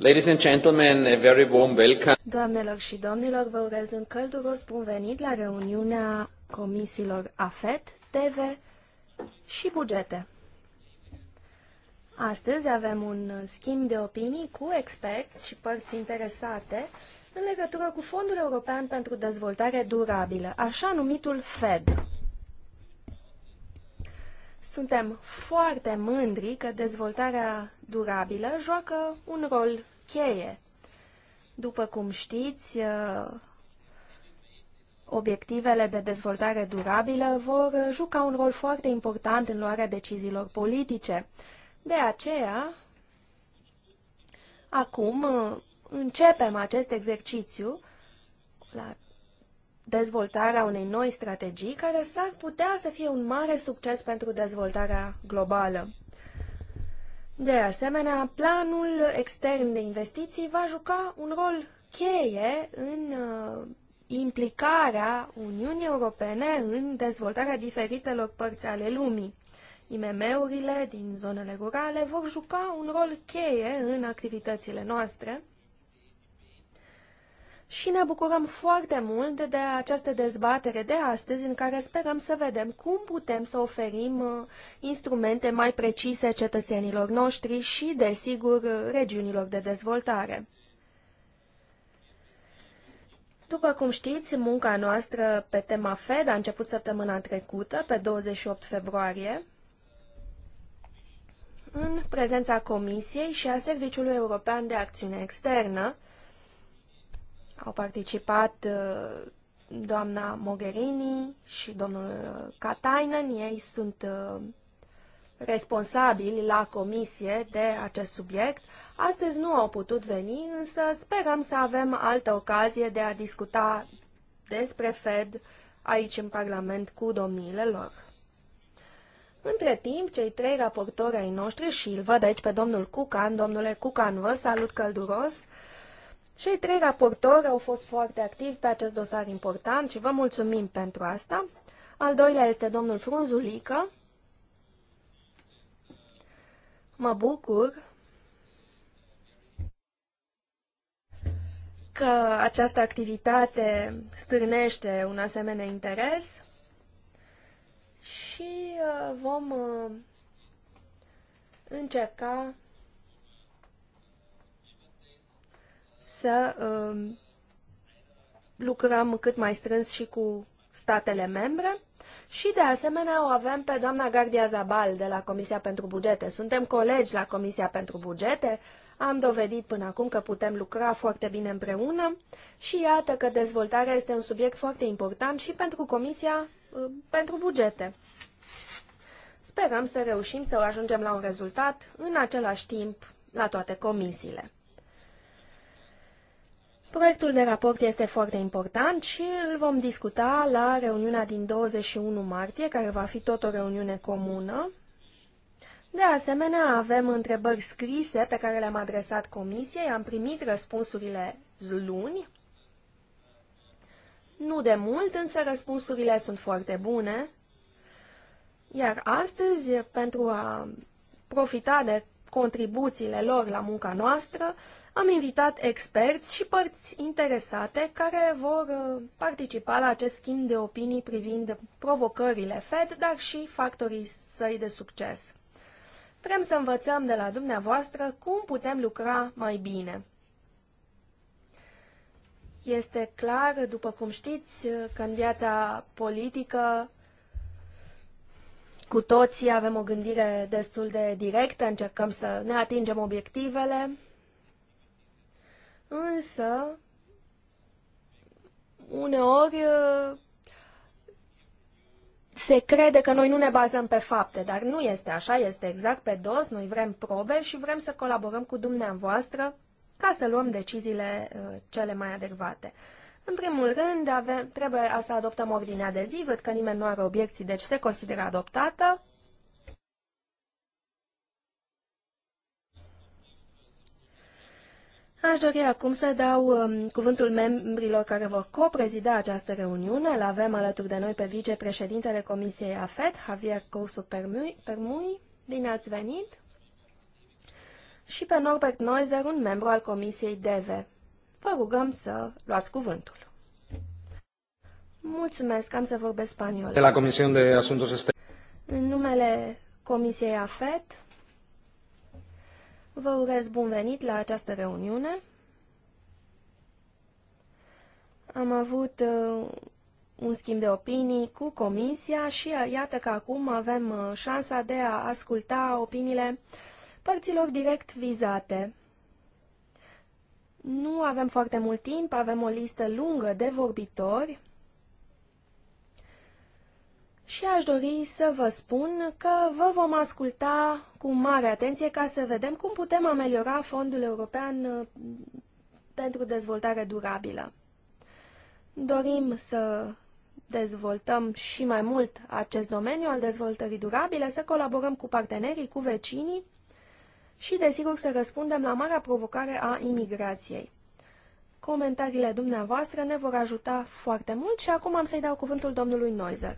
Ladies and gentlemen, a very warm welcome. Doamnelor și domnilor, vă urez un călduros bun venit la reuniunea comisiilor AFET, TV și bugete. Astăzi avem un schimb de opinii cu experți și părți interesate în legătură cu Fondul European pentru Dezvoltare Durabilă, așa numitul FED. Suntem foarte mândri că dezvoltarea durabilă joacă un rol cheie. După cum știți, uh, obiectivele de dezvoltare durabilă vor juca un rol foarte important în luarea deciziilor politice. De aceea, acum uh, începem acest exercițiu la dezvoltarea unei noi strategii care s-ar putea să fie un mare succes pentru dezvoltarea globală. De asemenea, planul extern de investiții va juca un rol cheie în uh, implicarea Uniunii Europene în dezvoltarea diferitelor părți ale lumii. IMM-urile din zonele rurale vor juca un rol cheie în activitățile noastre și ne bucurăm foarte mult de această dezbatere de astăzi în care sperăm să vedem cum putem să oferim uh, instrumente mai precise cetățenilor noștri și, desigur, uh, regiunilor de dezvoltare. După cum știți, munca noastră pe tema FED a început săptămâna trecută, pe 28 februarie, în prezența Comisiei și a Serviciului European de Acțiune Externă, au participat uh, doamna Mogherini și domnul uh, Katainen. Ei sunt uh, responsabili la comisie de acest subiect. Astăzi nu au putut veni, însă sperăm să avem altă ocazie de a discuta despre Fed aici în Parlament cu domniile lor. Între timp, cei trei raportori ai noștri și îl văd aici pe domnul Cucan. Domnule Cucan, vă salut călduros. Uh, cei trei raportori au fost foarte activi pe acest dosar important și vă mulțumim pentru asta. Al doilea este domnul Frunzulică. Mă bucur că această activitate stârnește un asemenea interes și uh, vom uh, încerca să um, lucrăm cât mai strâns și cu statele membre și, de asemenea, o avem pe doamna Gardia Zabal de la Comisia pentru Bugete. Suntem colegi la Comisia pentru Bugete, am dovedit până acum că putem lucra foarte bine împreună și iată că dezvoltarea este un subiect foarte important și pentru Comisia uh, pentru Bugete. Sperăm să reușim să ajungem la un rezultat în același timp la toate comisiile. Proiectul de raport este foarte important și îl vom discuta la reuniunea din 21 martie, care va fi tot o reuniune comună. De asemenea, avem întrebări scrise pe care le-am adresat comisiei, am primit răspunsurile luni, nu de mult, însă răspunsurile sunt foarte bune. Iar astăzi, pentru a profita de contribuțiile lor la munca noastră, am invitat experți și părți interesate care vor uh, participa la acest schimb de opinii privind provocările Fed, dar și factorii săi de succes. Vrem să învățăm de la dumneavoastră cum putem lucra mai bine. Este clar, după cum știți, că în viața politică cu toții avem o gândire destul de directă, încercăm să ne atingem obiectivele, Însă, uneori uh, se crede că noi nu ne bazăm pe fapte, dar nu este așa, este exact pe dos, noi vrem probe și vrem să colaborăm cu dumneavoastră ca să luăm deciziile uh, cele mai adecvate. În primul rând, avem, trebuie să adoptăm ordinea de zi, văd că nimeni nu are obiecții, deci se consideră adoptată. Aș dori acum să dau um, cuvântul membrilor care vor coprezida această reuniune. Îl avem alături de noi pe vicepreședintele Comisiei AFET, Javier Cousu Permui. Bine ați venit! Și pe Norbert Neuser, un membru al Comisiei DEVE. Vă rugăm să luați cuvântul. Mulțumesc, am să vorbesc spaniol. De la Comisiunea de Asuntos Este. În numele Comisiei AFET, Vă urez bun venit la această reuniune. Am avut uh, un schimb de opinii cu comisia și uh, iată că acum avem uh, șansa de a asculta opiniile părților direct vizate. Nu avem foarte mult timp, avem o listă lungă de vorbitori și aș dori să vă spun că vă vom asculta cu mare atenție ca să vedem cum putem ameliora Fondul European uh, pentru Dezvoltare Durabilă. Dorim să dezvoltăm și mai mult acest domeniu al dezvoltării durabile, să colaborăm cu partenerii, cu vecinii și, desigur, să răspundem la marea provocare a imigrației. Comentariile dumneavoastră ne vor ajuta foarte mult și acum am să-i dau cuvântul domnului Noizer.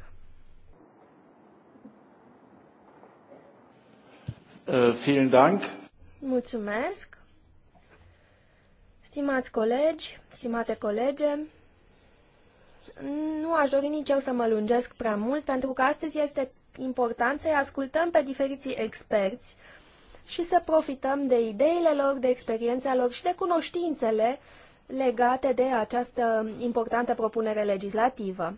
Uh, vielen Dank. Mulțumesc. Stimați colegi, stimate colege, nu aș dori nici eu să mă lungesc prea mult, pentru că astăzi este important să-i ascultăm pe diferiții experți și să profităm de ideile lor, de experiența lor și de cunoștințele legate de această importantă propunere legislativă.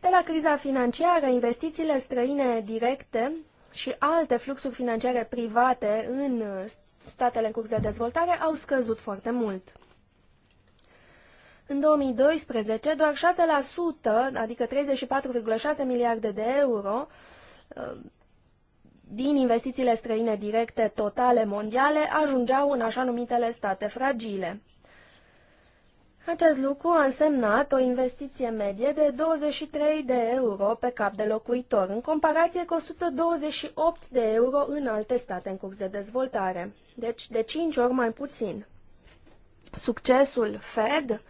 De la criza financiară, investițiile străine directe și alte fluxuri financiare private în statele în curs de dezvoltare au scăzut foarte mult. În 2012, doar 6%, adică 34,6 miliarde de euro, uh, din investițiile străine directe totale mondiale ajungeau în așa numitele state fragile. Acest lucru a însemnat o investiție medie de 23 de euro pe cap de locuitor, în comparație cu 128 de euro în alte state în curs de dezvoltare, deci de 5 ori mai puțin. Succesul Fed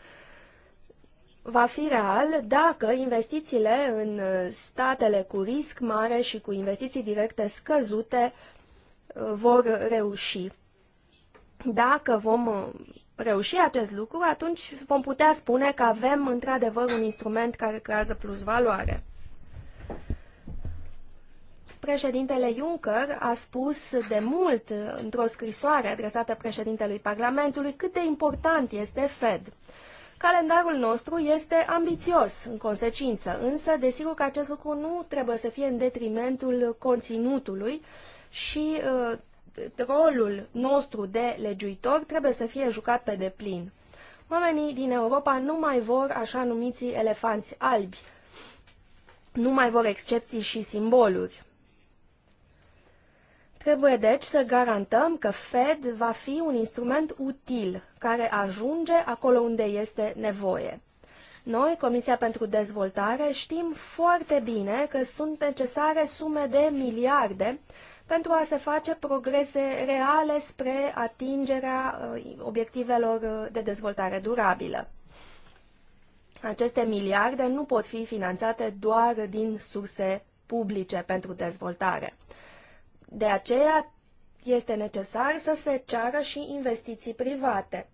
va fi real dacă investițiile în statele cu risc mare și cu investiții directe scăzute uh, vor reuși. Dacă vom uh, reuși acest lucru, atunci vom putea spune că avem într-adevăr un instrument care creează plus valoare. Președintele Juncker a spus de mult într-o scrisoare adresată președintelui Parlamentului cât de important este Fed. Calendarul nostru este ambițios în consecință, însă desigur că acest lucru nu trebuie să fie în detrimentul conținutului și uh, rolul nostru de legiuitor trebuie să fie jucat pe deplin. Oamenii din Europa nu mai vor așa numiții elefanți albi, nu mai vor excepții și simboluri. Trebuie deci să garantăm că Fed va fi un instrument util care ajunge acolo unde este nevoie. Noi, Comisia pentru Dezvoltare, știm foarte bine că sunt necesare sume de miliarde pentru a se face progrese reale spre atingerea uh, obiectivelor uh, de dezvoltare durabilă. Aceste miliarde nu pot fi finanțate doar din surse publice pentru dezvoltare. De aceea este necesar să se ceară și investiții private.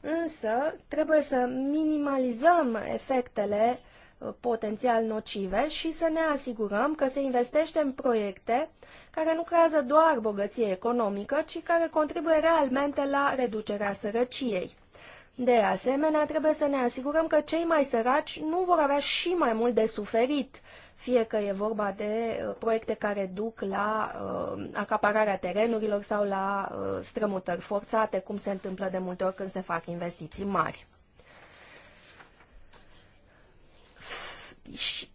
Însă trebuie să minimalizăm efectele uh, potențial nocive și să ne asigurăm că se investește în proiecte care nu creează doar bogăție economică, ci care contribuie realmente la reducerea sărăciei. De asemenea, trebuie să ne asigurăm că cei mai săraci nu vor avea și mai mult de suferit, fie că e vorba de uh, proiecte care duc la uh, acapararea terenurilor sau la uh, strămutări forțate, cum se întâmplă de multe ori când se fac investiții mari.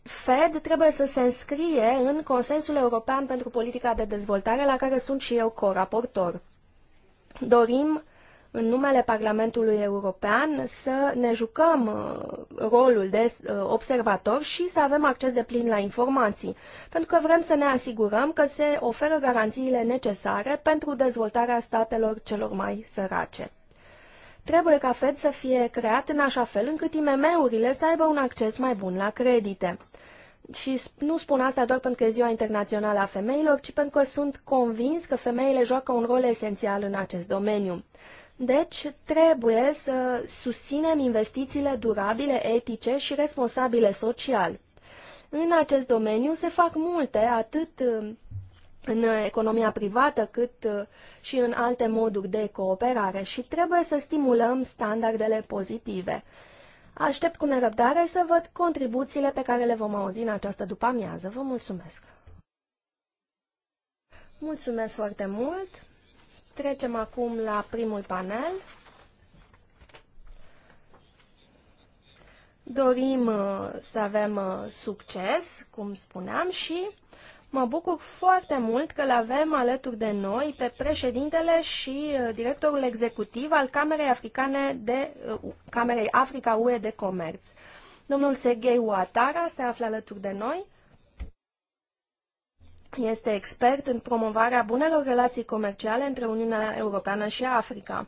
Fed trebuie să se înscrie în Consensul European pentru Politica de Dezvoltare, la care sunt și eu coraportor. Dorim, în numele Parlamentului European, să ne jucăm uh, rolul de uh, observator și să avem acces de plin la informații, pentru că vrem să ne asigurăm că se oferă garanțiile necesare pentru dezvoltarea statelor celor mai sărace. Trebuie ca FED să fie creat în așa fel încât IMM-urile să aibă un acces mai bun la credite. Și nu spun asta doar pentru că e ziua internațională a femeilor, ci pentru că sunt convins că femeile joacă un rol esențial în acest domeniu. Deci, trebuie să susținem investițiile durabile, etice și responsabile social. În acest domeniu se fac multe, atât în economia privată, cât uh, și în alte moduri de cooperare și trebuie să stimulăm standardele pozitive. Aștept cu nerăbdare să văd contribuțiile pe care le vom auzi în această după-amiază. Vă mulțumesc! Mulțumesc foarte mult! Trecem acum la primul panel. Dorim uh, să avem uh, succes, cum spuneam, și Mă bucur foarte mult că îl avem alături de noi pe președintele și uh, directorul executiv al Camerei Africane de uh, Camerei Africa UE de Comerț. Domnul Sergei Uatara se află alături de noi. Este expert în promovarea bunelor relații comerciale între Uniunea Europeană și Africa.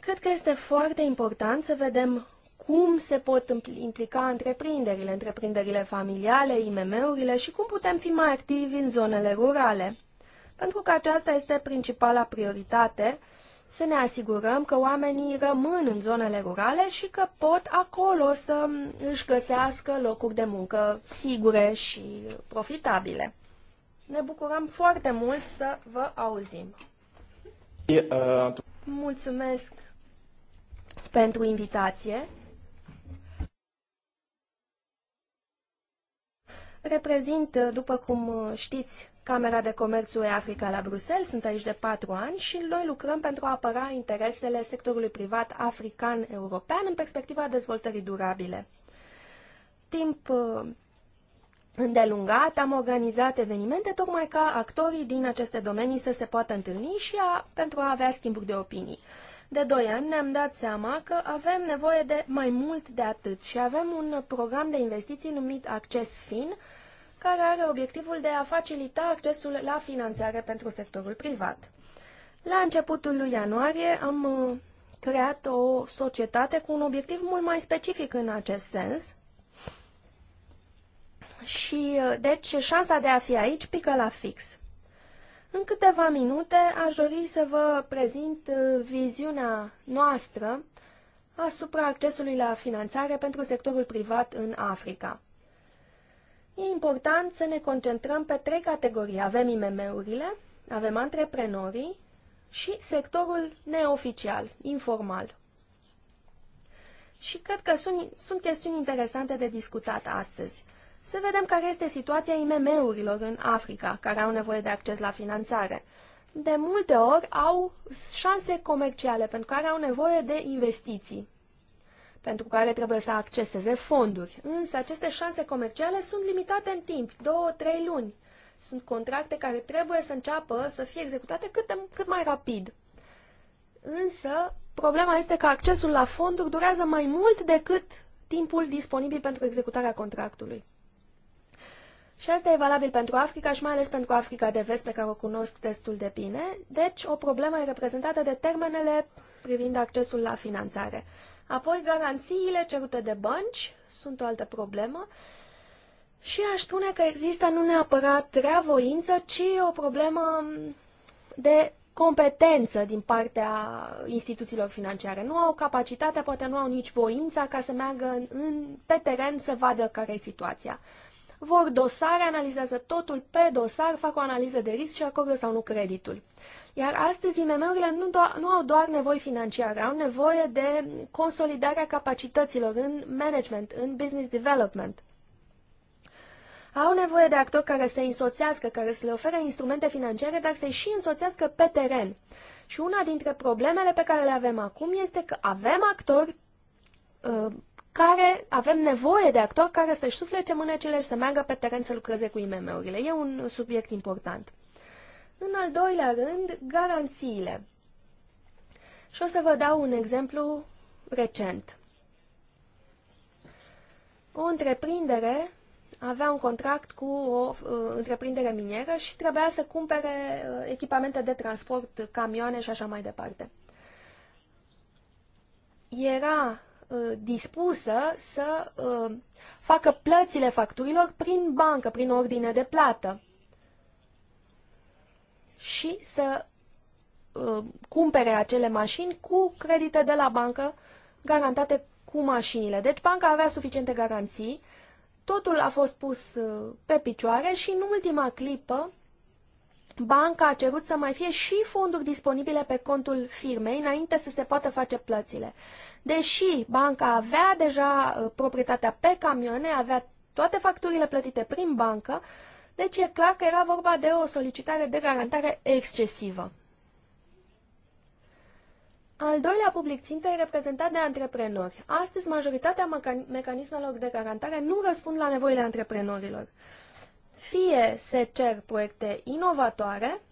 Cred că este foarte important să vedem cum se pot implica întreprinderile, întreprinderile familiale, IMM-urile și cum putem fi mai activi în zonele rurale. Pentru că aceasta este principala prioritate, să ne asigurăm că oamenii rămân în zonele rurale și că pot acolo să își găsească locuri de muncă sigure și profitabile. Ne bucurăm foarte mult să vă auzim. Uh, Mulțumesc pentru invitație. Reprezint, după cum știți, Camera de Comerț UE Africa la Bruxelles, sunt aici de patru ani și noi lucrăm pentru a apăra interesele sectorului privat african-european în perspectiva dezvoltării durabile. Timp uh, îndelungat am organizat evenimente tocmai ca actorii din aceste domenii să se poată întâlni și a, pentru a avea schimburi de opinii de 2 ani ne-am dat seama că avem nevoie de mai mult de atât și avem un program de investiții numit Acces Fin, care are obiectivul de a facilita accesul la finanțare pentru sectorul privat. La începutul lui ianuarie am uh, creat o societate cu un obiectiv mult mai specific în acest sens. Și, uh, deci, șansa de a fi aici pică la fix. În câteva minute aș dori să vă prezint uh, viziunea noastră asupra accesului la finanțare pentru sectorul privat în Africa. E important să ne concentrăm pe trei categorii. Avem IMM-urile, avem antreprenorii și sectorul neoficial, informal. Și cred că sunt, sunt chestiuni interesante de discutat astăzi să vedem care este situația IMM-urilor în Africa, care au nevoie de acces la finanțare. De multe ori au șanse comerciale pentru care au nevoie de investiții, pentru care trebuie să acceseze fonduri. Însă aceste șanse comerciale sunt limitate în timp, două, trei luni. Sunt contracte care trebuie să înceapă să fie executate cât, de, cât mai rapid. Însă, problema este că accesul la fonduri durează mai mult decât timpul disponibil pentru executarea contractului. Și asta e valabil pentru Africa și mai ales pentru Africa de vest, pe care o cunosc destul de bine. Deci, o problemă e reprezentată de termenele privind accesul la finanțare. Apoi, garanțiile cerute de bănci sunt o altă problemă. Și aș spune că există nu neapărat rea voință, ci o problemă de competență din partea instituțiilor financiare. Nu au capacitatea, poate nu au nici voința ca să meargă în, pe teren să vadă care e situația vor dosare, analizează totul pe dosar, fac o analiză de risc și acordă sau nu creditul. Iar astăzi IMM-urile nu, do- nu au doar nevoi financiare, au nevoie de consolidarea capacităților în management, în business development. Au nevoie de actori care să însoțească, care să le ofere instrumente financiare, dar să și însoțească pe teren. Și una dintre problemele pe care le avem acum este că avem actori uh, care avem nevoie de actori care să-și suflece mânecile și să meargă pe teren să lucreze cu IMM-urile. E un subiect important. În al doilea rând, garanțiile. Și o să vă dau un exemplu recent. O întreprindere avea un contract cu o uh, întreprindere minieră și trebuia să cumpere uh, echipamente de transport, camioane și așa mai departe. Era Uh, dispusă să uh, facă plățile facturilor prin bancă, prin ordine de plată și să uh, cumpere acele mașini cu credite de la bancă garantate cu mașinile. Deci banca avea suficiente garanții, totul a fost pus pe picioare și în ultima clipă banca a cerut să mai fie și fonduri disponibile pe contul firmei înainte să se poată face plățile. Deși banca avea deja uh, proprietatea pe camioane, avea toate facturile plătite prin bancă, deci e clar că era vorba de o solicitare de garantare excesivă. Al doilea public țintă e reprezentat de antreprenori. Astăzi, majoritatea mecanismelor de garantare nu răspund la nevoile antreprenorilor. Fie se cer proiecte inovatoare,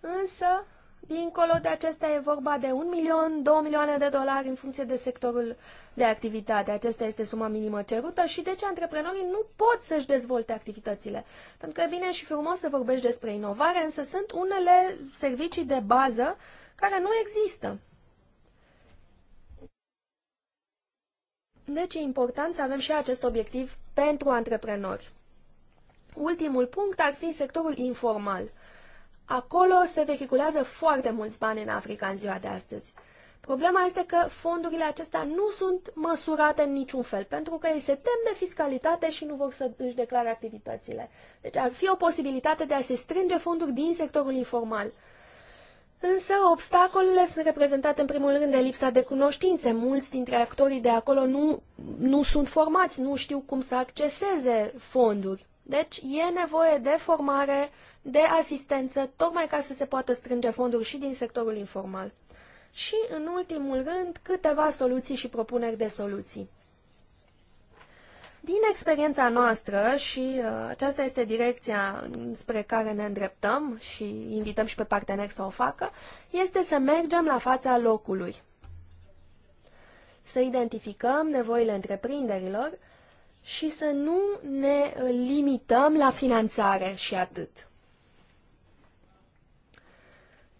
însă, dincolo de acestea e vorba de un milion, 2 milioane de dolari în funcție de sectorul de activitate. Acesta este suma minimă cerută și de deci, ce antreprenorii nu pot să-și dezvolte activitățile. Pentru că e bine și frumos să vorbești despre inovare, însă sunt unele servicii de bază care nu există. Deci e important să avem și acest obiectiv pentru antreprenori. Ultimul punct ar fi sectorul informal. Acolo se vehiculează foarte mulți bani în Africa în ziua de astăzi. Problema este că fondurile acestea nu sunt măsurate în niciun fel, pentru că ei se tem de fiscalitate și nu vor să își declare activitățile. Deci ar fi o posibilitate de a se strânge fonduri din sectorul informal. Însă, obstacolele sunt reprezentate în primul rând de lipsa de cunoștințe. Mulți dintre actorii de acolo nu, nu sunt formați, nu știu cum să acceseze fonduri. Deci, e nevoie de formare, de asistență, tocmai ca să se poată strânge fonduri și din sectorul informal. Și, în ultimul rând, câteva soluții și propuneri de soluții. Din experiența noastră, și uh, aceasta este direcția spre care ne îndreptăm și invităm și pe parteneri să o facă, este să mergem la fața locului, să identificăm nevoile întreprinderilor și să nu ne limităm la finanțare și atât.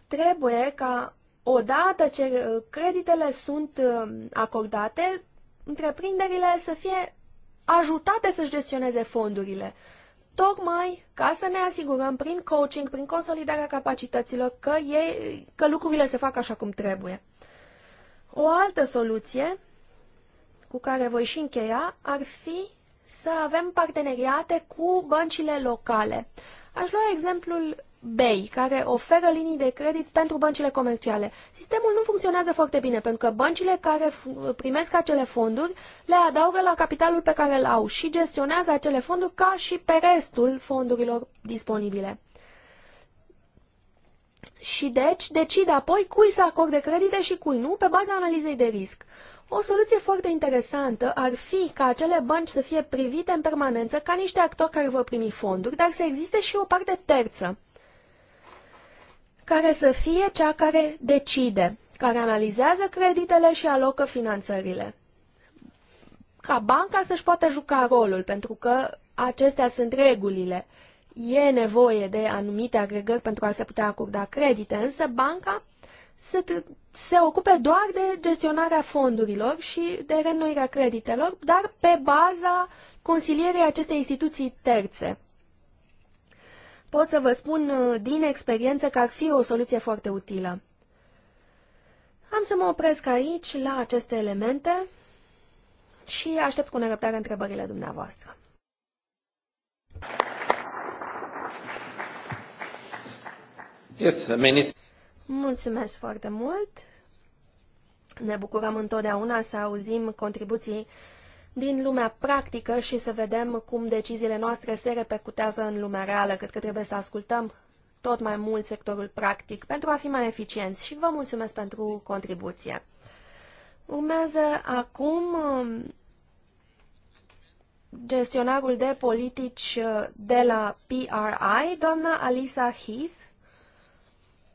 Trebuie ca odată ce creditele sunt uh, acordate, întreprinderile să fie ajutate să-și gestioneze fondurile, tocmai ca să ne asigurăm prin coaching, prin consolidarea capacităților, că, ei, că lucrurile se fac așa cum trebuie. O altă soluție cu care voi și încheia ar fi să avem parteneriate cu băncile locale. Aș lua exemplul BEI, care oferă linii de credit pentru băncile comerciale. Sistemul nu funcționează foarte bine, pentru că băncile care primesc acele fonduri le adaugă la capitalul pe care îl au și gestionează acele fonduri ca și pe restul fondurilor disponibile. Și deci decide apoi cui să acorde credite și cui nu, pe baza analizei de risc. O soluție foarte interesantă ar fi ca acele bănci să fie privite în permanență ca niște actori care vor primi fonduri, dar să existe și o parte terță care să fie cea care decide, care analizează creditele și alocă finanțările. Ca banca să-și poată juca rolul, pentru că acestea sunt regulile. E nevoie de anumite agregări pentru a se putea acorda credite, însă banca se, se ocupe doar de gestionarea fondurilor și de renuirea creditelor, dar pe baza consilierii acestei instituții terțe. Pot să vă spun uh, din experiență că ar fi o soluție foarte utilă. Am să mă opresc aici, la aceste elemente, și aștept cu nerăbdare întrebările dumneavoastră. Yes, Mulțumesc foarte mult. Ne bucurăm întotdeauna să auzim contribuții uh, din lumea practică și să vedem cum deciziile noastre se repercutează în lumea reală. Cred că trebuie să ascultăm tot mai mult sectorul practic pentru a fi mai eficienți și vă mulțumesc pentru contribuție. Urmează acum um, gestionarul de politici uh, de la PRI, doamna Alisa Heath.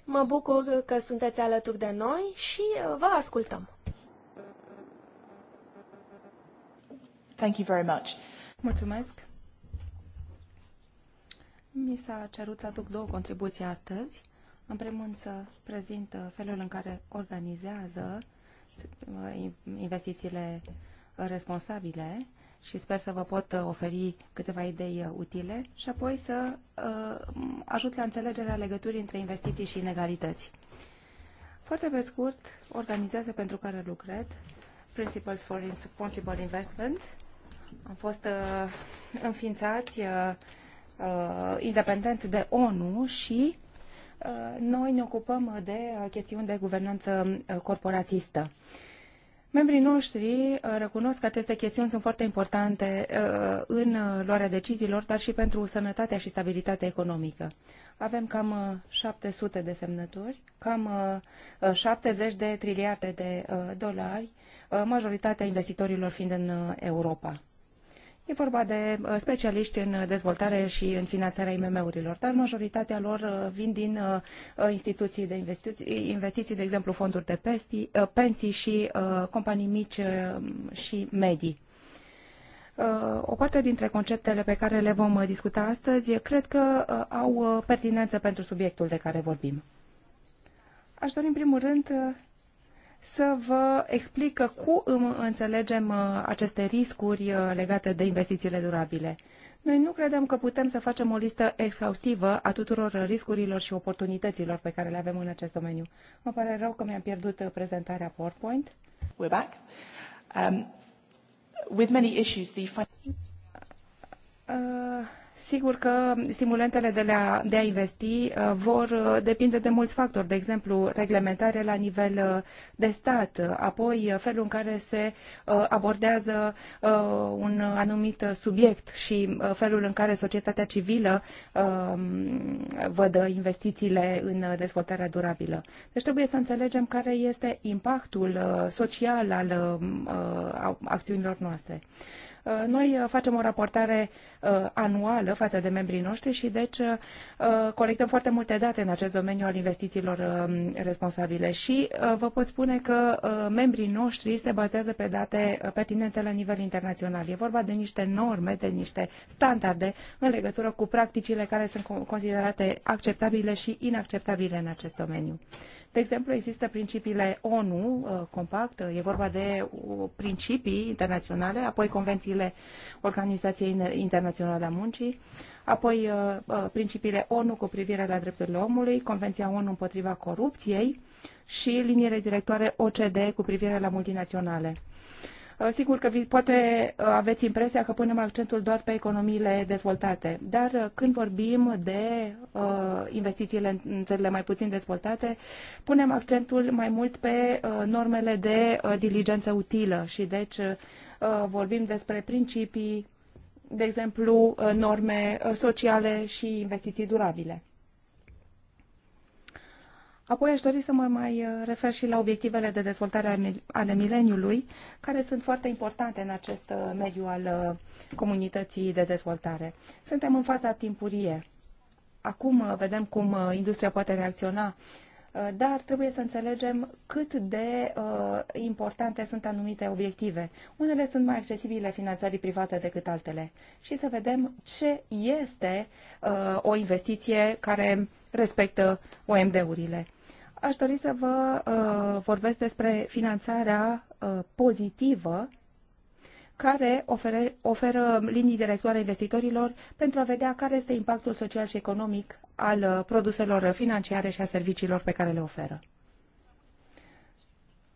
Mă bucur că sunteți alături de noi și uh, vă ascultăm. Thank you very much. Mulțumesc. Mi s-a cerut să aduc două contribuții astăzi. În primul rând să prezint felul în care organizează uh, investițiile responsabile și sper să vă pot uh, oferi câteva idei uh, utile și apoi să ajut la înțelegerea legăturii între investiții și inegalități. Foarte pe scurt, organizează pentru care lucrez Principles for Responsible Investment, am fost uh, înființați uh, uh, independent de ONU și uh, noi ne ocupăm de uh, chestiuni de guvernanță uh, corporatistă. Membrii noștri uh, recunosc că aceste chestiuni sunt foarte importante uh, în uh, luarea deciziilor, dar și pentru sănătatea și stabilitatea economică. Avem cam 700 de semnături, cam 70 de triliarde de dolari, majoritatea investitorilor fiind în Europa. E vorba de uh, specialiști în dezvoltare și în finanțarea IMM-urilor, dar majoritatea lor uh, vin din uh, instituții de investiții, investiții de exemplu fonduri de pesti, pensii și companii mici și medii. O parte dintre conceptele pe care le vom discuta astăzi cred că au pertinență pentru subiectul de care vorbim. Aș dori în primul rând să vă explic că cum înțelegem uh, aceste riscuri uh, legate de investițiile durabile. Noi nu credem că putem să facem o listă exhaustivă a tuturor riscurilor și oportunităților pe care le avem în acest domeniu. Mă pare rău că mi-am pierdut uh, prezentarea PowerPoint. We're back. Um, with many issues, the... Uh, Sigur că stimulentele de, la, de a investi uh, vor uh, depinde de mulți factori, de exemplu, reglementare la nivel uh, de stat, apoi felul în care se abordează un anumit subiect și felul în care societatea civilă um, vădă investițiile în dezvoltarea durabilă. Deci trebuie să înțelegem care este impactul social al acțiunilor noastre. Uh, noi uh, facem o raportare uh, anuală față de membrii noștri și deci colectăm foarte multe date în acest domeniu al investițiilor um, responsabile și vă pot spune că membrii noștri se bazează pe date pertinente la nivel internațional. E vorba de niște norme, de niște standarde în legătură cu practicile care sunt considerate acceptabile și inacceptabile în acest domeniu. De exemplu, există principiile ONU, compact, e vorba de principii internaționale, apoi convenții principiile Organizației Internaționale a Muncii, apoi uh, uh, principiile ONU cu privire la drepturile omului, Convenția ONU împotriva corupției și liniile directoare OCD cu privire la multinaționale. Uh, sigur că poate aveți impresia că punem accentul doar pe economiile dezvoltate, dar când vorbim de investițiile în țările mai puțin dezvoltate, punem accentul mai mult pe normele de diligență utilă și deci Uh, vorbim despre principii, de exemplu, uh, norme uh, sociale și investiții durabile. Apoi aș dori să mă mai refer și la obiectivele de dezvoltare ale mileniului, care sunt foarte importante în acest mediu al comunității de dezvoltare. Suntem în faza timpurie. Acum vedem cum industria poate reacționa Uh, dar trebuie să înțelegem cât de uh, importante sunt anumite obiective. Unele sunt mai accesibile finanțării private decât altele și să vedem ce este uh, o investiție care respectă OMD-urile. Aș dori să vă uh, vorbesc despre finanțarea uh, pozitivă care ofere, oferă linii directoare investitorilor pentru a vedea care este impactul social și economic al uh, produselor financiare și a serviciilor pe care le oferă.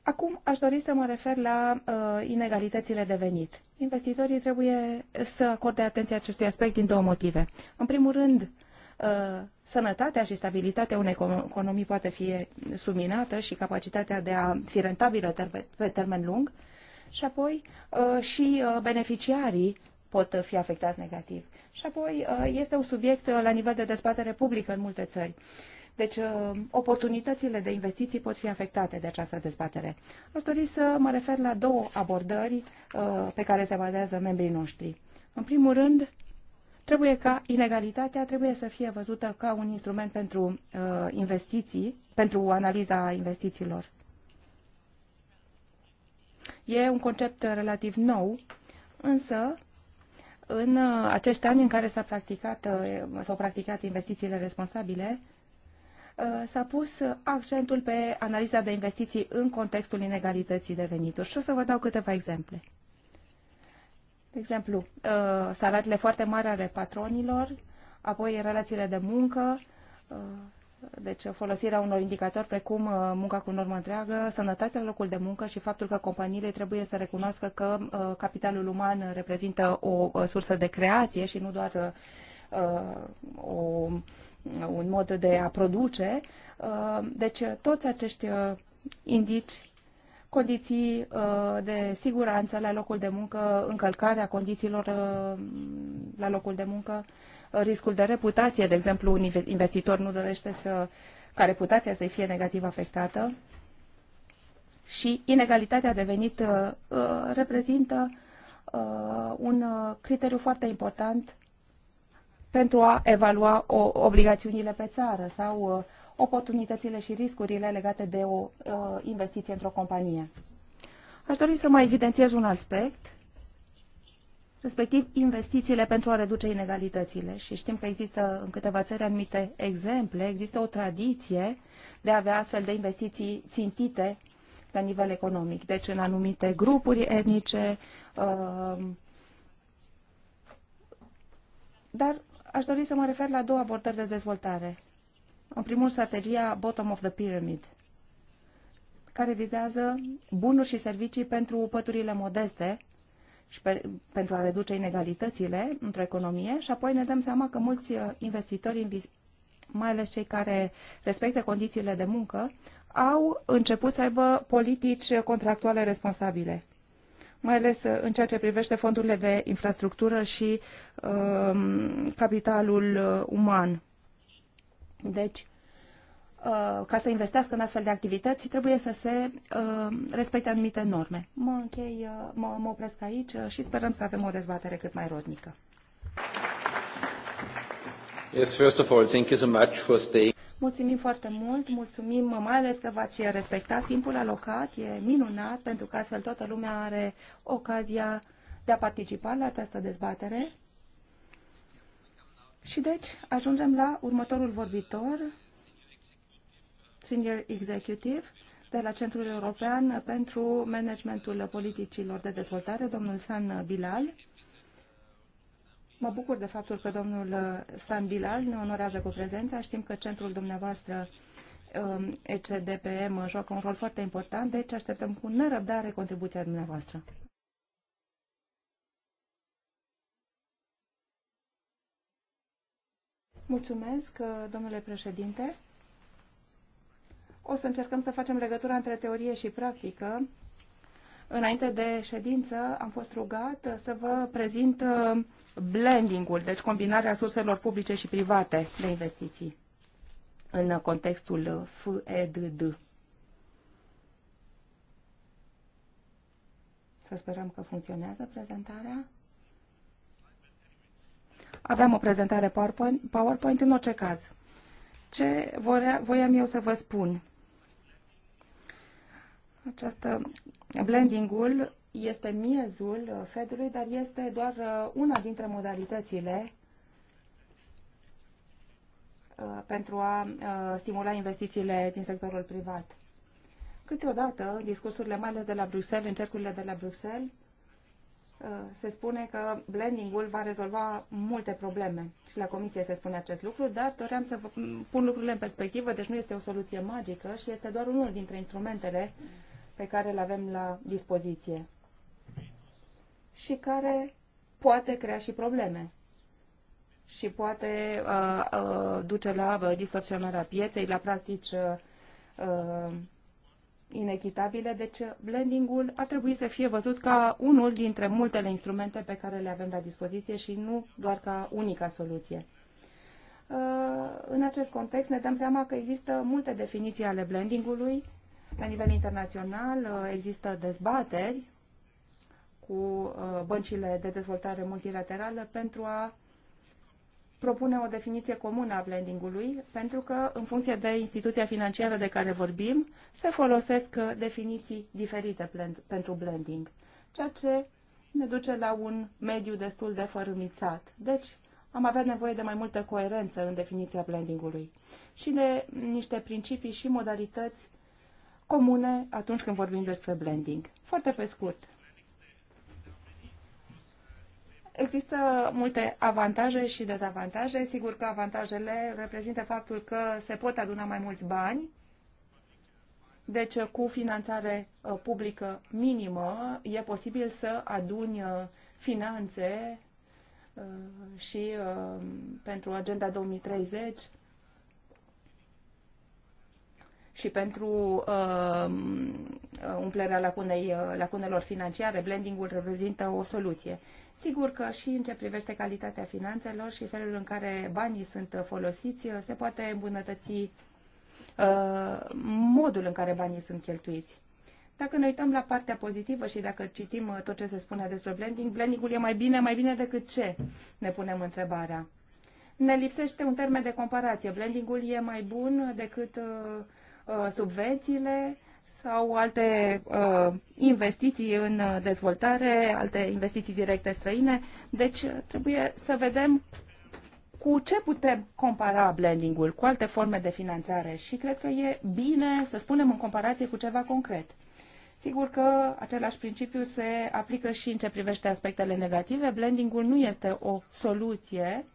Acum aș dori să mă refer la uh, inegalitățile de venit. Investitorii trebuie să acorde atenție acestui aspect din două motive. În primul rând, uh, sănătatea și stabilitatea unei economii poate fi subminată și capacitatea de a fi rentabilă ter- pe termen lung. Uh, și apoi uh, și uh, beneficiarii pot fi afectați negativ. Și apoi uh, este un subiect la nivel de dezbatere publică în multe țări. Deci, oportunitățile de investiții pot fi afectate de această dezbatere. Aș dori să mă refer la două abordări pe care se bazează membrii noștri. În primul rând, trebuie ca inegalitatea trebuie să fie văzută ca un instrument pentru investiții, pentru analiza investițiilor. E un concept relativ nou, însă în uh, acești ani în care uh, s-au practicat, s practicat investițiile responsabile, uh, s-a pus accentul pe analiza de investiții în contextul inegalității de venituri. Și o să vă dau câteva exemple. De exemplu, salariile foarte mari ale patronilor, apoi relațiile de muncă, deci folosirea unor indicatori precum uh, munca cu normă întreagă, sănătatea locul de muncă și faptul că companiile trebuie să recunoască că uh, capitalul uman reprezintă o uh, sursă de creație și nu doar o, un mod de a produce. Deci toți acești indici condiții de siguranță la locul de muncă, încălcarea condițiilor la locul de muncă, riscul de reputație, de exemplu, un investitor nu dorește să, ca reputația să-i fie negativ afectată și inegalitatea de venit uh, uh, reprezintă uh, un criteriu foarte important pentru a evalua obligațiunile pe țară sau oportunitățile și riscurile legate de o investiție într-o companie. Aș dori să mai evidențiez un aspect respectiv investițiile pentru a reduce inegalitățile. Și știm că există în câteva țări anumite exemple, există o tradiție de a avea astfel de investiții țintite la nivel economic. Deci în anumite grupuri etnice, uh, dar aș dori să mă refer la două abordări de dezvoltare. În primul, strategia Bottom of the Pyramid, care vizează bunuri și servicii pentru păturile modeste, și pe, pentru a reduce inegalitățile într-o economie și apoi ne dăm seama că mulți uh, investitori, mai ales cei care respectă condițiile de muncă, au început să aibă politici contractuale responsabile, mai ales uh, în ceea ce privește fondurile de infrastructură și um, uh, capitalul uman. Deci, Uh, ca să investească în astfel de activități, trebuie să se uh, respecte anumite norme. Mă închei, uh, mă, mă opresc aici și sperăm să avem o dezbatere cât mai rodnică. Yes, first of all, thank you so much for staying. Mulțumim foarte mult, mulțumim mai ales că v-ați respectat timpul alocat, e minunat pentru că astfel toată lumea are ocazia de a participa la această dezbatere. Și deci ajungem la următorul vorbitor, Senior Executive de la Centrul European pentru Managementul Politicilor de Dezvoltare, domnul San Bilal. Mă bucur de faptul că domnul San Bilal ne onorează cu prezența. Știm că centrul dumneavoastră ECDPM um, joacă un rol foarte important, deci așteptăm cu nerăbdare contribuția dumneavoastră. Mulțumesc, domnule președinte. O să încercăm să facem legătura între teorie și practică. Înainte de ședință am fost rugat să vă prezint uh, blending-ul, deci combinarea surselor publice și private de investiții în contextul FEDD. Să sperăm că funcționează prezentarea. Aveam o prezentare PowerPoint, PowerPoint în orice caz. Ce voiam eu să vă spun? Această blending-ul este miezul Fedului, dar este doar uh, una dintre modalitățile uh, pentru a uh, stimula investițiile din sectorul privat. Câteodată, discursurile, mai ales de la Bruxelles, în cercurile de la Bruxelles, se spune că blending-ul va rezolva multe probleme și la comisie se spune acest lucru, dar doream să pun lucrurile în perspectivă, deci nu este o soluție magică și este doar unul dintre instrumentele pe care îl avem la dispoziție și care poate crea și probleme și poate uh, uh, duce la uh, distorsionarea pieței, la practici uh, uh inechitabile. Deci uh, blendingul ar trebui să fie văzut ca unul dintre multele instrumente pe care le avem la dispoziție și nu doar ca unica soluție. Uh, în acest context ne dăm seama că există multe definiții ale blendingului la nivel internațional uh, există dezbateri cu uh, băncile de dezvoltare multilaterală pentru a propune o definiție comună a blendingului, pentru că, în funcție de instituția financiară de care vorbim, se folosesc uh, definiții diferite pentru blending, ceea ce ne duce la un mediu destul de fărâmițat. Deci, am avea nevoie de mai multă coerență în definiția blendingului și de niște principii și modalități comune atunci când vorbim despre blending. Foarte pe scurt. Există multe avantaje și dezavantaje. Sigur că avantajele reprezintă faptul că se pot aduna mai mulți bani, deci cu finanțare uh, publică minimă e posibil să aduni uh, finanțe uh, și pentru Agenda 2030 și pentru um, uh, umplerea lacunei, lacunelor financiare, blendingul reprezintă o soluție. Sigur că și în ce privește calitatea finanțelor și felul în care banii sunt uh, folosiți, uh, se poate îmbunătăți uh, modul în care banii sunt cheltuiți. Dacă ne uităm la partea pozitivă și dacă citim uh, tot ce se spune despre blending, blendingul e mai bine, mai bine decât ce? Ne punem întrebarea. Ne lipsește un termen de comparație. Blendingul e mai bun decât uh, Uh, subvențiile sau alte uh, investiții în uh, dezvoltare, alte investiții directe străine. Deci uh, trebuie să vedem cu ce putem compara blending-ul cu alte forme de finanțare și cred că e bine să spunem în comparație cu ceva concret. Sigur că același principiu se aplică și în ce privește aspectele negative. Blending-ul nu este o soluție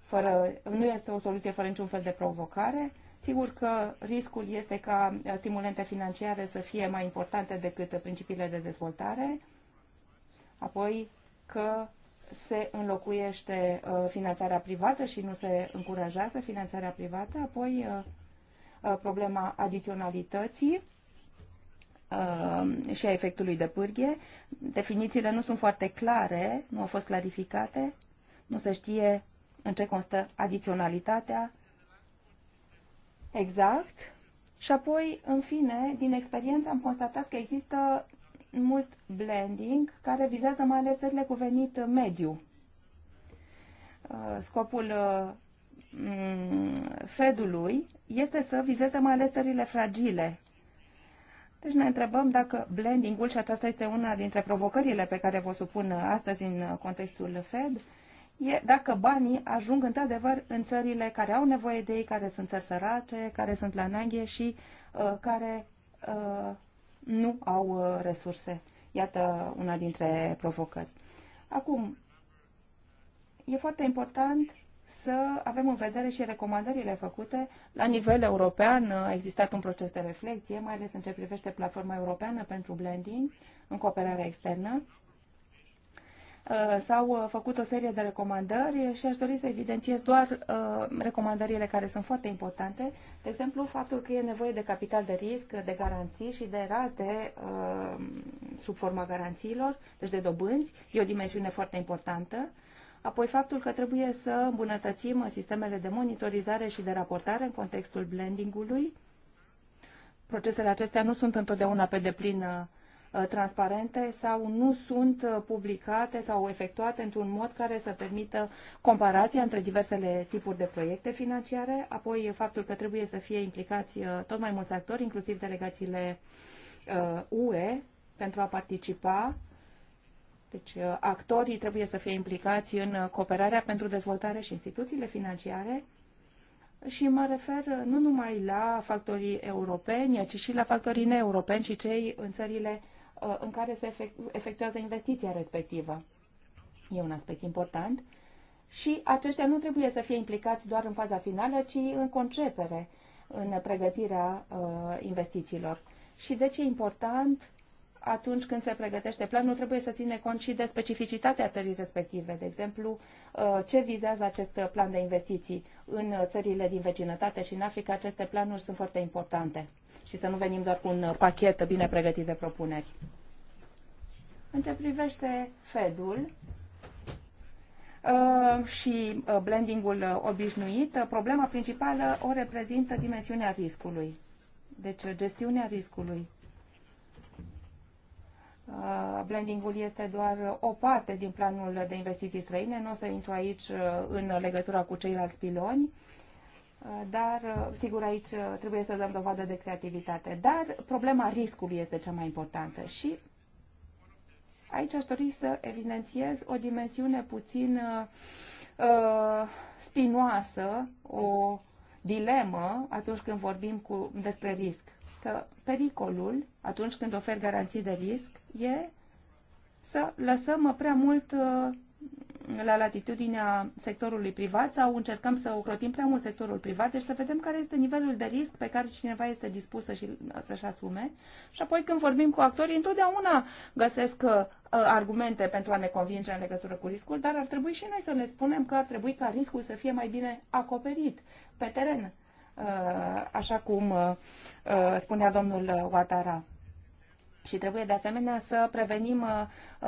fără, nu este o soluție fără niciun fel de provocare Sigur că riscul este ca stimulente financiare să fie mai importante decât principiile de dezvoltare, apoi că se înlocuiește uh, finanțarea privată și nu se încurajează finanțarea privată, apoi uh, uh, problema adiționalității și a efectului de pârghie. Definițiile nu sunt foarte clare, nu au fost clarificate, nu se știe în ce constă adiționalitatea, exact. Și apoi, în fine, din experiență am constatat că există mult blending care vizează mai ales țările cu venit mediu. Uh, scopul uh, mm, Fedului este să vizeze mai ales țările fragile. Deci ne întrebăm dacă blendingul și aceasta este una dintre provocările pe care vă supun astăzi în contextul Fed, e dacă banii ajung într-adevăr în țările care au nevoie de ei, care sunt țări sărace, care sunt la nanghe și uh, care uh, nu au uh, resurse. Iată una dintre provocări. Acum, e foarte important să avem în vedere și recomandările făcute la nivel european. Uh, a existat un proces de reflexie, mai ales în ce privește platforma europeană pentru blending în cooperarea externă. Uh, s-au uh, făcut o serie de recomandări și aș dori să evidențiez doar uh, recomandările care sunt foarte importante, de exemplu faptul că e nevoie de capital de risc, de garanții și de rate sub forma garanțiilor, deci de dobânzi, e o dimensiune foarte importantă. Apoi faptul că trebuie să îmbunătățim sistemele de monitorizare și de raportare în contextul blendingului. Procesele acestea nu sunt întotdeauna pe deplin Uh, transparente sau nu sunt uh, publicate sau efectuate într-un mod care să permită comparația între diversele tipuri de proiecte financiare, apoi uh, faptul că trebuie să fie implicați tot mai mulți actori, inclusiv delegațiile UE, pentru a participa deci actorii trebuie să fie implicați în cooperarea pentru dezvoltare și instituțiile financiare și mă refer nu numai la factorii europeni, ci și la factorii neeuropeni și cei în țările Uh, în care se efectuează investiția respectivă. E un aspect important. Și aceștia nu trebuie să fie implicați doar în faza finală, ci în concepere, în pregătirea uh, investițiilor. Și ce deci e important atunci când se pregătește planul, trebuie să ține cont și de specificitatea țării respective. De exemplu, uh, ce vizează acest plan de investiții în țările din vecinătate și în Africa, aceste planuri sunt foarte importante și să nu venim doar cu un pachet bine pregătit de propuneri. În ce privește Fedul uh, și uh, blendingul uh, obișnuit, problema principală o reprezintă dimensiunea riscului, deci gestiunea riscului. Blendingul este doar o parte din planul de investiții străine, nu o să intru aici în legătura cu ceilalți piloni dar uh, sigur aici uh, trebuie să dăm dovadă de creativitate. Dar problema riscului este cea mai importantă și aici aș dori să evidențiez o dimensiune puțin uh, uh spinoasă, o dilemă atunci când vorbim cu, despre risc. Că pericolul, atunci când ofer garanții de risc, e să lăsăm prea mult la latitudinea sectorului privat sau încercăm să ocrotim prea mult sectorul privat, deci să vedem care este nivelul de risc pe care cineva este dispus să-și, să-și asume. Și apoi când vorbim cu actorii, întotdeauna găsesc uh, argumente pentru a ne convinge în legătură cu riscul, dar ar trebui și noi să ne spunem că ar trebui ca riscul să fie mai bine acoperit pe teren, uh, așa cum uh, spunea domnul Watara. Și trebuie de asemenea să prevenim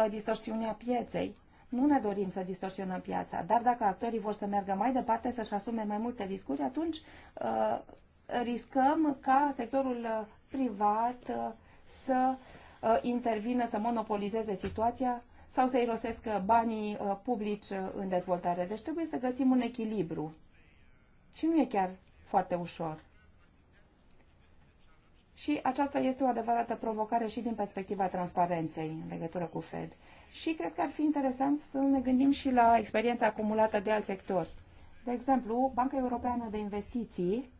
distorsiunea pieței nu ne dorim să distorsionăm piața, dar dacă actorii vor să meargă mai departe, să-și asume mai multe riscuri, atunci uh, riscăm ca sectorul uh, privat uh, să intervină, să monopolizeze situația sau să irosească banii publici în dezvoltare. Deci trebuie să găsim un echilibru. Și nu e chiar foarte ușor. Și aceasta este o adevărată provocare și din perspectiva transparenței în legătură cu Fed. Și cred că ar fi interesant să ne gândim și la experiența acumulată de alți sector. De exemplu, Banca Europeană de Investiții,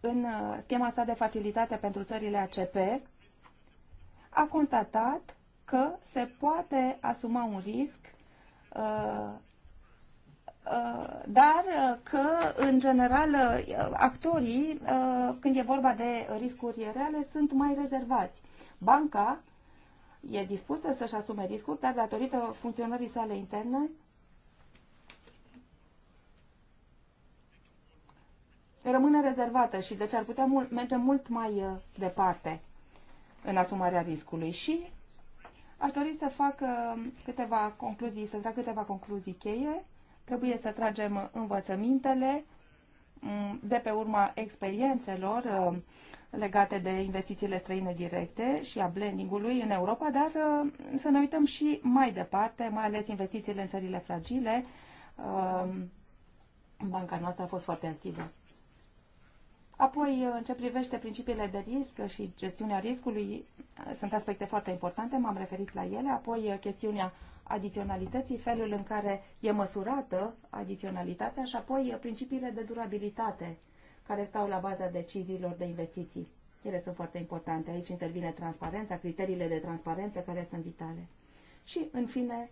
în uh, schema sa de facilitate pentru țările ACP, a constatat că se poate asuma un risc uh, Uh, dar uh, că, în general, uh, actorii, când e vorba de riscuri reale, sunt mai rezervați. Banca e dispusă să-și asume riscuri, dar datorită funcționării sale interne, rămâne rezervată și deci ar putea mul- merge mult mai departe în asumarea riscului. Și aș dori să fac câteva concluzii, să trag câteva concluzii cheie Trebuie să tragem învățămintele mm, de pe urma experiențelor uh, legate de investițiile străine directe și a blendingului în Europa, dar uh, să ne uităm și mai departe, mai ales investițiile în țările fragile. Uh, banca noastră a fost foarte activă. Apoi, în ce privește principiile de risc și gestiunea riscului, sunt aspecte foarte importante, m-am referit la ele. Apoi, chestiunea adiționalității, felul în care e măsurată adiționalitatea și apoi principiile de durabilitate care stau la baza deciziilor de investiții. Ele sunt foarte importante. Aici intervine transparența, criteriile de transparență care sunt vitale. Și, în fine,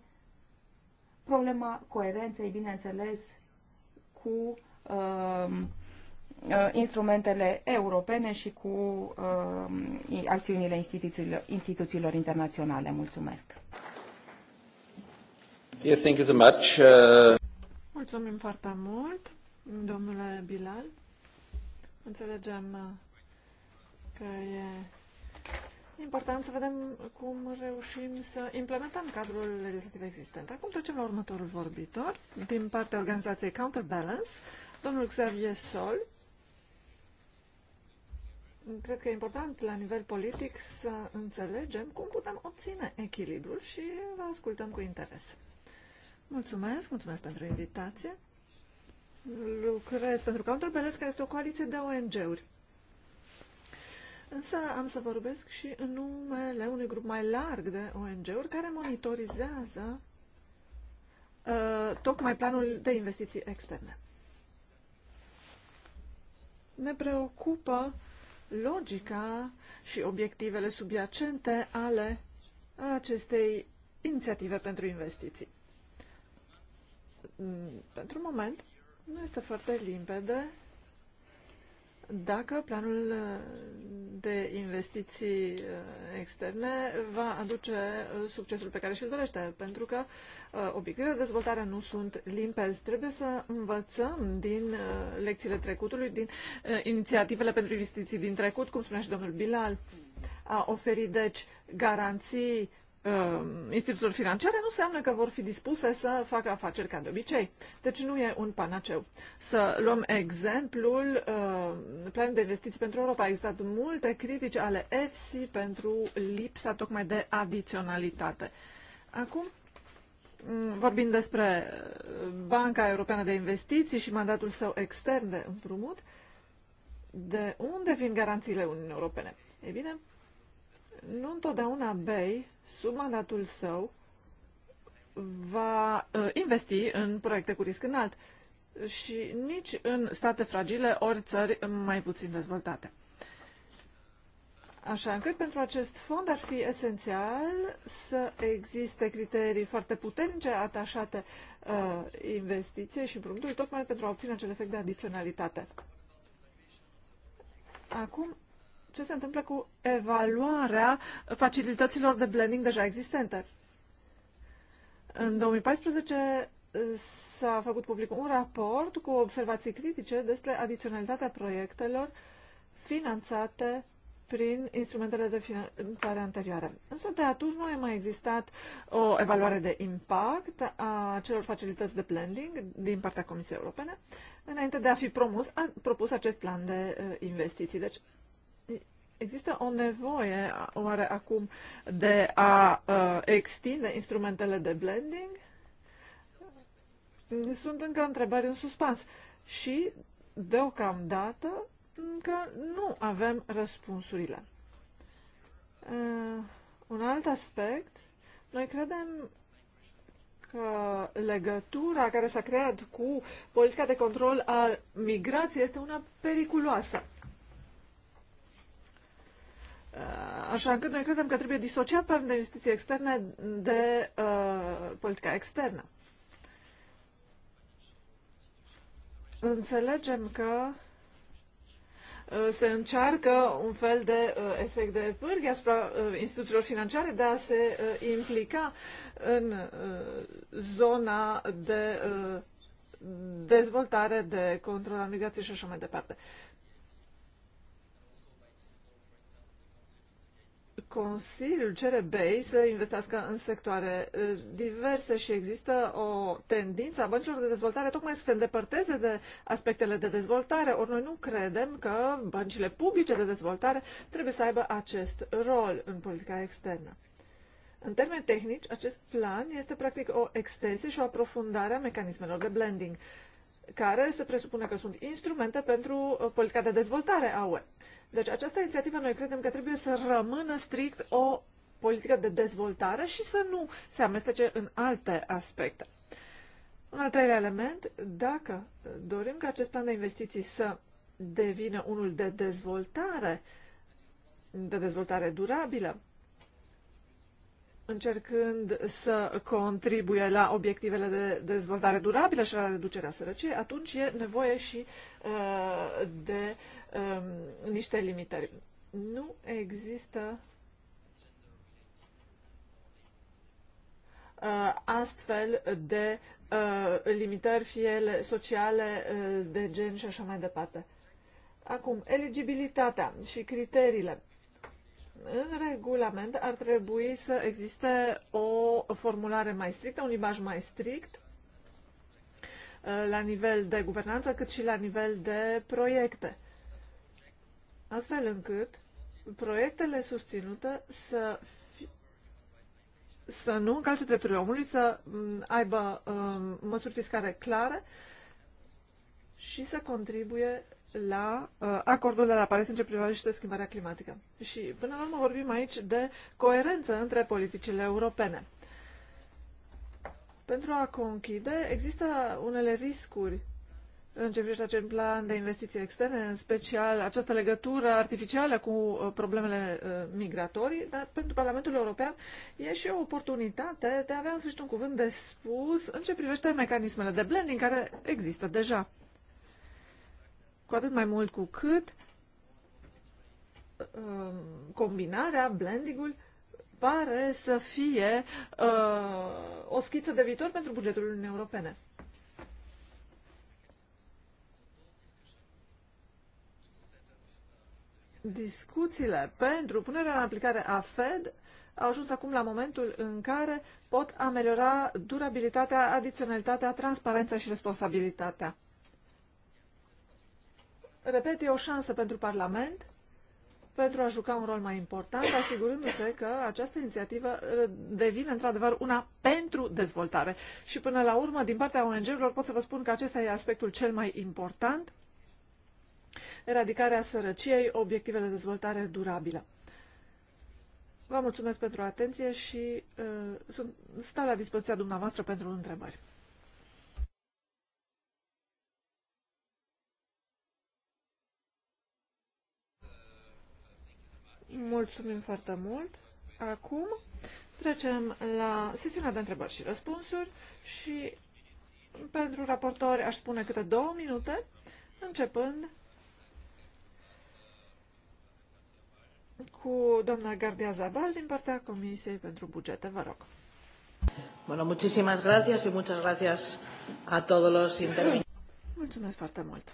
problema coerenței, bineînțeles, cu um, uh, instrumentele europene și cu uh, acțiunile instituțiilor, instituțiilor internaționale. Mulțumesc! Yes, thank you so much. Uh... Mulțumim foarte mult, domnule Bilal. Înțelegem uh, că e important să vedem cum reușim să implementăm cadrul legislativ existent. Acum trecem la următorul vorbitor, din partea organizației Counterbalance, domnul Xavier Sol. Cred că e important la nivel politic să înțelegem cum putem obține echilibrul și vă ascultăm cu interes. Mulțumesc, mulțumesc pentru invitație. Lucrez pentru Counterbalance, care este o coaliție de ONG-uri. Însă am să vorbesc și în numele unui grup mai larg de ONG-uri care monitorizează uh, tocmai planul de investiții externe. Ne preocupă logica și obiectivele subiacente ale acestei inițiative pentru investiții. Mm, pentru moment nu este foarte limpede dacă planul uh, de investiții uh, externe va aduce uh, succesul pe care și-l dorește, pentru că obiectivele de dezvoltare nu sunt limpezi. Trebuie să învățăm din lecțiile trecutului, din inițiativele pentru investiții din trecut, cum spunea și domnul Bilal, a oferi, deci, garanții Uh, instituțiilor financiare nu înseamnă că vor fi dispuse să facă afaceri ca de obicei. Deci nu e un panaceu. Să luăm exemplul uh, planului de investiții pentru Europa. A existat multe critici ale EFSI pentru lipsa tocmai de adiționalitate. Acum, mm, vorbind despre Banca Europeană de Investiții și mandatul său extern de împrumut, de unde vin garanțiile Uniunii Europene? Ei bine, nu întotdeauna BEI, sub mandatul său, va uh, investi în proiecte cu risc înalt și nici în state fragile ori țări mai puțin dezvoltate. Așa încât pentru acest fond ar fi esențial să existe criterii foarte puternice atașate uh, investiției și împrumutului, tocmai pentru a obține acel efect de adiționalitate. Acum, ce se întâmplă cu evaluarea facilităților de blending deja existente. În 2014 uh, s-a făcut public un raport cu observații critice despre adiționalitatea proiectelor finanțate prin instrumentele de finanțare anterioare. Însă de atunci nu a mai existat o evaluare de impact a celor facilități de blending din partea Comisiei Europene înainte de a fi promus, a, propus acest plan de uh, investiții. Deci Există o nevoie, oare acum, de a uh, extinde instrumentele de blending? Sunt încă întrebări în suspans și, deocamdată, încă nu avem răspunsurile. Uh, un alt aspect, noi credem că legătura care s-a creat cu politica de control a migrației este una periculoasă. Uh, așa încât noi credem că trebuie disociat planul de investiții externe de uh, politica externă. Înțelegem că uh, se încearcă un fel de uh, efect de pârghi asupra instituțiilor financiare de a se implica în zona de dezvoltare, de control al migrației și așa mai departe. Consiliul cere BEI să investească în sectoare diverse și există o tendință a băncilor de dezvoltare tocmai să se îndepărteze de aspectele de dezvoltare, ori noi nu credem că băncile publice de dezvoltare trebuie să aibă acest rol în politica externă. În termeni tehnici, acest plan este practic o extensie și o aprofundare a mecanismelor de blending, care se presupune că sunt instrumente pentru uh, politica de dezvoltare a UE. Deci această inițiativă noi credem că trebuie să rămână strict o politică de dezvoltare și să nu se amestece în alte aspecte. Un al treilea element, dacă dorim ca acest plan de investiții să devină unul de dezvoltare, de dezvoltare durabilă, încercând să contribuie la obiectivele de dezvoltare durabilă și la reducerea sărăciei, atunci e nevoie și uh, de um, niște limitări. Nu există uh, astfel de uh, limitări, fie ele sociale, uh, de gen și așa mai departe. Acum, eligibilitatea și criteriile în regulament ar trebui să existe o formulare mai strictă, un limbaj mai strict uh, la nivel de guvernanță, cât și la nivel de proiecte. Astfel încât proiectele susținute să să nu încalce drepturile omului, să mm, aibă uh, măsuri fiscale clare și să contribuie la uh, acordul de la Paris în ce privește schimbarea climatică. Și până la urmă vorbim aici de coerență între politicile europene. Pentru a conchide, există unele riscuri în ce privește acest plan de investiții externe, în special această legătură artificială cu uh, problemele uh, migratorii, dar pentru Parlamentul European e și o oportunitate de a avea în sfârșit un cuvânt de spus în ce privește mecanismele de blending care există deja. Cu atât mai mult cu cât uh, combinarea, blendingul pare să fie uh, o schiță de viitor pentru bugetul Uniunii Europene. Discuțiile pentru punerea în aplicare a Fed au ajuns acum la momentul în care pot ameliora durabilitatea, adiționalitatea, transparența și responsabilitatea. Repet, e o șansă pentru Parlament pentru a juca un rol mai important, asigurându-se că această inițiativă uh, devine într-adevăr una pentru dezvoltare. Și până la urmă, din partea ONG-urilor, pot să vă spun că acesta e aspectul cel mai important, eradicarea sărăciei, obiectivele de dezvoltare durabilă. Vă mulțumesc pentru atenție și uh, sunt, stau la dispoziția dumneavoastră pentru întrebări. Mulțumim foarte mult. Acum trecem la sesiunea de întrebări și răspunsuri și pentru raportori aș spune câte două minute, începând cu doamna Gardia Zabal din partea Comisiei pentru Bugete. Vă rog. Bueno, muchísimas gracias y muchas gracias a todos los Mulțumesc foarte mult.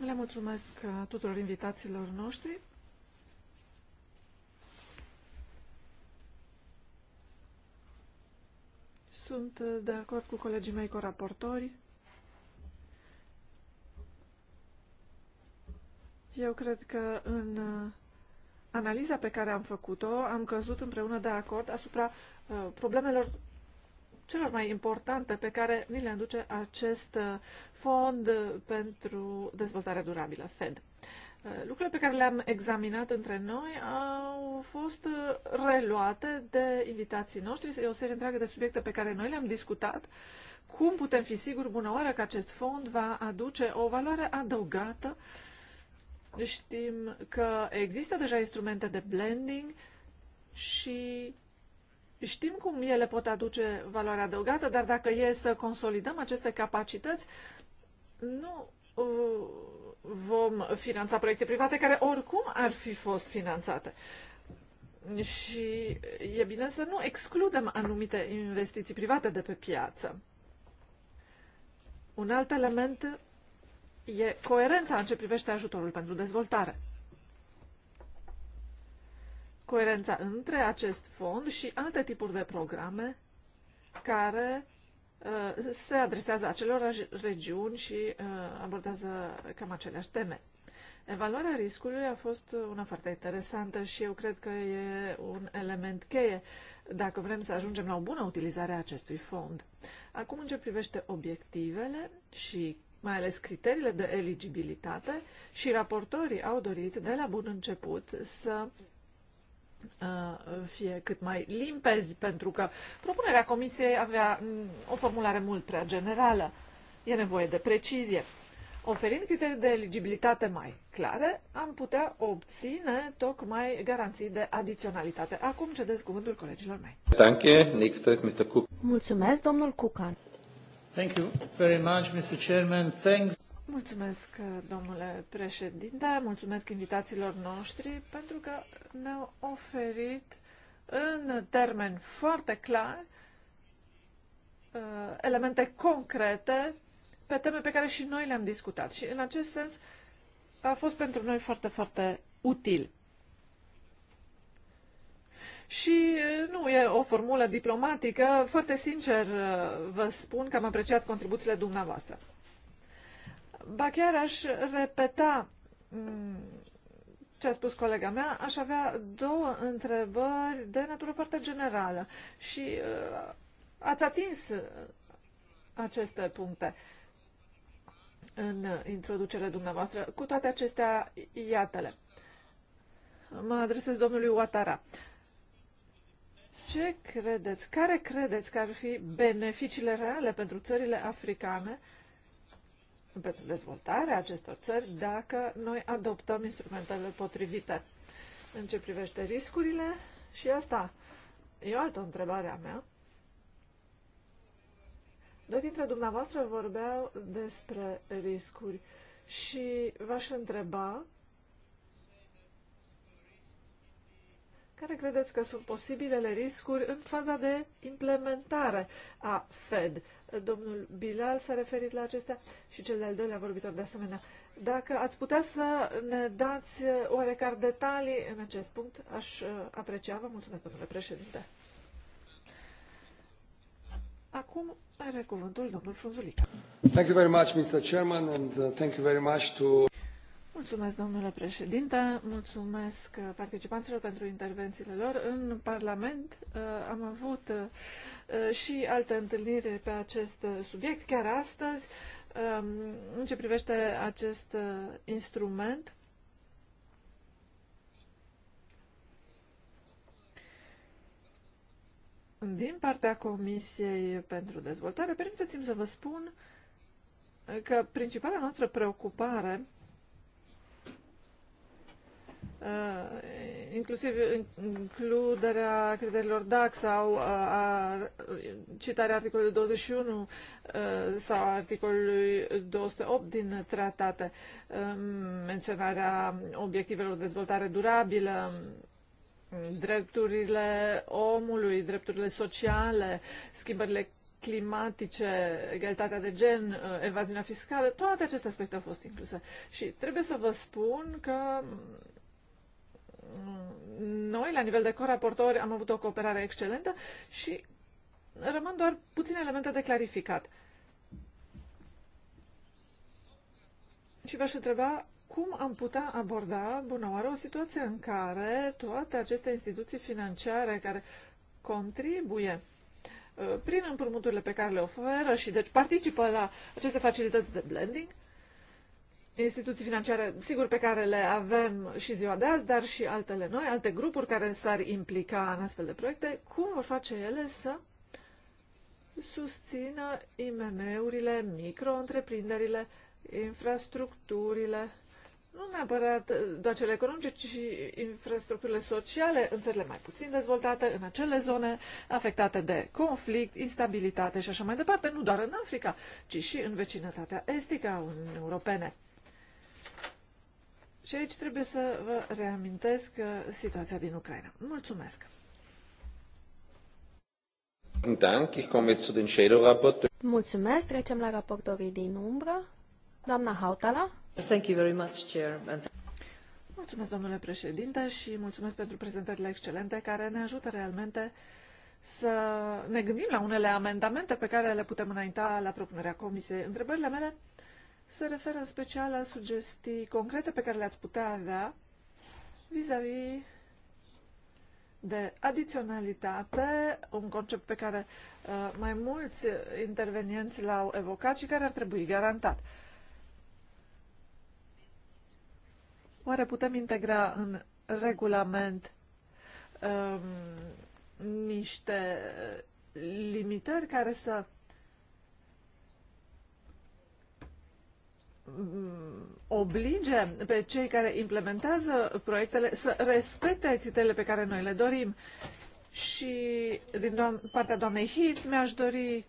Le mulțumesc tuturor invitațiilor noștri Sunt uh, de acord cu colegii mei coraportori. Eu cred că în uh, analiza pe care am făcut-o, am căzut împreună de acord asupra uh, problemelor celor mai importante pe care ni le aduce acest fond pentru dezvoltare durabilă, FED. Lucrurile pe care le-am examinat între noi au fost uh, reluate de invitații noștri. E o serie întreagă de subiecte pe care noi le-am discutat. Cum putem fi siguri, bună oară, că acest fond va aduce o valoare adăugată? Știm că există deja instrumente de blending și știm cum ele pot aduce valoare adăugată, dar dacă e să consolidăm aceste capacități, nu uh, vom finanța proiecte private care oricum ar fi fost finanțate. Și e bine să nu excludem anumite investiții private de pe piață. Un alt element e coerența în ce privește ajutorul pentru dezvoltare. Coerența între acest fond și alte tipuri de programe care Uh, se adresează acelor regiuni și uh, abordează cam aceleași teme. Evaluarea riscului a fost una foarte interesantă și eu cred că e un element cheie dacă vrem să ajungem la o bună utilizare a acestui fond. Acum, în ce privește obiectivele și mai ales criteriile de eligibilitate și raportorii au dorit de la bun început să fie cât mai limpezi, pentru că propunerea comisiei avea o formulare mult prea generală. E nevoie de precizie. Oferind criterii de eligibilitate mai clare, am putea obține tocmai garanții de adiționalitate. Acum cedez cuvântul colegilor mei. Mulțumesc, domnul Cucan. Thank you very much, Mr. Chairman. Thanks. Mulțumesc, domnule președinte, mulțumesc invitațiilor noștri pentru că ne-au oferit în termeni foarte clari uh, elemente concrete pe teme pe care și noi le-am discutat. Și în acest sens a fost pentru noi foarte, foarte util. Și uh, nu e o formulă diplomatică, foarte sincer uh, vă spun că am apreciat contribuțiile dumneavoastră. Ba chiar aș repeta mm, ce a spus colega mea, aș avea două întrebări de natură foarte generală și uh, ați atins aceste puncte în introducerea dumneavoastră. Cu toate acestea, iată-le. Mă adresez domnului Watara. Ce credeți, care credeți că ar fi beneficiile reale pentru țările africane uh, pentru dezvoltarea acestor țări dacă noi adoptăm instrumentele potrivite. În ce privește riscurile, și asta e o altă întrebare a mea. Doi dintre dumneavoastră vorbeau despre riscuri și v-aș întreba Care credeți că sunt posibilele riscuri în faza de implementare a Fed? Domnul Bilal s-a referit la acestea și cel de-al doilea vorbitor de asemenea. Dacă ați putea să ne dați oarecare detalii în acest punct, aș uh, aprecia. Vă mulțumesc, domnule președinte. Acum are cuvântul domnul Frunzulic. Thank you very much, Mr. Chairman, and uh, thank you very much to Mulțumesc, domnule președinte, mulțumesc uh, participanților pentru intervențiile lor. În Parlament uh, am avut uh, și alte întâlniri pe acest subiect, chiar astăzi, um, în ce privește acest instrument. Din partea Comisiei pentru Dezvoltare, permiteți-mi să vă spun că principala noastră preocupare Uh, inclusiv includerea criteriilor DAC sau uh, a, citarea articolului 21 uh, sau articolului 208 din tratate, um, menționarea obiectivelor de dezvoltare durabilă, drepturile omului, drepturile sociale, schimbările climatice, egalitatea de gen, evaziunea fiscală, toate aceste aspecte au fost incluse. Și trebuie să vă spun că noi, la nivel de coraportori, am avut o cooperare excelentă și rămân doar puține elemente de clarificat. Și v-aș întreba cum am putea aborda, bună oară, o situație în care toate aceste instituții financiare care contribuie uh, prin împrumuturile pe care le oferă și deci participă la aceste facilități de blending, instituții financiare, sigur, pe care le avem și ziua de azi, dar și altele noi, alte grupuri care s-ar implica în astfel de proiecte, cum vor face ele să susțină IMM-urile, micro-întreprinderile, infrastructurile, nu neapărat doar cele economice, ci și infrastructurile sociale în țările mai puțin dezvoltate, în acele zone afectate de conflict, instabilitate și așa mai departe, nu doar în Africa, ci și în vecinătatea estică a Uniunii Europene. Și aici trebuie să vă reamintesc uh, situația din Ucraina. Mulțumesc! Mulțumesc, trecem la raportorii din umbră. Doamna Hautala. Thank you very much, Chair. Mulțumesc, domnule președinte, și mulțumesc pentru prezentările excelente care ne ajută realmente să ne gândim la unele amendamente pe care le putem înainta la propunerea Comisiei. Întrebările mele se referă în special la sugestii concrete pe care le-ați putea avea vis-a-vis -vis de adiționalitate, un concept pe care uh, mai mulți intervenienți l-au evocat și care ar trebui garantat. Oare putem integra în regulament um, niște limitări care să Mm, oblige pe cei care implementează proiectele să respecte criteriile pe care noi le dorim. Și din doam- partea doamnei Hit mi-aș dori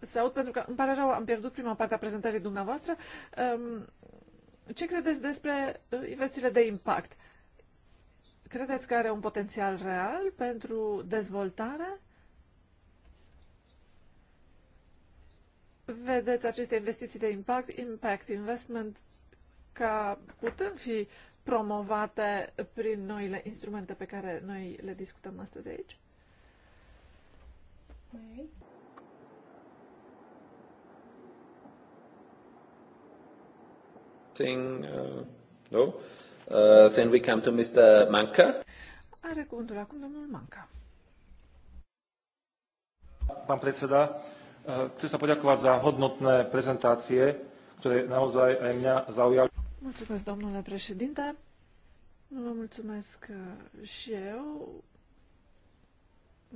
să aud, pentru că îmi pare rău, am pierdut prima parte a prezentării dumneavoastră. Ehm, ce credeți despre uh, investițiile de impact? Credeți că are un potențial real pentru dezvoltare? vedeți aceste investiții de impact, impact investment, ca putând fi promovate prin noile instrumente pe care noi le discutăm astăzi aici? Okay. Thing, uh, no. Uh, then we come to Mr. Manca. Are cuvântul acum domnul Manca. plecat da. Chcem sa poďakovať za hodnotné prezentácie, ktoré naozaj aj mňa zaujali. Mulțumesc, domnule președinte. Vă mulțumesc și eu,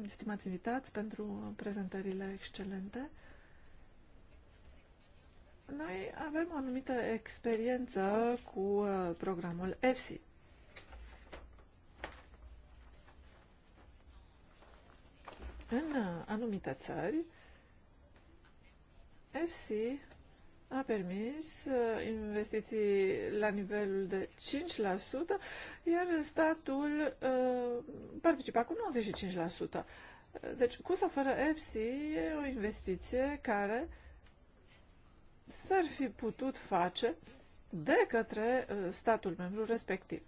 stimați invitați, pentru prezentările excelente. Noi avem o anumită experiență cu programul EFSI. În anumite țări, FC a permis uh, investiții la nivelul de 5%, iar statul uh, participa cu 95%. Deci, cu sau fără FC, e o investiție care s-ar fi putut face de către uh, statul membru respectiv.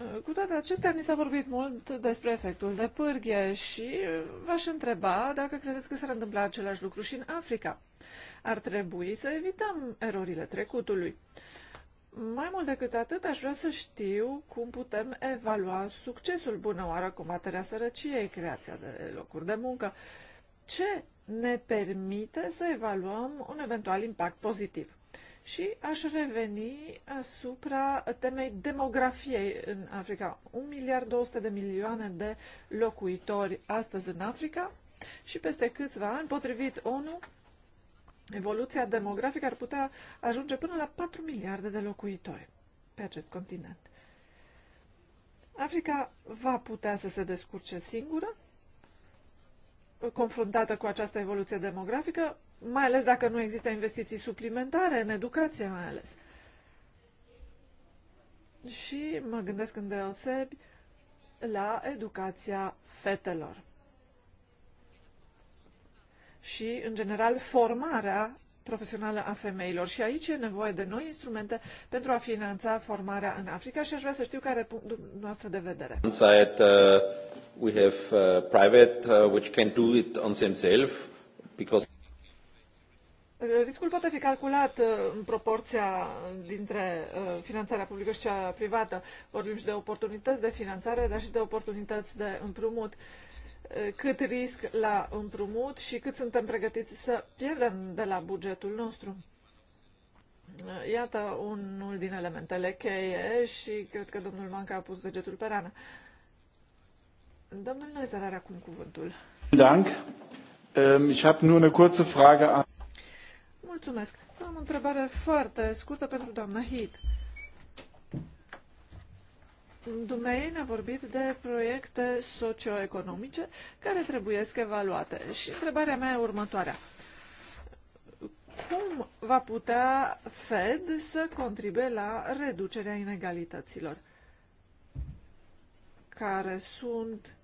Uh, cu toate acestea, ni s-a vorbit mult despre efectul de pârghie și v-aș întreba dacă credeți că s-ar întâmpla același lucru și în Africa. Ar trebui să evităm erorile trecutului. Mai mult decât atât, aș vrea să știu cum putem evalua succesul bună oară, combaterea sărăciei, creația de locuri de muncă. Ce ne permite să evaluăm un eventual impact pozitiv? Și aș reveni asupra temei demografiei în Africa. 1 miliard 200 de milioane de locuitori astăzi în Africa și peste câțiva ani, potrivit ONU, evoluția demografică ar putea ajunge până la 4 miliarde de locuitori pe acest continent. Africa va putea să se descurce singură, confruntată cu această evoluție demografică, mai ales dacă nu există investiții suplimentare în educație mai ales. Și mă gândesc deosebi la educația fetelor. Și, în general, formarea profesională a femeilor. Și aici e nevoie de noi instrumente pentru a finanța formarea în Africa și aș vrea să știu care e punctul noastră de vedere. Inside, uh, we have uh, private uh, which can do it on themselves because Riscul poate fi calculat uh, în proporția dintre uh, finanțarea publică și cea privată. Vorbim și de oportunități de finanțare, dar și de oportunități de împrumut. Uh, cât risc la împrumut și cât suntem pregătiți să pierdem de la bugetul nostru. Iată unul din elementele cheie și cred că domnul Manca a pus degetul pe rană. Domnul Noizer are acum cuvântul. Dank. Ähm, ich habe nur eine kurze Frage an Mulțumesc. Am o întrebare foarte scurtă pentru doamna Hit. Dumnezeu ne-a vorbit de proiecte socioeconomice care trebuie evaluate. Și întrebarea mea e următoarea. Cum va putea Fed să contribuie la reducerea inegalităților? Care sunt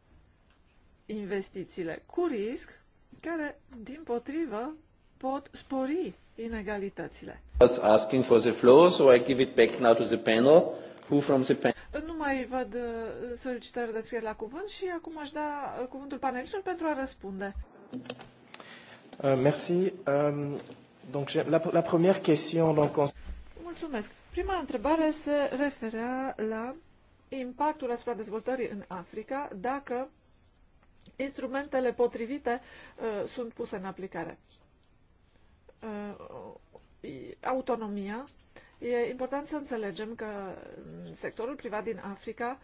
investițiile cu risc, care, din potrivă, pot spori inegalitățile. Asking for the floor, so I give it back now to the panel. Who from the panel? Nu mai văd uh, solicitări de țări la cuvânt și acum aș da uh, cuvântul panelistului pentru a răspunde. Uh, merci. Um, donc, la, la première question, donc... Mulțumesc. Prima întrebare se referea la impactul asupra dezvoltării în Africa dacă instrumentele potrivite uh, sunt puse în aplicare. Uh, uh, autonomia, e important să înțelegem că în sectorul privat din Africa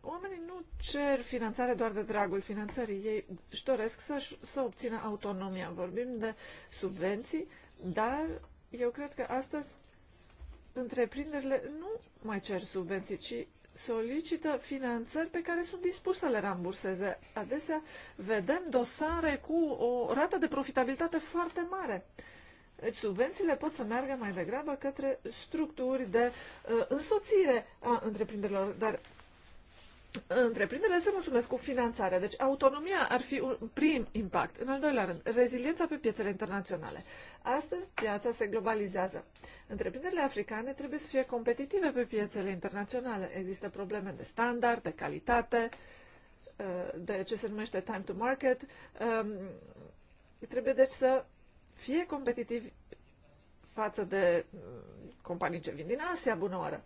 oamenii nu cer finanțare doar de dragul finanțării, ei își doresc să, să obțină autonomia. Vorbim de subvenții, dar eu cred că astăzi întreprinderile nu mai cer subvenții, ci solicită finanțări pe care sunt dispus să le ramburseze. Adesea vedem dosare cu o rată de profitabilitate foarte mare. Deci subvențiile pot să meargă mai degrabă către structuri de uh, însoțire a întreprinderilor, dar întreprinderile se mulțumesc cu finanțarea. Deci autonomia ar fi un prim impact. În al doilea rând, reziliența pe piețele internaționale. Astăzi piața se globalizează. Întreprinderile africane trebuie să fie competitive pe piețele internaționale. Există probleme de standard, de calitate, uh, de ce se numește time to market. Um, trebuie deci să fie competitivi față de uh, companii ce vin din Asia, bună oară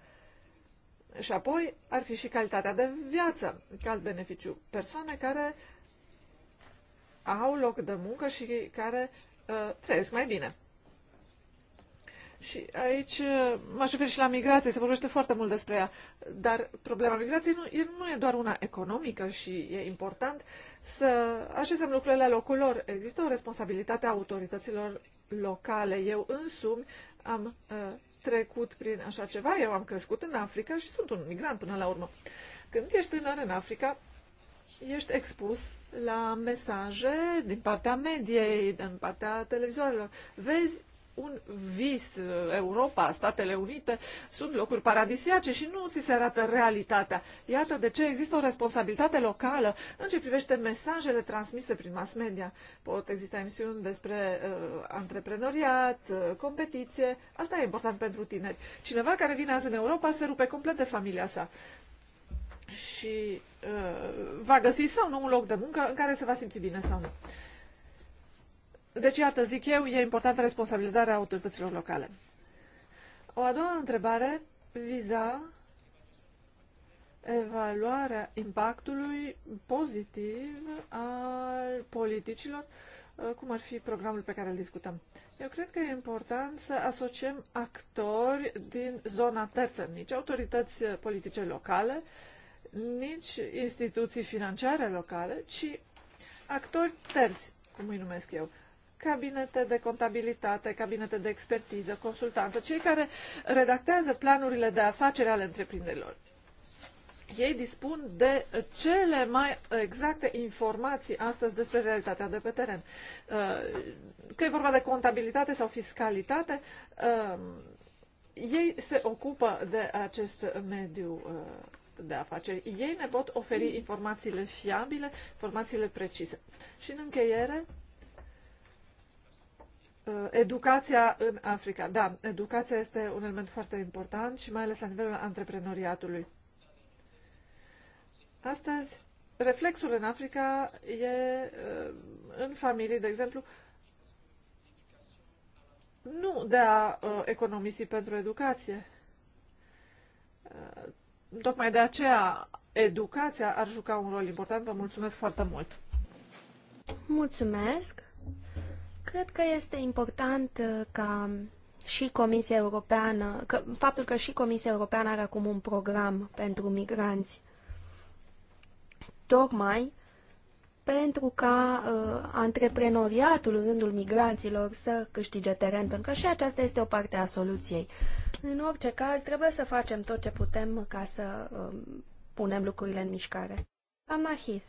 și apoi ar fi și calitatea de viață ca alt beneficiu. Persoane care au loc de muncă și care uh, trăiesc mai bine. Și aici uh, m-aș referi și la migrație, se vorbește foarte mult despre ea, dar problema migrației nu, nu e doar una economică și e important să așezăm lucrurile la locul lor. Există o responsabilitate a autorităților locale. Eu însumi am uh, trecut prin așa ceva. Eu am crescut în Africa și sunt un migrant până la urmă. Când ești tânăr în Africa, ești expus la mesaje din partea mediei, din partea televizorilor. Vezi un vis. Uh, Europa, Statele Unite sunt locuri paradisiace și nu ți se arată realitatea. Iată de ce există o responsabilitate locală în ce privește mesajele transmise prin mass media. Pot exista emisiuni despre uh, antreprenoriat, uh, competiție. Asta e important pentru tineri. Cineva care vine azi în Europa se rupe complet de familia sa și uh, va găsi sau nu un loc de muncă în care se va simți bine sau nu. Deci, iată, zic eu, e importantă responsabilizarea autorităților locale. O a doua întrebare viza evaluarea impactului pozitiv al politicilor, uh, cum ar fi programul pe care îl discutăm. Eu cred că e important să asociem actori din zona terță, nici autorități uh, politice locale, nici instituții financiare locale, ci actori terți, cum îi numesc eu, cabinete de contabilitate, cabinete de expertiză, consultanță, cei care redactează planurile de afacere ale întreprinderilor. Ei dispun de cele mai exacte informații astăzi despre realitatea de pe teren. Uh, că e vorba de contabilitate sau fiscalitate, uh, ei se ocupă de acest mediu uh, de afaceri. Ei ne pot oferi informațiile fiabile, informațiile precise. Și în încheiere, Uh, educația în Africa. Da, educația este un element foarte important și mai ales la nivelul antreprenoriatului. Astăzi, reflexul în Africa e uh, în familii, de exemplu, nu de a uh, economisi pentru educație. Tocmai de aceea educația ar juca un rol important. Vă mulțumesc foarte mult! Mulțumesc! Cred că este important uh, ca și Comisia Europeană, că, faptul că și Comisia Europeană are acum un program pentru migranți, tocmai pentru ca uh, antreprenoriatul în rândul migranților să câștige teren, pentru că și aceasta este o parte a soluției. În orice caz, trebuie să facem tot ce putem ca să uh, punem lucrurile în mișcare. Doamna Heath.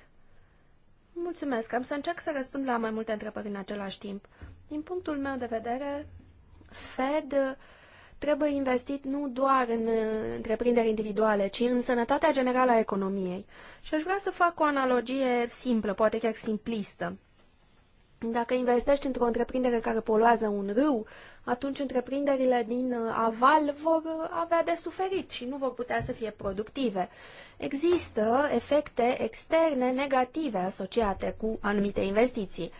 Mulțumesc. Am să încerc să răspund la mai multe întrebări în același timp. Din punctul meu de vedere, Fed trebuie investit nu doar în uh, întreprinderi individuale, ci în sănătatea generală a economiei. Și aș vrea să fac o analogie simplă, poate chiar simplistă. Dacă investești într-o întreprindere care poluează un râu, atunci întreprinderile din uh, aval vor uh, avea de suferit și nu vor putea să fie productive. Există efecte externe negative asociate cu anumite investiții.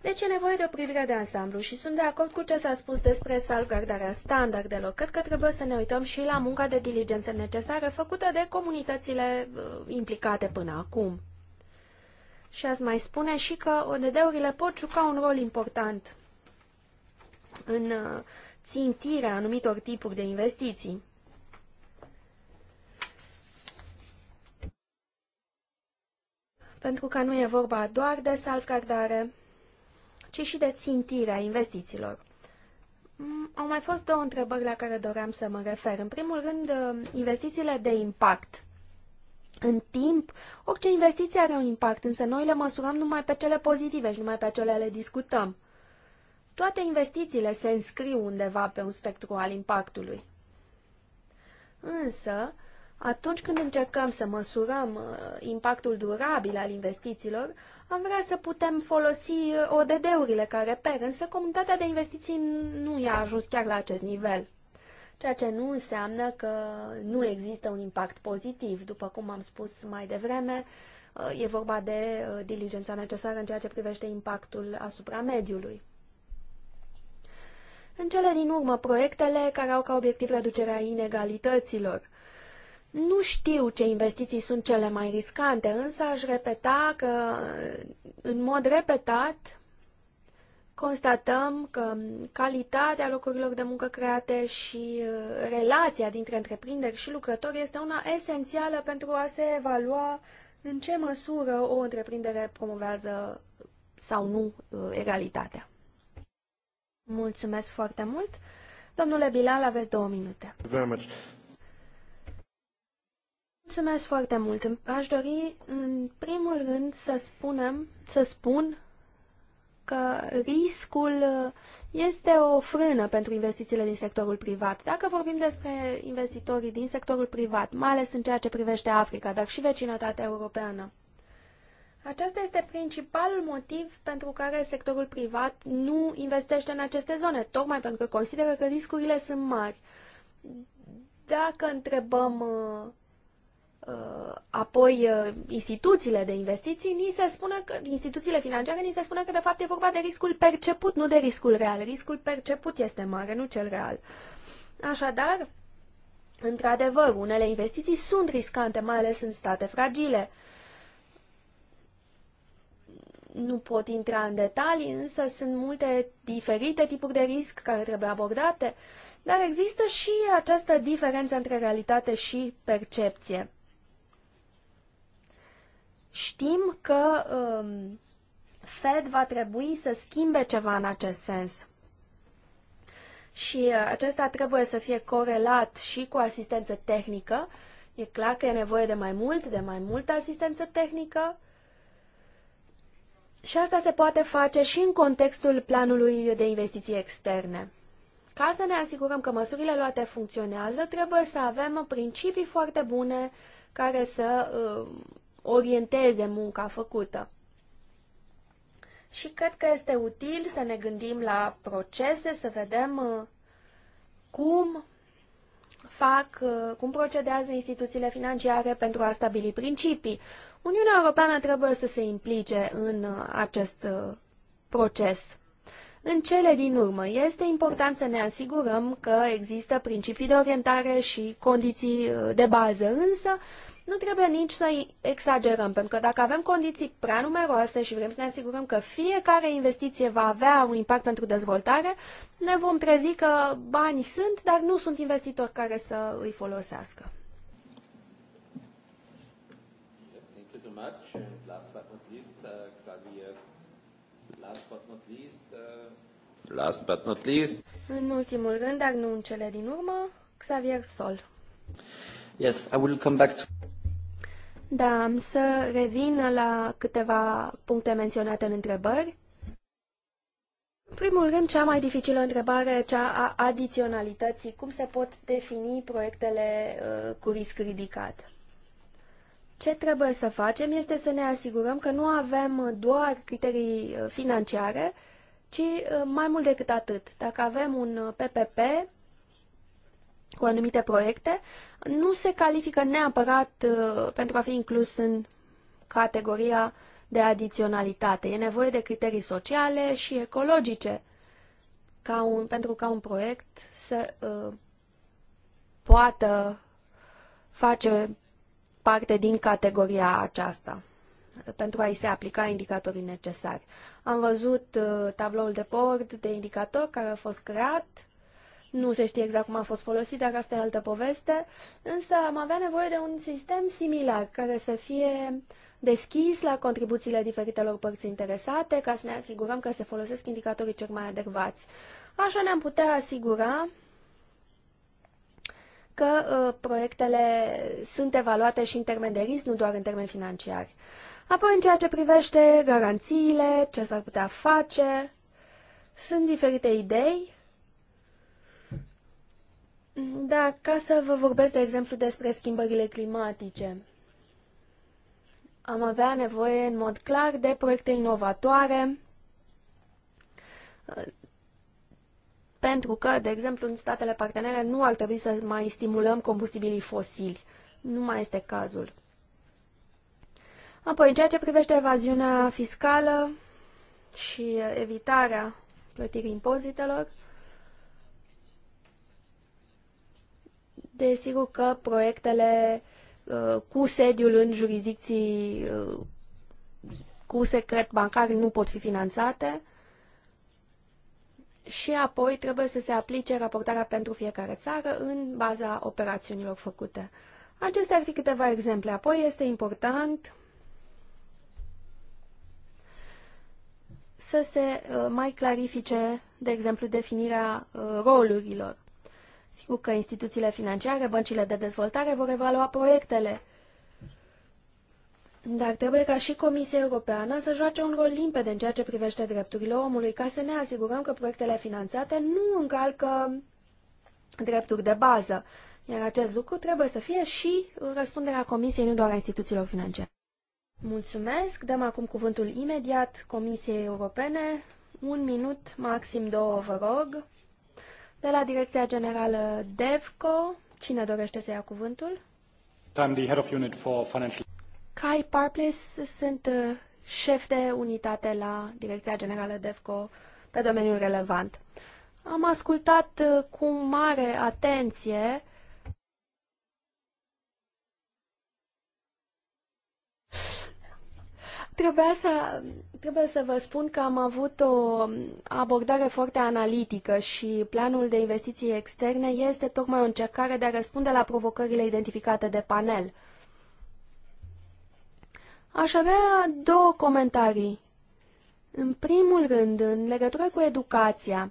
Deci e nevoie de o privire de ansamblu și sunt de acord cu ce s-a spus despre salvgardarea standardelor. Cred că trebuie să ne uităm și la munca de diligență necesară făcută de comunitățile uh, implicate până acum. Și ați mai spune și că ODD-urile pot juca un rol important în uh, țintirea anumitor tipuri de investiții. Pentru că nu e vorba doar de salvgardare, ci și de țintirea investițiilor. Mm, au mai fost două întrebări la care doream să mă refer. În primul rând, uh, investițiile de impact. În timp, orice investiție are un impact, însă noi le măsurăm numai pe cele pozitive și numai pe cele le discutăm. Toate investițiile se înscriu undeva pe un spectru al impactului. Însă, atunci când încercăm să măsurăm uh, impactul durabil al investițiilor, am vrea să putem folosi uh, ODD-urile ca reper, însă comunitatea de investiții nu i-a ajuns chiar la acest nivel. Ceea ce nu înseamnă că nu există un impact pozitiv. După cum am spus mai devreme, uh, e vorba de diligența necesară în ceea ce privește impactul asupra mediului. În cele din urmă, proiectele care au ca obiectiv reducerea inegalităților. Nu știu ce investiții sunt cele mai riscante, însă aș repeta că, în mod repetat, constatăm că calitatea locurilor de muncă create și uh, relația dintre întreprinderi și lucrători este una esențială pentru a se evalua în ce măsură o întreprindere promovează sau nu uh, egalitatea. Mulțumesc foarte mult. Domnule Bilal, aveți două minute. Mulțumesc foarte mult. Aș dori, în primul rând, să spunem, să spun că riscul este o frână pentru investițiile din sectorul privat. Dacă vorbim despre investitorii din sectorul privat, mai ales în ceea ce privește Africa, dar și vecinătatea europeană, acesta este principalul motiv pentru care sectorul privat nu investește în aceste zone, tocmai pentru că consideră că riscurile sunt mari. Dacă întrebăm uh, uh, apoi uh, instituțiile de investiții, ni se spune că, instituțiile financiare ni se spune că de fapt e vorba de riscul perceput, nu de riscul real. Riscul perceput este mare, nu cel real. Așadar, într-adevăr, unele investiții sunt riscante, mai ales în state fragile. Uh, nu pot intra în detalii, însă sunt multe diferite tipuri de risc care trebuie abordate, dar există și această diferență între realitate și percepție. Știm că um, Fed va trebui să schimbe ceva în acest sens. Și uh, acesta trebuie să fie corelat și cu asistență tehnică. E clar că e nevoie de mai mult, de mai multă asistență tehnică și asta se poate face și în contextul planului de investiții externe. Ca să ne asigurăm că măsurile luate funcționează, trebuie să avem principii foarte bune care să uh, orienteze munca făcută. Și cred că este util să ne gândim la procese, să vedem uh, cum fac, uh, cum procedează instituțiile financiare pentru a stabili principii, Uniunea Europeană trebuie să se implice în uh, acest uh, proces. În cele din urmă, este important să ne asigurăm că există principii de orientare și condiții uh, de bază, însă nu trebuie nici să exagerăm, pentru că dacă avem condiții prea numeroase și vrem să ne asigurăm că fiecare investiție va avea un impact pentru dezvoltare, ne vom trezi că banii sunt, dar nu sunt investitori care să îi folosească. much. And last but not least, uh, Xavier. Last but not least. Uh... Last but not least. În ultimul rând, dar nu în cele din urmă, Xavier Sol. Yes, I will come back to... Da, am să revin la câteva puncte menționate în întrebări. În primul rând, cea mai dificilă întrebare, cea a adiționalității. Cum se pot defini proiectele uh, cu risc ridicat? Ce trebuie să facem este să ne asigurăm că nu avem doar criterii uh, financiare, ci uh, mai mult decât atât. Dacă avem un PPP uh, cu anumite proiecte, nu se califică neapărat pentru a fi inclus în categoria de adiționalitate. E nevoie de criterii sociale și ecologice ca un, pentru ca un proiect să uh, poată face parte din categoria aceasta pentru a-i se aplica indicatorii necesari. Am văzut uh, tabloul de bord de indicator care a fost creat, nu se știe exact cum a fost folosit, dar asta e altă poveste, însă am avea nevoie de un sistem similar care să fie deschis la contribuțiile diferitelor părți interesate ca să ne asigurăm că se folosesc indicatorii cel mai adecvați. Așa ne-am putea asigura că uh, proiectele sunt evaluate și în termen de risc, nu doar în termeni financiari. Apoi, în ceea ce privește garanțiile, ce s-ar putea face, sunt diferite idei. Da, ca să vă vorbesc, de exemplu, despre schimbările climatice. Am avea nevoie, în mod clar, de proiecte inovatoare, pentru că, de exemplu, în statele partenere nu ar trebui să mai stimulăm combustibilii fosili. Nu mai este cazul. Apoi, în ceea ce privește evaziunea fiscală și evitarea plătirii impozitelor, desigur că proiectele uh, cu sediul în jurisdicții uh, cu secret bancar nu pot fi finanțate și apoi trebuie să se aplice raportarea pentru fiecare țară în baza operațiunilor făcute. Acestea ar fi câteva exemple. Apoi este important să se uh, mai clarifice, de exemplu, definirea uh, rolurilor. Sigur că instituțiile financiare, băncile de dezvoltare vor evalua proiectele dar trebuie ca și Comisia Europeană să joace un rol limpede în ceea ce privește drepturile omului, ca să ne asigurăm că proiectele finanțate nu încalcă drepturi de bază. Iar acest lucru trebuie să fie și răspunderea Comisiei, nu doar a instituțiilor financiare. Mulțumesc. Dăm acum cuvântul imediat Comisiei Europene. Un minut, maxim două, vă rog. De la Direcția Generală DEVCO, cine dorește să ia cuvântul? I'm the head of unit for financial... Kai Parplis, sunt uh, șef de unitate la Direcția Generală DEFCO pe domeniul relevant. Am ascultat uh, cu mare atenție Trebuia să, trebuie să vă spun că am avut o abordare foarte analitică și planul de investiții externe este tocmai o încercare de a răspunde la provocările identificate de panel. Aș avea două comentarii. În primul rând, în legătură cu educația,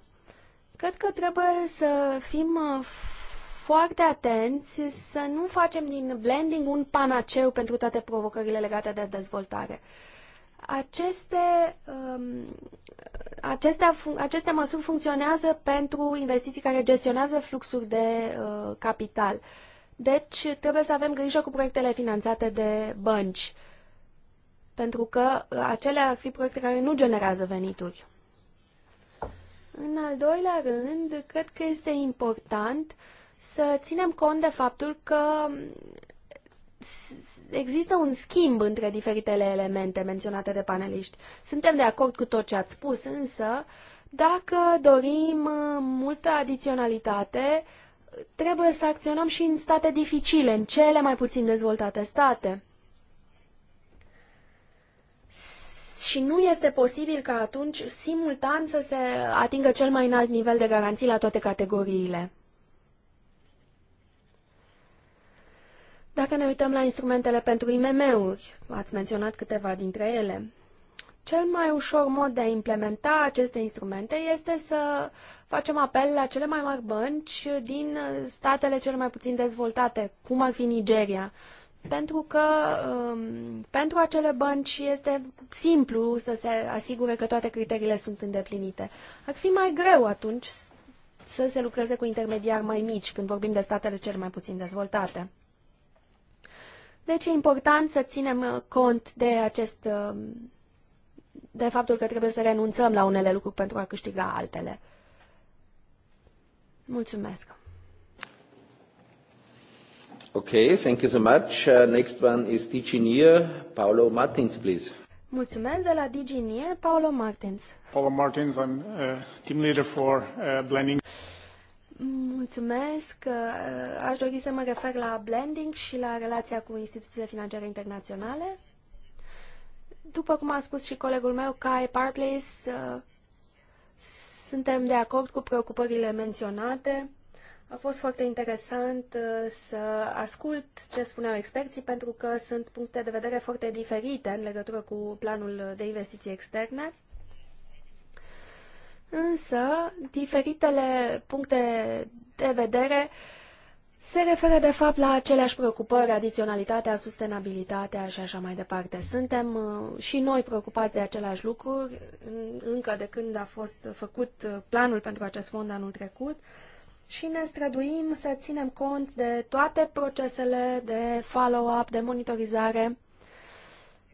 cred că trebuie să fim uh, foarte atenți să nu facem din blending un panaceu pentru toate provocările legate de dezvoltare. Aceste, aceste um, acestea, aceste măsuri funcționează pentru investiții care gestionează fluxuri de uh, capital. Deci trebuie să avem grijă cu proiectele finanțate de bănci. Uh, pentru că acelea ar fi proiecte care nu generează venituri. În al doilea rând, cred că este important să ținem cont de faptul că există un schimb între diferitele elemente menționate de paneliști. Suntem de acord cu tot ce ați spus, însă, dacă dorim multă adiționalitate, trebuie să acționăm și în state dificile, în cele mai puțin dezvoltate state. și nu este posibil ca atunci simultan să se atingă cel mai înalt nivel de garanții la toate categoriile. Dacă ne uităm la instrumentele pentru IMM-uri, ați menționat câteva dintre ele, cel mai ușor mod de a implementa aceste instrumente este să facem apel la cele mai mari bănci din statele cele mai puțin dezvoltate, cum ar fi Nigeria pentru că um, pentru acele bănci este simplu să se asigure că toate criteriile sunt îndeplinite. Ar fi mai greu atunci să se lucreze cu intermediari mai mici când vorbim de statele cel mai puțin dezvoltate. Deci e important să ținem uh, cont de acest um, de faptul că trebuie să renunțăm la unele lucruri pentru a câștiga altele. Mulțumesc! Okay, thank you so much. Uh, next one is Digineer. Paolo Martins, please. Mulțumesc de la Digineer, Paolo Martins. Paolo Martins, I'm uh, team leader for uh, blending. Mulțumesc. Uh, aș dori să mă refer la blending și la relația cu instituțiile financiare internaționale. După cum a spus și colegul meu, Kai Parplace, uh, suntem de acord cu preocupările menționate a fost foarte interesant uh, să ascult ce spuneau experții, pentru că sunt puncte de vedere foarte diferite în legătură cu planul de investiții externe. Însă, diferitele puncte de vedere se referă de fapt la aceleași preocupări, adiționalitatea, sustenabilitatea și așa mai departe. Suntem uh, și noi preocupați de același lucru, încă de când a fost făcut uh, planul pentru acest fond anul trecut și ne străduim să ținem cont de toate procesele de follow-up, de monitorizare,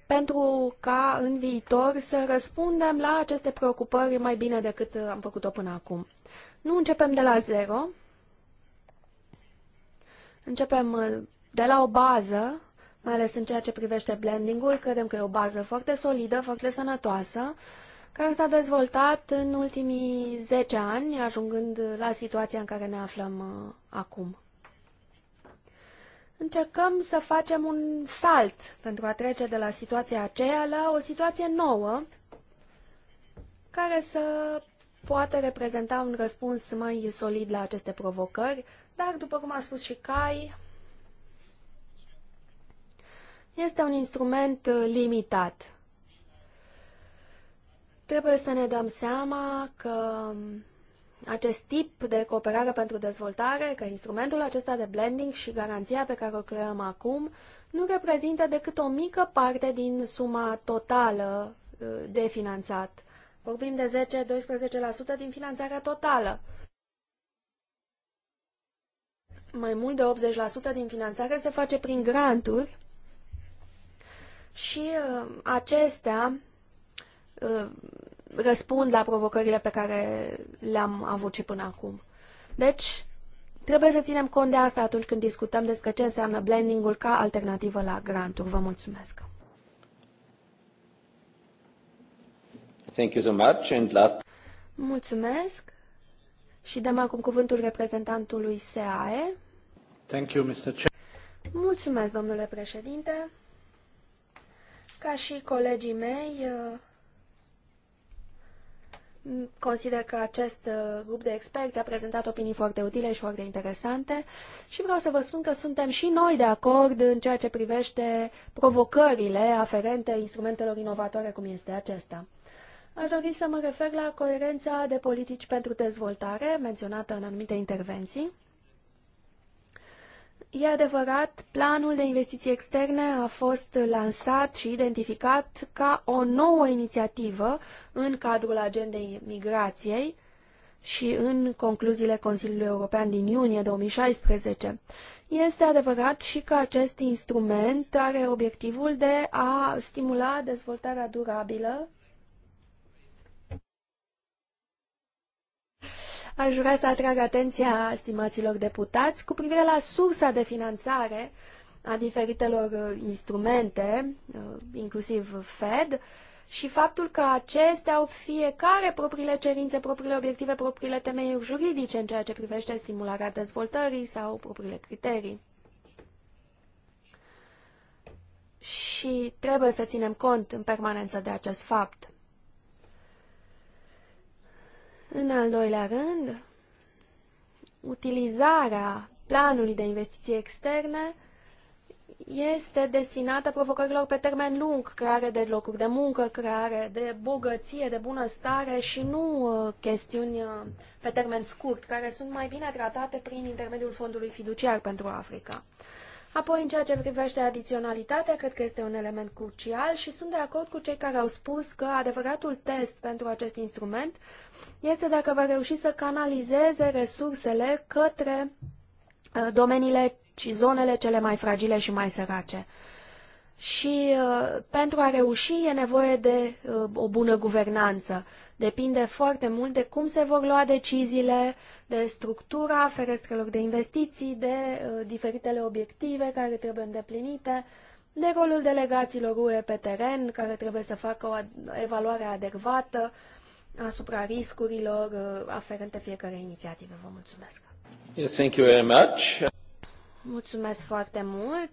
pentru ca în viitor să răspundem la aceste preocupări mai bine decât am făcut-o până acum. Nu începem de la zero, începem uh, de la o bază, mai ales în ceea ce privește blending-ul, credem că e o bază foarte solidă, foarte sănătoasă, care s-a dezvoltat în ultimii 10 ani, ajungând la situația în care ne aflăm uh, acum. Încercăm să facem un salt pentru a trece de la situația aceea la o situație nouă, care să poate reprezenta un răspuns mai solid la aceste provocări, dar, după cum a spus și Cai, este un instrument uh, limitat. Trebuie să ne dăm seama că acest tip de cooperare pentru dezvoltare, că instrumentul acesta de blending și garanția pe care o creăm acum, nu reprezintă decât o mică parte din suma totală uh, de finanțat. Vorbim de 10-12% din finanțarea totală. Mai mult de 80% din finanțare se face prin granturi și uh, acestea uh, răspund la provocările pe care le-am avut și până acum. Deci, trebuie să ținem cont de asta atunci când discutăm despre ce înseamnă blending-ul ca alternativă la granturi. Vă mulțumesc! Thank you so much. And last... Mulțumesc! Și dăm acum cuvântul reprezentantului SAE. Thank you, Mr. Chair. Mulțumesc, domnule președinte! Ca și colegii mei, uh Consider că acest uh, grup de experți a prezentat opinii foarte utile și foarte interesante și vreau să vă spun că suntem și noi de acord în ceea ce privește provocările aferente instrumentelor inovatoare cum este acesta. Aș dori să mă refer la coerența de politici pentru dezvoltare menționată în anumite intervenții. E adevărat, planul de investiții externe a fost lansat și identificat ca o nouă inițiativă în cadrul agendei migrației și în concluziile Consiliului European din iunie 2016. Este adevărat și că acest instrument are obiectivul de a stimula dezvoltarea durabilă Aș vrea să atrag atenția stimaților deputați cu privire la sursa de finanțare a diferitelor uh, instrumente, uh, inclusiv Fed, și faptul că acestea au fiecare propriile cerințe, propriile obiective, propriile temeiuri juridice în ceea ce privește stimularea dezvoltării sau propriile criterii. Și trebuie să ținem cont în permanență de acest fapt. În al doilea rând, utilizarea planului de investiții externe este destinată provocărilor pe termen lung, creare de locuri de muncă, creare de bogăție, de bunăstare și nu uh, chestiuni uh, pe termen scurt, care sunt mai bine tratate prin intermediul Fondului Fiduciar pentru Africa. Apoi, în ceea ce privește adiționalitatea, cred că este un element crucial și sunt de acord cu cei care au spus că adevăratul test pentru acest instrument este dacă va reuși să canalizeze resursele către uh, domeniile și zonele cele mai fragile și mai sărace. Și uh, pentru a reuși e nevoie de uh, o bună guvernanță depinde foarte mult de cum se vor lua deciziile, de structura ferestrelor de investiții, de uh, diferitele obiective care trebuie îndeplinite, de rolul delegaților UE pe teren, care trebuie să facă o evaluare adecvată asupra riscurilor uh, aferente fiecare inițiative. Vă mulțumesc! Yes, thank you very much. Mulțumesc foarte mult!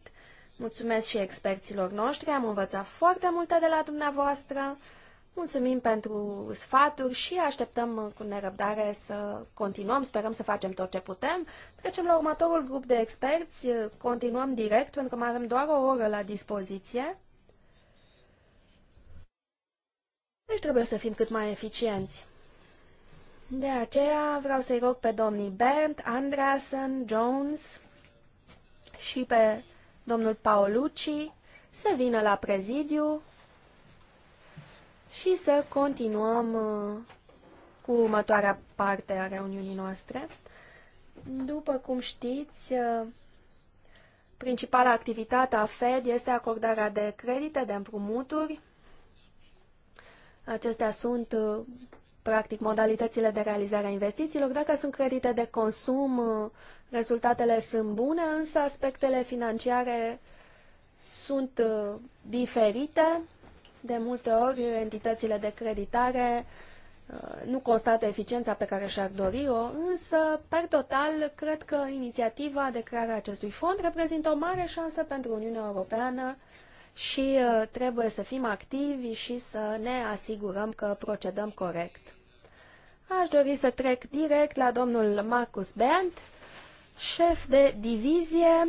Mulțumesc și experților noștri, am învățat foarte multe de la dumneavoastră. Mulțumim pentru sfaturi și așteptăm cu nerăbdare să continuăm. Sperăm să facem tot ce putem. Trecem la următorul grup de experți. Continuăm direct pentru că mai avem doar o oră la dispoziție. Deci trebuie să fim cât mai eficienți. De aceea vreau să-i rog pe domnii Bernd, Andreasen, Jones și pe domnul Paolucci să vină la prezidiu și să continuăm uh, cu următoarea parte a reuniunii noastre. După cum știți, uh, principala activitate a Fed este acordarea de credite, de împrumuturi. Acestea sunt uh, practic modalitățile de realizare a investițiilor. Dacă sunt credite de consum, rezultatele sunt bune, însă aspectele financiare sunt diferite de multe ori, entitățile de creditare uh, nu constată eficiența pe care și-ar dori-o, însă, per total, cred că inițiativa de creare a acestui fond reprezintă o mare șansă pentru Uniunea Europeană și uh, trebuie să fim activi și să ne asigurăm că procedăm corect. Aș dori să trec direct la domnul Marcus Bernd, șef de divizie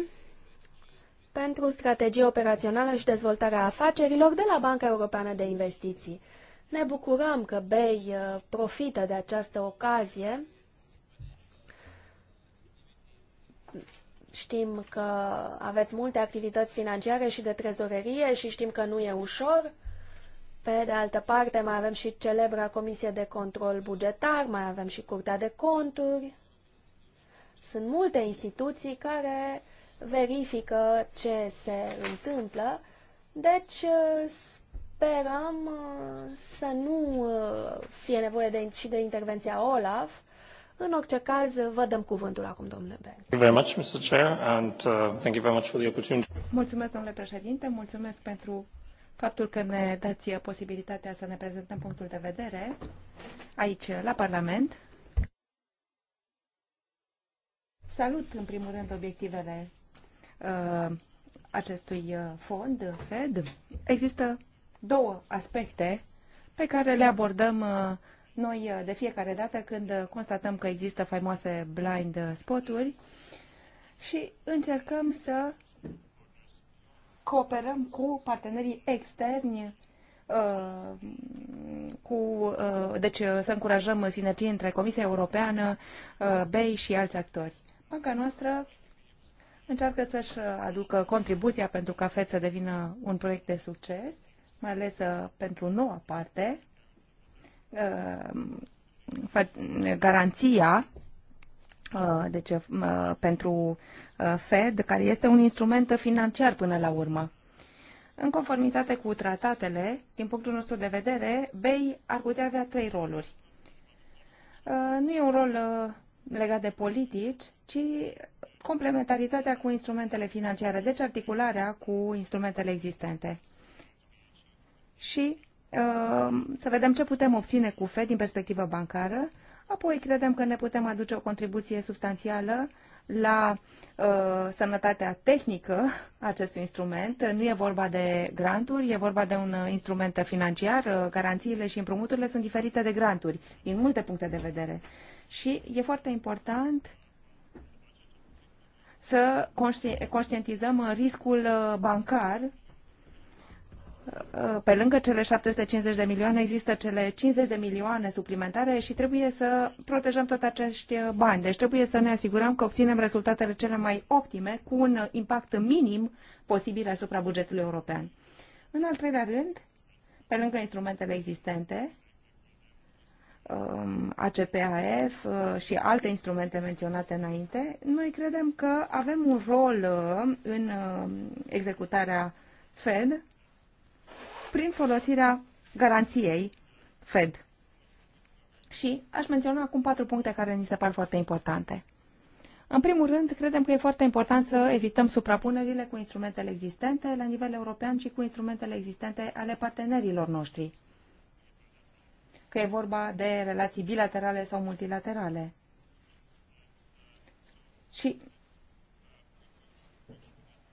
pentru strategie operațională și dezvoltarea afacerilor de la Banca Europeană de Investiții. Ne bucurăm că BEI uh, profită de această ocazie. Știm că aveți multe activități financiare și de trezorerie și știm că nu e ușor. Pe de altă parte, mai avem și celebra Comisie de Control Bugetar, mai avem și Curtea de Conturi. Sunt multe instituții care uh, verifică ce se întâmplă. Deci sperăm uh, să nu uh, fie nevoie de, și de intervenția OLAF. În orice caz, vă dăm cuvântul acum, domnule Berg. Uh, mulțumesc, domnule președinte, mulțumesc pentru faptul că ne dați posibilitatea să ne prezentăm punctul de vedere aici, la Parlament. Salut, în primul rând, obiectivele Uh, acestui uh, fond, FED, există două aspecte pe care le abordăm uh, noi de fiecare dată când constatăm că există faimoase blind spoturi și încercăm să cooperăm cu partenerii externi cu, deci să încurajăm sinergii între Comisia Europeană, BEI și alți actori. Banca noastră încearcă să-și aducă contribuția pentru ca FED să devină un proiect de succes, mai ales uh, pentru noua parte, uh, garanția uh, deci, pentru Fed, care este un instrument financiar până la urmă. În conformitate cu tratatele, din punctul nostru de vedere, BEI ar putea avea trei roluri. Nu e un rol legat de politici, ci complementaritatea cu instrumentele financiare, deci articularea cu instrumentele existente. Și uh, să vedem ce putem obține cu FED din perspectivă bancară, apoi credem că ne putem aduce o contribuție substanțială la uh, sănătatea tehnică acestui instrument. Nu e vorba de granturi, e vorba de un instrument financiar. Uh, garanțiile și împrumuturile sunt diferite de granturi, din multe puncte de vedere. Și e foarte important să conștientizăm uh, riscul uh, bancar. Uh, pe lângă cele 750 de milioane există cele 50 de milioane suplimentare și trebuie să protejăm tot acești bani. Deci trebuie să ne asigurăm că obținem rezultatele cele mai optime cu un impact minim posibil asupra bugetului european. În al treilea rând, pe lângă instrumentele existente, Um, ACPAF uh, și alte instrumente menționate înainte, noi credem că avem un rol uh, în um, executarea Fed prin folosirea garanției Fed. Și aș menționa acum patru puncte care ni se par foarte importante. În primul rând, credem că e foarte important să evităm suprapunerile cu instrumentele existente la nivel european și cu instrumentele existente ale partenerilor noștri că e vorba de relații bilaterale sau multilaterale. Și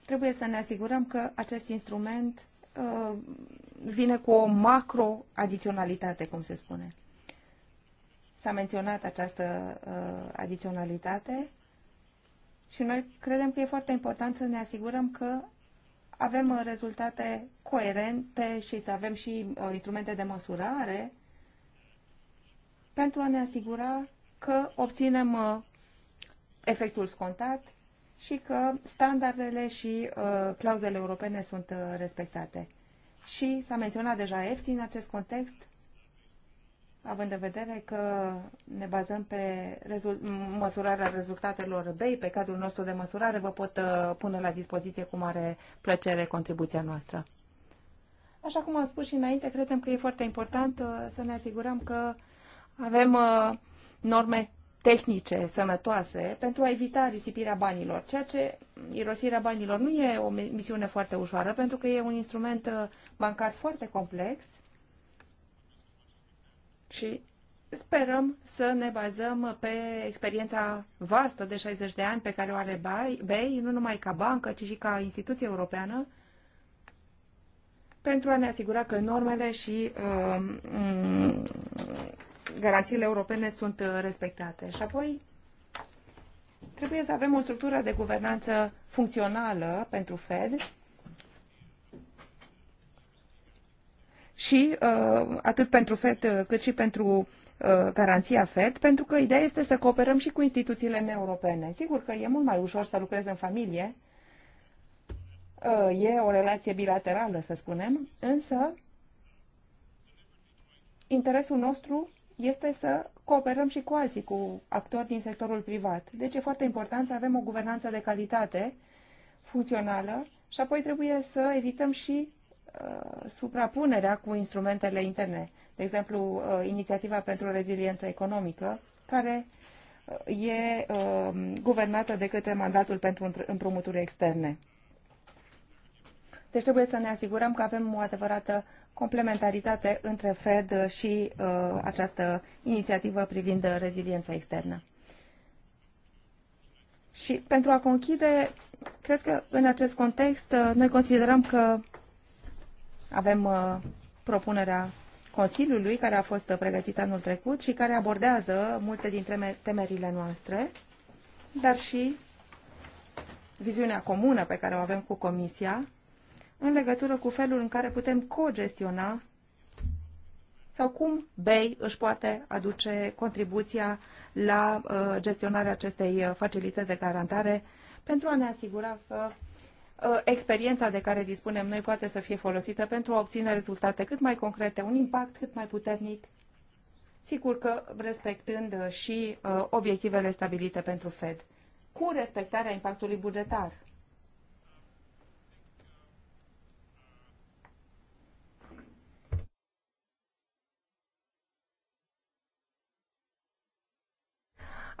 trebuie să ne asigurăm că acest instrument uh, vine cu o macro-adiționalitate, cum se spune. S-a menționat această uh, adiționalitate și noi credem că e foarte important să ne asigurăm că avem uh, rezultate coerente și să avem și uh, instrumente de măsurare pentru a ne asigura că obținem uh, efectul scontat și că standardele și uh, clauzele europene sunt uh, respectate. Și s-a menționat deja EFSI în acest context, având în vedere că ne bazăm pe rezult măsurarea rezultatelor BEI, pe cadrul nostru de măsurare, vă pot pune la dispoziție cu mare plăcere contribuția noastră. Așa cum am spus și înainte, credem că e foarte important să ne asigurăm că avem uh, norme tehnice sănătoase pentru a evita risipirea banilor, ceea ce irosirea banilor nu e o misiune foarte ușoară, pentru că e un instrument uh, bancar foarte complex și sperăm să ne bazăm pe experiența vastă de 60 de ani pe care o are BEI, nu numai ca bancă, ci și ca instituție europeană, pentru a ne asigura că normele și uh, garanțiile europene sunt uh, respectate. Și apoi trebuie să avem o structură de guvernanță funcțională pentru Fed și uh, atât pentru Fed uh, cât și pentru garanția FED, pentru că ideea este să cooperăm și cu instituțiile neeuropene. Sigur că e mult mai ușor să lucrezi în familie, e o relație bilaterală, să spunem, însă interesul nostru este să cooperăm și cu alții, cu actori din sectorul privat. Deci e foarte important să avem o guvernanță de calitate funcțională și apoi trebuie să evităm și uh, suprapunerea cu instrumentele interne. De exemplu, uh, inițiativa pentru reziliență economică, care uh, e uh, guvernată de către mandatul pentru împrumuturi externe. Deci trebuie să ne asigurăm că avem o adevărată complementaritate între Fed și uh, această inițiativă privind reziliența externă. Și pentru a conchide, cred că în acest context uh, noi considerăm că avem uh, propunerea Consiliului care a fost pregătită anul trecut și care abordează multe dintre temerile noastre, dar și viziunea comună pe care o avem cu Comisia în legătură cu felul în care putem cogestiona sau cum BEI își poate aduce contribuția la uh, gestionarea acestei uh, facilități de garantare pentru a ne asigura că uh, experiența de care dispunem noi poate să fie folosită pentru a obține rezultate cât mai concrete, un impact cât mai puternic, sigur că respectând și obiectivele stabilite pentru Fed, cu respectarea impactului bugetar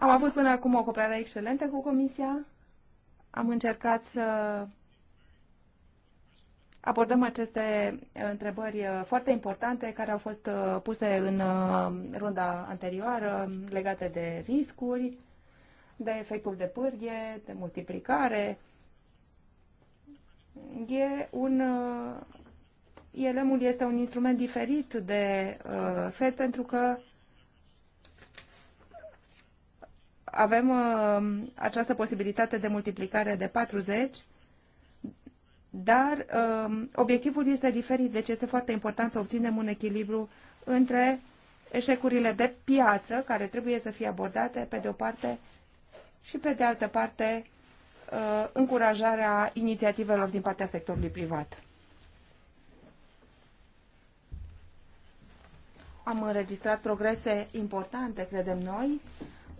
Am avut până acum o cooperare excelentă cu Comisia. Am încercat să abordăm aceste uh, întrebări uh, foarte importante care au fost uh, puse în runda anterioară legate de riscuri, de efectul de pârghie, de multiplicare. E un ELM-ul este un instrument diferit de FED pentru că avem uh, această posibilitate de multiplicare de 40, dar uh, obiectivul este diferit, deci este foarte important să obținem un echilibru între eșecurile de piață care trebuie să fie abordate pe de o parte și pe de altă parte uh, încurajarea inițiativelor din partea sectorului privat. Am înregistrat progrese importante, credem noi,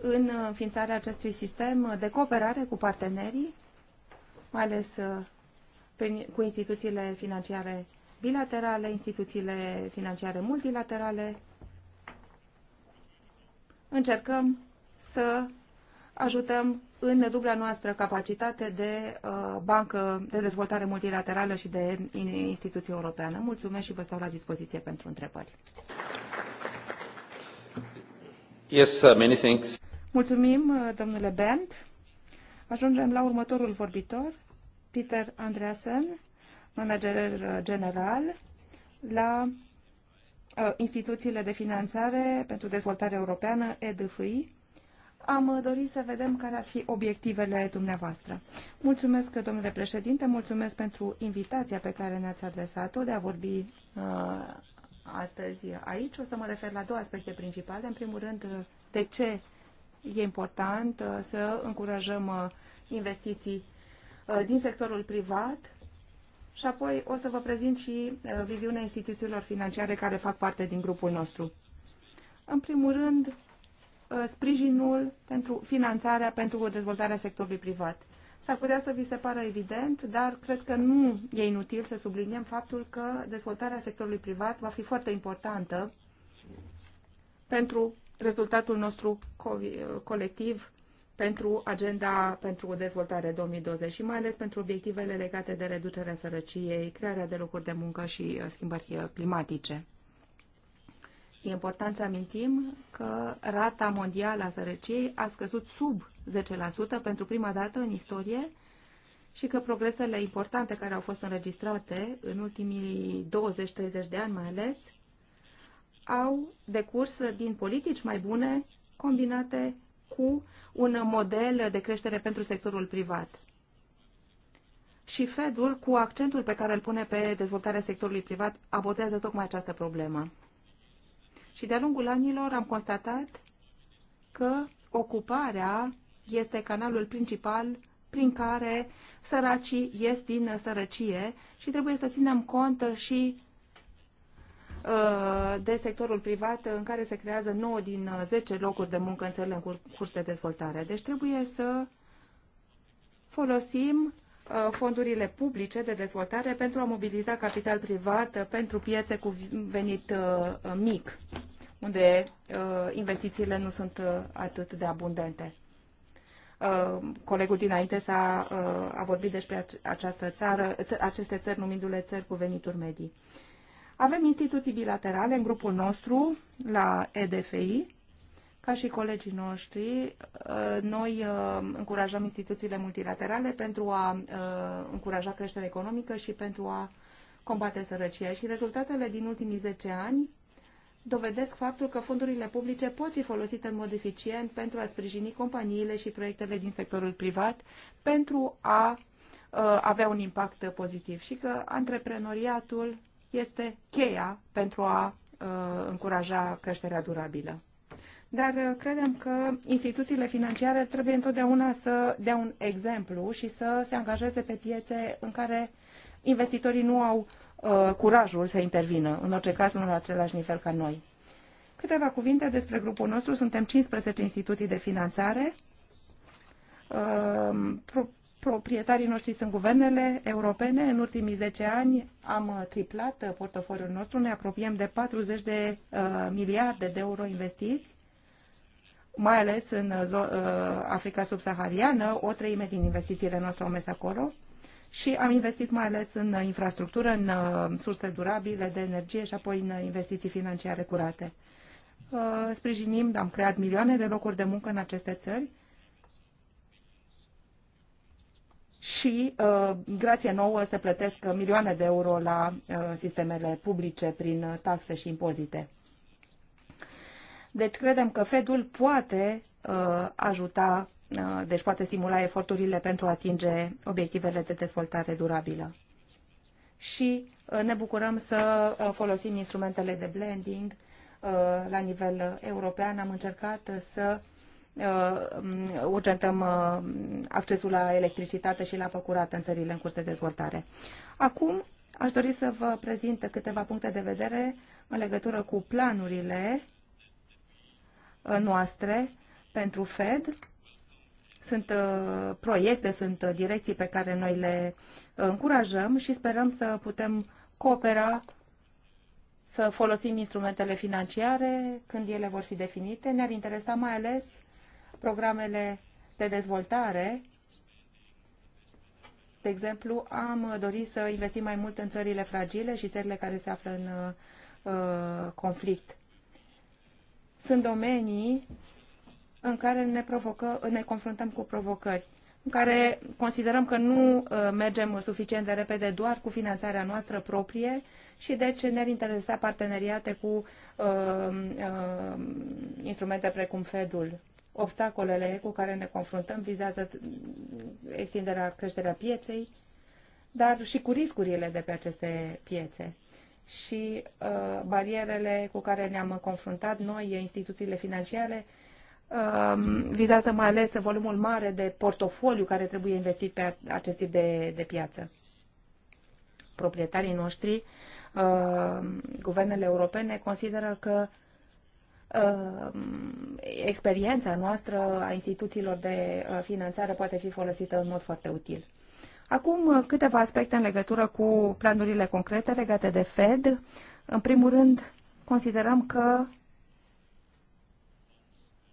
în înființarea acestui sistem de cooperare cu partenerii, mai ales uh, prin, cu instituțiile financiare bilaterale, instituțiile financiare multilaterale. Încercăm să ajutăm în dubla noastră capacitate de uh, bancă de dezvoltare multilaterală și de instituție europeană. Mulțumesc și vă stau la dispoziție pentru întrebări. Yes, many thanks. Mulțumim, uh, domnule Bent. Ajungem la următorul vorbitor, Peter Andreasen, manager uh, general la uh, instituțiile de finanțare pentru dezvoltare europeană, EDFI. Am dorit să vedem care ar fi obiectivele dumneavoastră. Mulțumesc, domnule președinte, mulțumesc pentru invitația pe care ne-ați adresat-o de a vorbi uh, astăzi aici. O să mă refer la două aspecte principale. În primul rând, de ce uh, E important uh, să încurajăm uh, investiții uh, din sectorul privat și apoi o să vă prezint și viziunea instituțiilor financiare care fac parte din grupul nostru. În primul rând, sprijinul pentru finanțarea pentru dezvoltarea sectorului privat. S-ar putea să vi se pară evident, dar cred că nu e inutil să subliniem faptul că dezvoltarea sectorului privat va fi foarte importantă pentru rezultatul nostru co colectiv pentru agenda pentru dezvoltare 2020 și mai ales pentru obiectivele legate de reducerea sărăciei, crearea de locuri de muncă și uh, schimbări uh, climatice. E important să amintim că rata mondială a sărăciei a scăzut sub 10% pentru prima dată în istorie și că progresele importante care au fost înregistrate în ultimii 20-30 de ani mai ales au decurs din politici mai bune combinate cu un model de creștere pentru sectorul privat. Și Fedul, cu accentul pe care îl pune pe dezvoltarea sectorului privat, abordează tocmai această problemă. Și de-a lungul anilor am constatat că ocuparea este canalul principal prin care săracii ies din sărăcie și trebuie să ținem cont și Uh, de sectorul privat în care se creează 9 din 10 uh, locuri de muncă în țările în curs de dezvoltare. Deci trebuie să folosim uh, fondurile publice de dezvoltare pentru a mobiliza capital privat pentru piețe cu venit mic, unde investițiile nu sunt atât de abundente. Colegul dinainte s-a a vorbit despre această țară, aceste țări numindu-le țări cu venituri medii. Avem instituții bilaterale în grupul nostru la EDFI, ca și colegii noștri, uh, noi uh, încurajăm instituțiile multilaterale pentru a uh, încuraja creșterea economică și pentru a combate sărăcia. Și rezultatele din ultimii 10 ani dovedesc faptul că fondurile publice pot fi folosite în mod eficient pentru a sprijini companiile și proiectele din sectorul privat pentru a avea un impact pozitiv și că antreprenoriatul este cheia pentru a uh, încuraja creșterea durabilă. Dar uh, credem că instituțiile financiare trebuie întotdeauna să dea un exemplu și să se angajeze pe piețe în care investitorii nu au uh, curajul să intervină, în orice caz nu la același nivel ca noi. Câteva cuvinte despre grupul nostru. Suntem 15 instituții de finanțare. Proprietarii noștri sunt guvernele europene. În ultimii 10 ani am triplat portofoliul nostru, ne apropiem de 40 de uh, miliarde de euro investiți, mai ales în uh, uh, Africa subsahariană, o treime din investițiile noastre au mers acolo și am investit mai ales în infrastructură, în uh, surse durabile de energie și apoi în investiții financiare curate. Uh, sprijinim, am creat milioane de locuri de muncă în aceste țări și, uh, grație nouă, se plătesc milioane de euro la uh, sistemele publice prin uh, taxe și impozite. Deci credem că Fedul poate ajuta, deci poate stimula eforturile pentru a atinge obiectivele de dezvoltare durabilă. Și ne bucurăm să folosim instrumentele de blending la nivel european. Am încercat să uh, Uh, urgentăm uh, accesul la electricitate și la apă curată în țările în curs de dezvoltare. Acum aș dori să vă prezint câteva puncte de vedere în legătură cu planurile uh, noastre pentru Fed. Sunt proiecte, sunt direcții pe care noi le încurajăm și sperăm să putem coopera să folosim instrumentele financiare când ele vor fi definite. Ne-ar interesa mai ales programele de dezvoltare. De exemplu, am dorit să investim mai mult în țările fragile și țările care se află în uh, conflict. Sunt domenii în care ne, provocă, ne confruntăm cu provocări în care considerăm că nu uh, mergem suficient de repede doar cu finanțarea noastră proprie și deci ne-ar interesa parteneriate cu uh, uh, instrumente precum Fedul Obstacolele cu care ne confruntăm vizează extinderea, creșterea pieței, dar și cu riscurile de pe aceste piețe și uh, barierele cu care ne-am confruntat noi, instituțiile financiare, um, vizează mai ales volumul mare de portofoliu care trebuie investit pe acest tip de, de piață. Proprietarii noștri, uh, guvernele europene, consideră că uh, Uh, experiența noastră a instituțiilor de uh, finanțare poate fi folosită în mod foarte util. Acum uh, câteva aspecte în legătură cu planurile concrete legate de Fed. În primul rând, considerăm că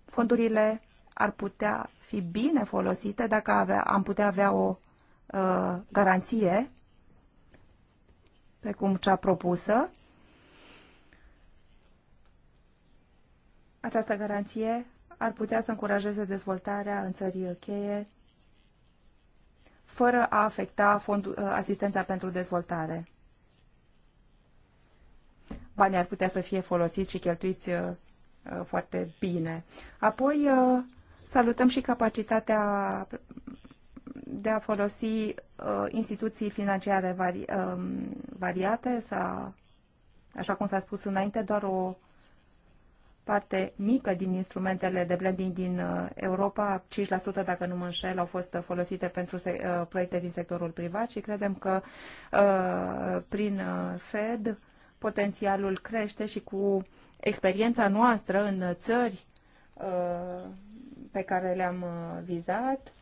fondurile ar putea fi bine folosite dacă avea, am putea avea o uh, garanție precum cea propusă Această garanție ar putea să încurajeze dezvoltarea în țării cheie, fără a afecta fondul, uh, asistența pentru dezvoltare. Banii ar putea să fie folosiți și cheltuiți uh, uh, foarte bine. Apoi, salutăm și capacitatea de a folosi instituții financiare vari, um, variate, sau, așa cum s-a spus înainte, doar o parte mică din instrumentele de blending din uh, Europa, 5% dacă nu mă înșel, au fost uh, folosite pentru uh, proiecte din sectorul privat și credem că prin Fed potențialul crește și cu experiența noastră în țări pe care le-am vizat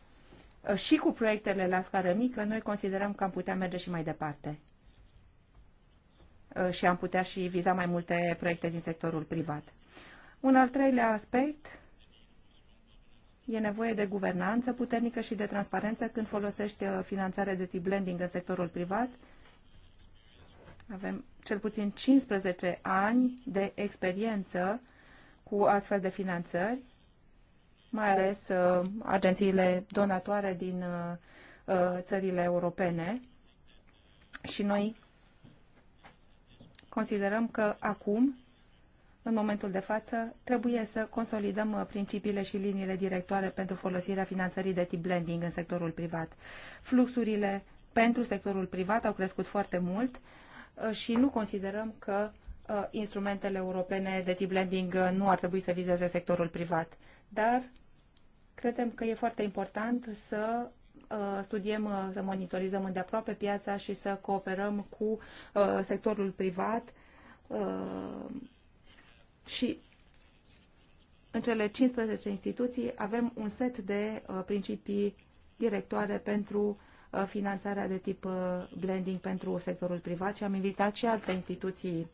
și cu proiectele la scară mică, noi considerăm că am putea merge și mai departe și am putea și viza mai multe proiecte din sectorul privat. Un al treilea aspect E nevoie de guvernanță puternică și de transparență când folosești uh, finanțare de tip blending în sectorul privat. Avem cel puțin 15 ani de experiență cu astfel de finanțări, mai ales uh, agențiile donatoare din uh, uh țările europene. Și noi considerăm că acum în momentul de față, trebuie să consolidăm uh, principiile și liniile directoare pentru folosirea finanțării de tip blending în sectorul privat. Fluxurile pentru sectorul privat au crescut foarte mult uh, și nu considerăm că uh, instrumentele europene de tip blending nu ar trebui să vizeze sectorul privat. Dar credem că e foarte important să studiem, să monitorizăm îndeaproape piața și să cooperăm cu sectorul privat și în cele 15 instituții avem un set de uh, principii directoare pentru uh, finanțarea de tip uh, blending pentru sectorul privat și am invitat și alte instituții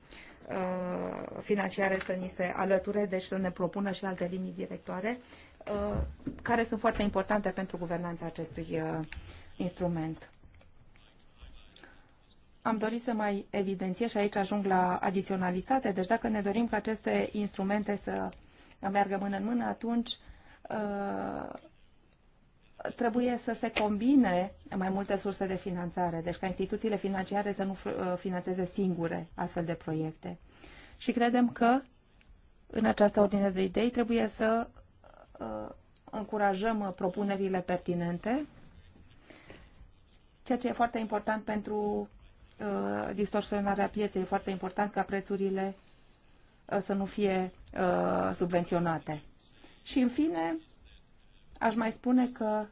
financiare să ni se alăture, deci să ne propună și alte linii directoare care sunt foarte importante pentru guvernanța acestui instrument am dorit să mai evidențiez și aici ajung la adiționalitate. Deci dacă ne dorim ca aceste instrumente să meargă mână în mână, atunci uh, trebuie să se combine mai multe surse de finanțare, deci ca instituțiile financiare să nu uh, finanțeze singure astfel de proiecte. Și credem că în această ordine de idei trebuie să uh, încurajăm propunerile pertinente, ceea ce e foarte important pentru Uh, distorsionarea pieței. E foarte important ca prețurile uh, să nu fie uh, subvenționate. Și în fine, aș mai spune că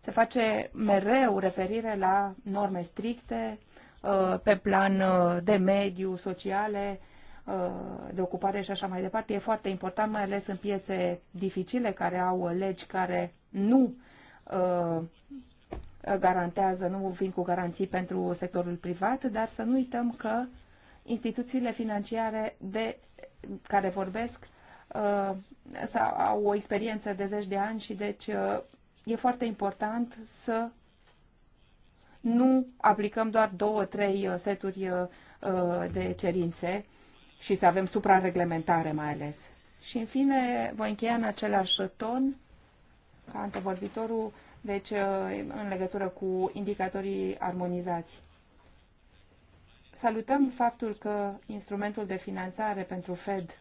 se face mereu referire la norme stricte pe plan de mediu, sociale, de ocupare și așa mai departe. E foarte important, mai ales în piețe dificile care au legi care nu garantează, nu vin cu garanții pentru sectorul privat, dar să nu uităm că instituțiile financiare de care vorbesc uh, sau au o experiență de zeci de ani și deci uh, e foarte important să nu aplicăm doar două, trei uh, seturi de cerințe și să avem suprareglementare mai ales. Și în fine, voi încheia în același ton ca antevorbitorul deci uh, în legătură cu indicatorii armonizați. Salutăm faptul că instrumentul de finanțare pentru Fed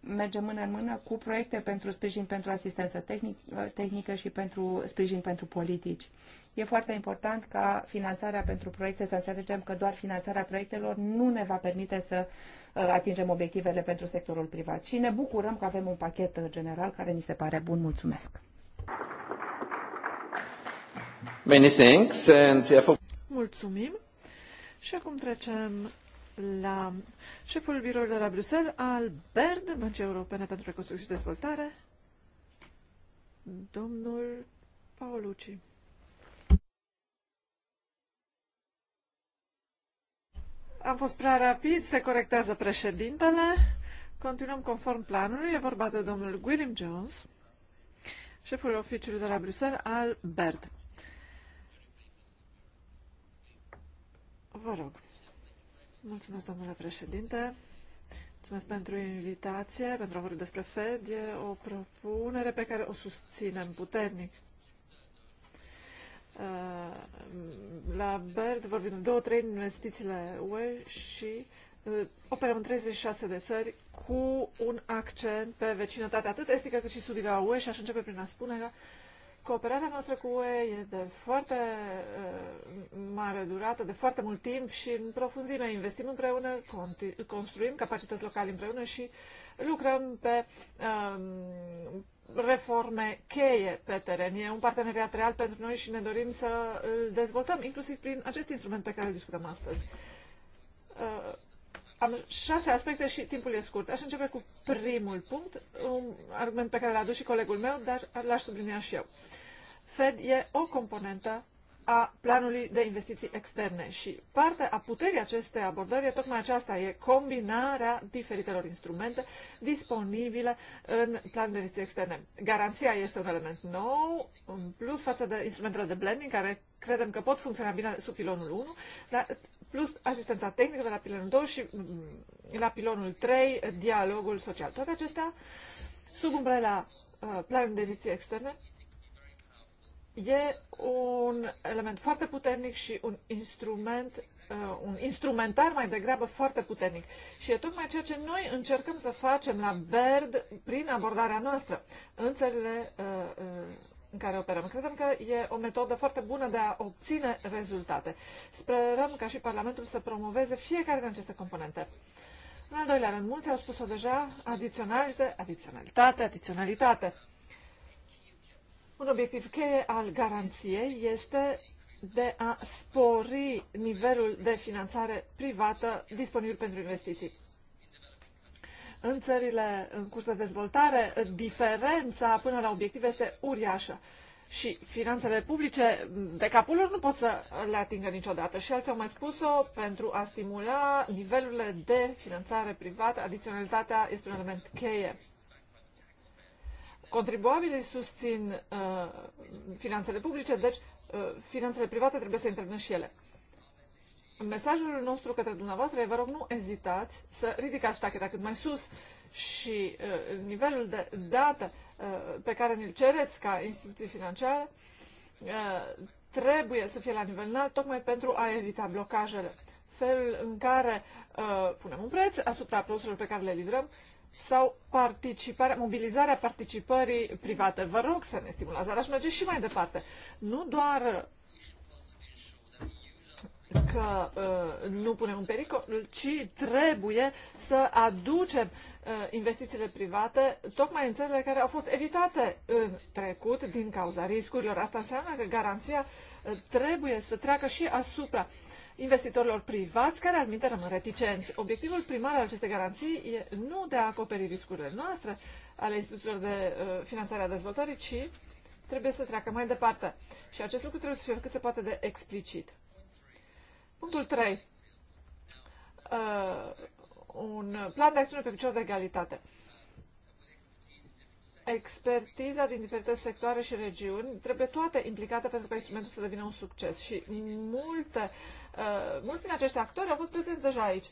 merge mână în mână cu proiecte pentru sprijin pentru asistență uh, tehnică și pentru sprijin pentru politici. E foarte important ca finanțarea pentru proiecte să înțelegem că doar finanțarea proiectelor nu ne va permite să uh, atingem obiectivele pentru sectorul privat. Și ne bucurăm că avem un pachet general care ni se pare bun. Mulțumesc! Many thanks and Mulțumim. Și acum trecem la șeful biroului de la Bruxelles, Albert, Băncii Europene pentru Reconstrucție și Dezvoltare, domnul Paolucci. Am fost prea rapid, se corectează președintele. Continuăm conform planului. E vorba de domnul William Jones, șeful oficiului de la Bruxelles al Vă rog. Mulțumesc, domnule președinte. Mulțumesc pentru invitație, pentru a vorbi despre FED. E o propunere pe care o susținem puternic. Uh, la BERD vorbim de două, trei investițiile UE și Uh, operăm în 36 de țări cu un accent pe vecinătate, atât estică cât și sudică a UE și aș începe prin a spune că cooperarea noastră cu UE e de foarte uh, mare durată, de foarte mult timp și în profunzime investim împreună, construim capacități locale împreună și lucrăm pe um, reforme cheie pe teren. E un parteneriat real pentru noi și ne dorim să îl dezvoltăm, inclusiv prin acest instrument pe care îl discutăm astăzi. Uh, am șase aspecte și timpul e scurt. Aș începe cu primul punct, un argument pe care l-a adus și colegul meu, dar l-aș sublinia și eu. Fed e o componentă a planului de investiții externe și parte a puterii acestei abordări e tocmai aceasta, e combinarea diferitelor instrumente disponibile în planul de investiții externe. Garanția este un element nou, în plus față de instrumentele de blending, care credem că pot funcționa bine sub pilonul 1, dar plus asistența tehnică de la pilonul 2 și mm, la pilonul 3, dialogul social. Toate acestea sub umbrela uh, planului de investiții externe e un element foarte puternic și un instrument, uh, un instrumentar mai degrabă foarte puternic. Și e tocmai ceea ce noi încercăm să facem la BERD prin abordarea noastră în țările uh, în care operăm. Credem că e o metodă foarte bună de a obține rezultate. Sperăm ca și Parlamentul să promoveze fiecare din aceste componente. În al doilea rând, mulți au spus-o deja, adiționalitate, adiționalitate, adiționalitate. Un obiectiv cheie al garanției este de a spori nivelul de finanțare privată disponibil pentru investiții. În țările în curs de dezvoltare, diferența până la obiectiv este uriașă. Și finanțele publice de capul lor nu pot să le atingă niciodată. Și alții au mai spus-o pentru a stimula nivelurile de finanțare privată. Adiționalitatea este un element cheie. Contribuabilii susțin uh, finanțele publice, deci uh, finanțele private trebuie să intervină și ele mesajul nostru către dumneavoastră e, vă rog, nu ezitați să ridicați tacheta cât mai sus și uh, nivelul de dată uh, pe care ne-l cereți ca instituții financiare uh, trebuie să fie la nivel înalt, tocmai pentru a evita blocajele. Felul în care uh, punem un preț asupra produselor pe care le livrăm sau participarea, mobilizarea participării private. Vă rog să ne stimulați, dar aș merge și mai departe. Nu doar că uh, nu punem în pericol, ci trebuie să aducem uh, investițiile private tocmai în țările care au fost evitate în trecut din cauza riscurilor. Asta înseamnă că garanția uh, trebuie să treacă și asupra investitorilor privați care admite rămân reticenți. Obiectivul primar al acestei garanții e nu de a acoperi riscurile noastre ale instituțiilor de uh, finanțare a dezvoltării, ci trebuie să treacă mai departe. Și acest lucru trebuie să fie cât se poate de explicit. Punctul 3. Uh, un plan de acțiune pe picior de egalitate. Expertiza din diferite sectoare și regiuni trebuie toate implicate pentru ca instrumentul să devină un succes și multe, uh, mulți din acești actori au fost prezenți deja aici.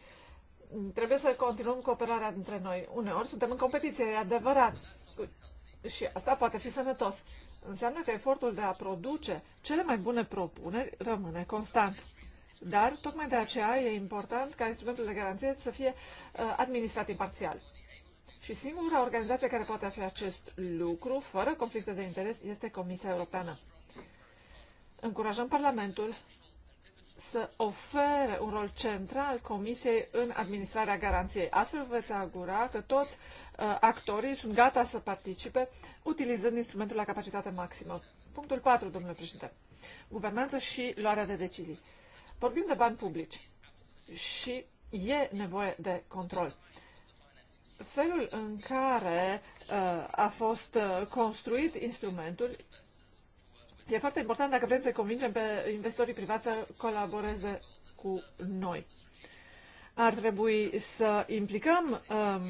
Trebuie să continuăm cooperarea dintre noi. Uneori suntem în competiție, e adevărat. Și asta poate fi sănătos. Înseamnă că efortul de a produce cele mai bune propuneri rămâne constant dar, tocmai de aceea, e important ca instrumentul de garanție să fie uh, administrat imparțial. Și singura organizație care poate face acest lucru, fără conflicte de interes, este Comisia Europeană. Încurajăm Parlamentul să ofere un rol central Comisiei în administrarea garanției. Astfel veți augura că toți uh, actorii sunt gata să participe utilizând instrumentul la capacitate maximă. Punctul 4, domnule președinte. Guvernanță și luarea de decizii. Vorbim de bani publici și e nevoie de control. Felul în care uh, a fost uh, construit instrumentul e foarte important dacă vrem să convingem pe investitorii privați să colaboreze cu noi. Ar trebui să implicăm um,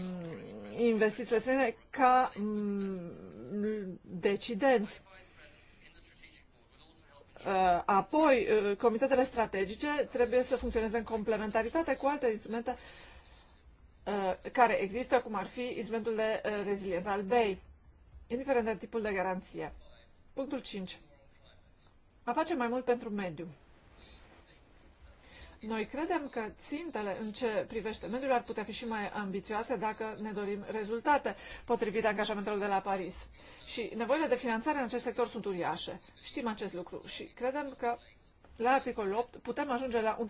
investițiile ca um, decidenți Uh, apoi, uh, comitetele strategice trebuie să funcționeze în complementaritate cu alte instrumente uh, care există, cum ar fi instrumentul de reziliență al BEI, indiferent de tipul de garanție. Punctul 5. A face mai mult pentru mediu. Noi credem că țintele în ce privește mediul ar putea fi și mai ambițioase dacă ne dorim rezultate potrivit angajamentelor de la Paris. Și nevoile de finanțare în acest sector sunt uriașe. Știm acest lucru și credem că la articolul 8 putem ajunge la un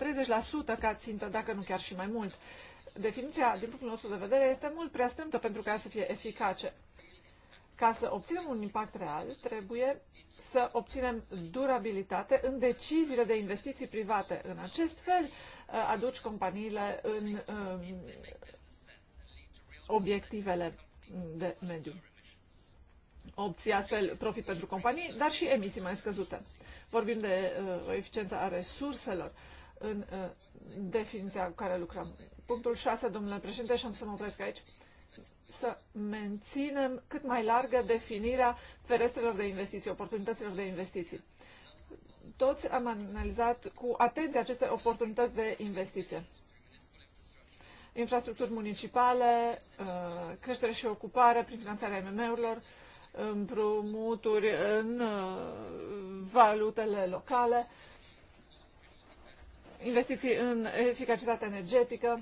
30% ca țintă, dacă nu chiar și mai mult. Definiția, din punctul nostru de vedere, este mult prea strâmtă pentru ca să fie eficace. Ca să obținem un impact real, trebuie să obținem durabilitate în deciziile de investiții private. În acest fel, uh, aduci companiile în um, obiectivele de mediu. Obții astfel profit pentru companii, dar și emisii mai scăzute. Vorbim de uh, o eficiență a resurselor în uh, definiția cu care lucrăm. Punctul 6, domnule președinte, și am să mă opresc aici. Uh, să menținem cât mai largă definirea ferestrelor de investiții, oportunităților de investiții. Toți am analizat cu atenție aceste oportunități de investiție. Infrastructuri municipale, uh, creștere și ocupare prin finanțarea MM-urilor, împrumuturi în uh, valutele locale, investiții în eficacitate energetică,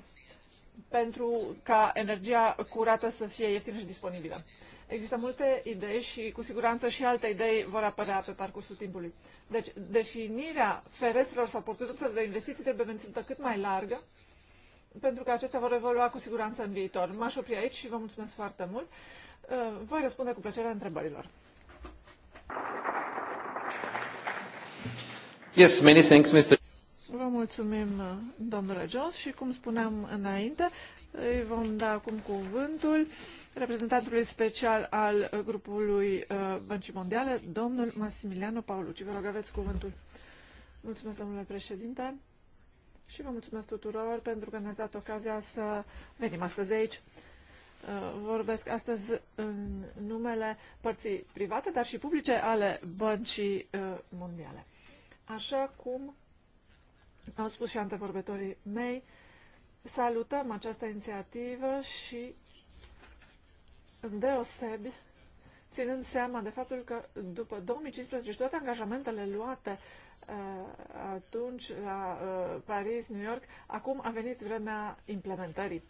pentru ca energia curată să fie ieftină și disponibilă. Există multe idei și cu siguranță și alte idei vor apărea pe parcursul timpului. Deci definirea ferestrelor sau porturilor de investiții trebuie menținută cât mai largă, pentru că acestea vor evolua cu siguranță în viitor. M-aș opri aici și vă mulțumesc foarte mult. Uh, voi răspunde cu plăcere întrebărilor. Yes, many thanks, Mr. Vă mulțumim, domnule Jones, și cum spuneam înainte, îi vom da acum cuvântul reprezentantului special al grupului uh, Băncii Mondiale, domnul Massimiliano Paulucci. Vă rog, aveți cuvântul. Mulțumesc, domnule președinte, și vă mulțumesc tuturor pentru că ne-ați dat ocazia să venim astăzi aici. Uh, vorbesc astăzi în numele părții private, dar și publice ale Băncii uh, Mondiale. Așa cum au spus și antevorbătorii mei, salutăm această inițiativă și îndeosebi ținând seama de faptul că după 2015 și toate angajamentele luate uh, atunci la uh, Paris, New York, acum a venit vremea implementării.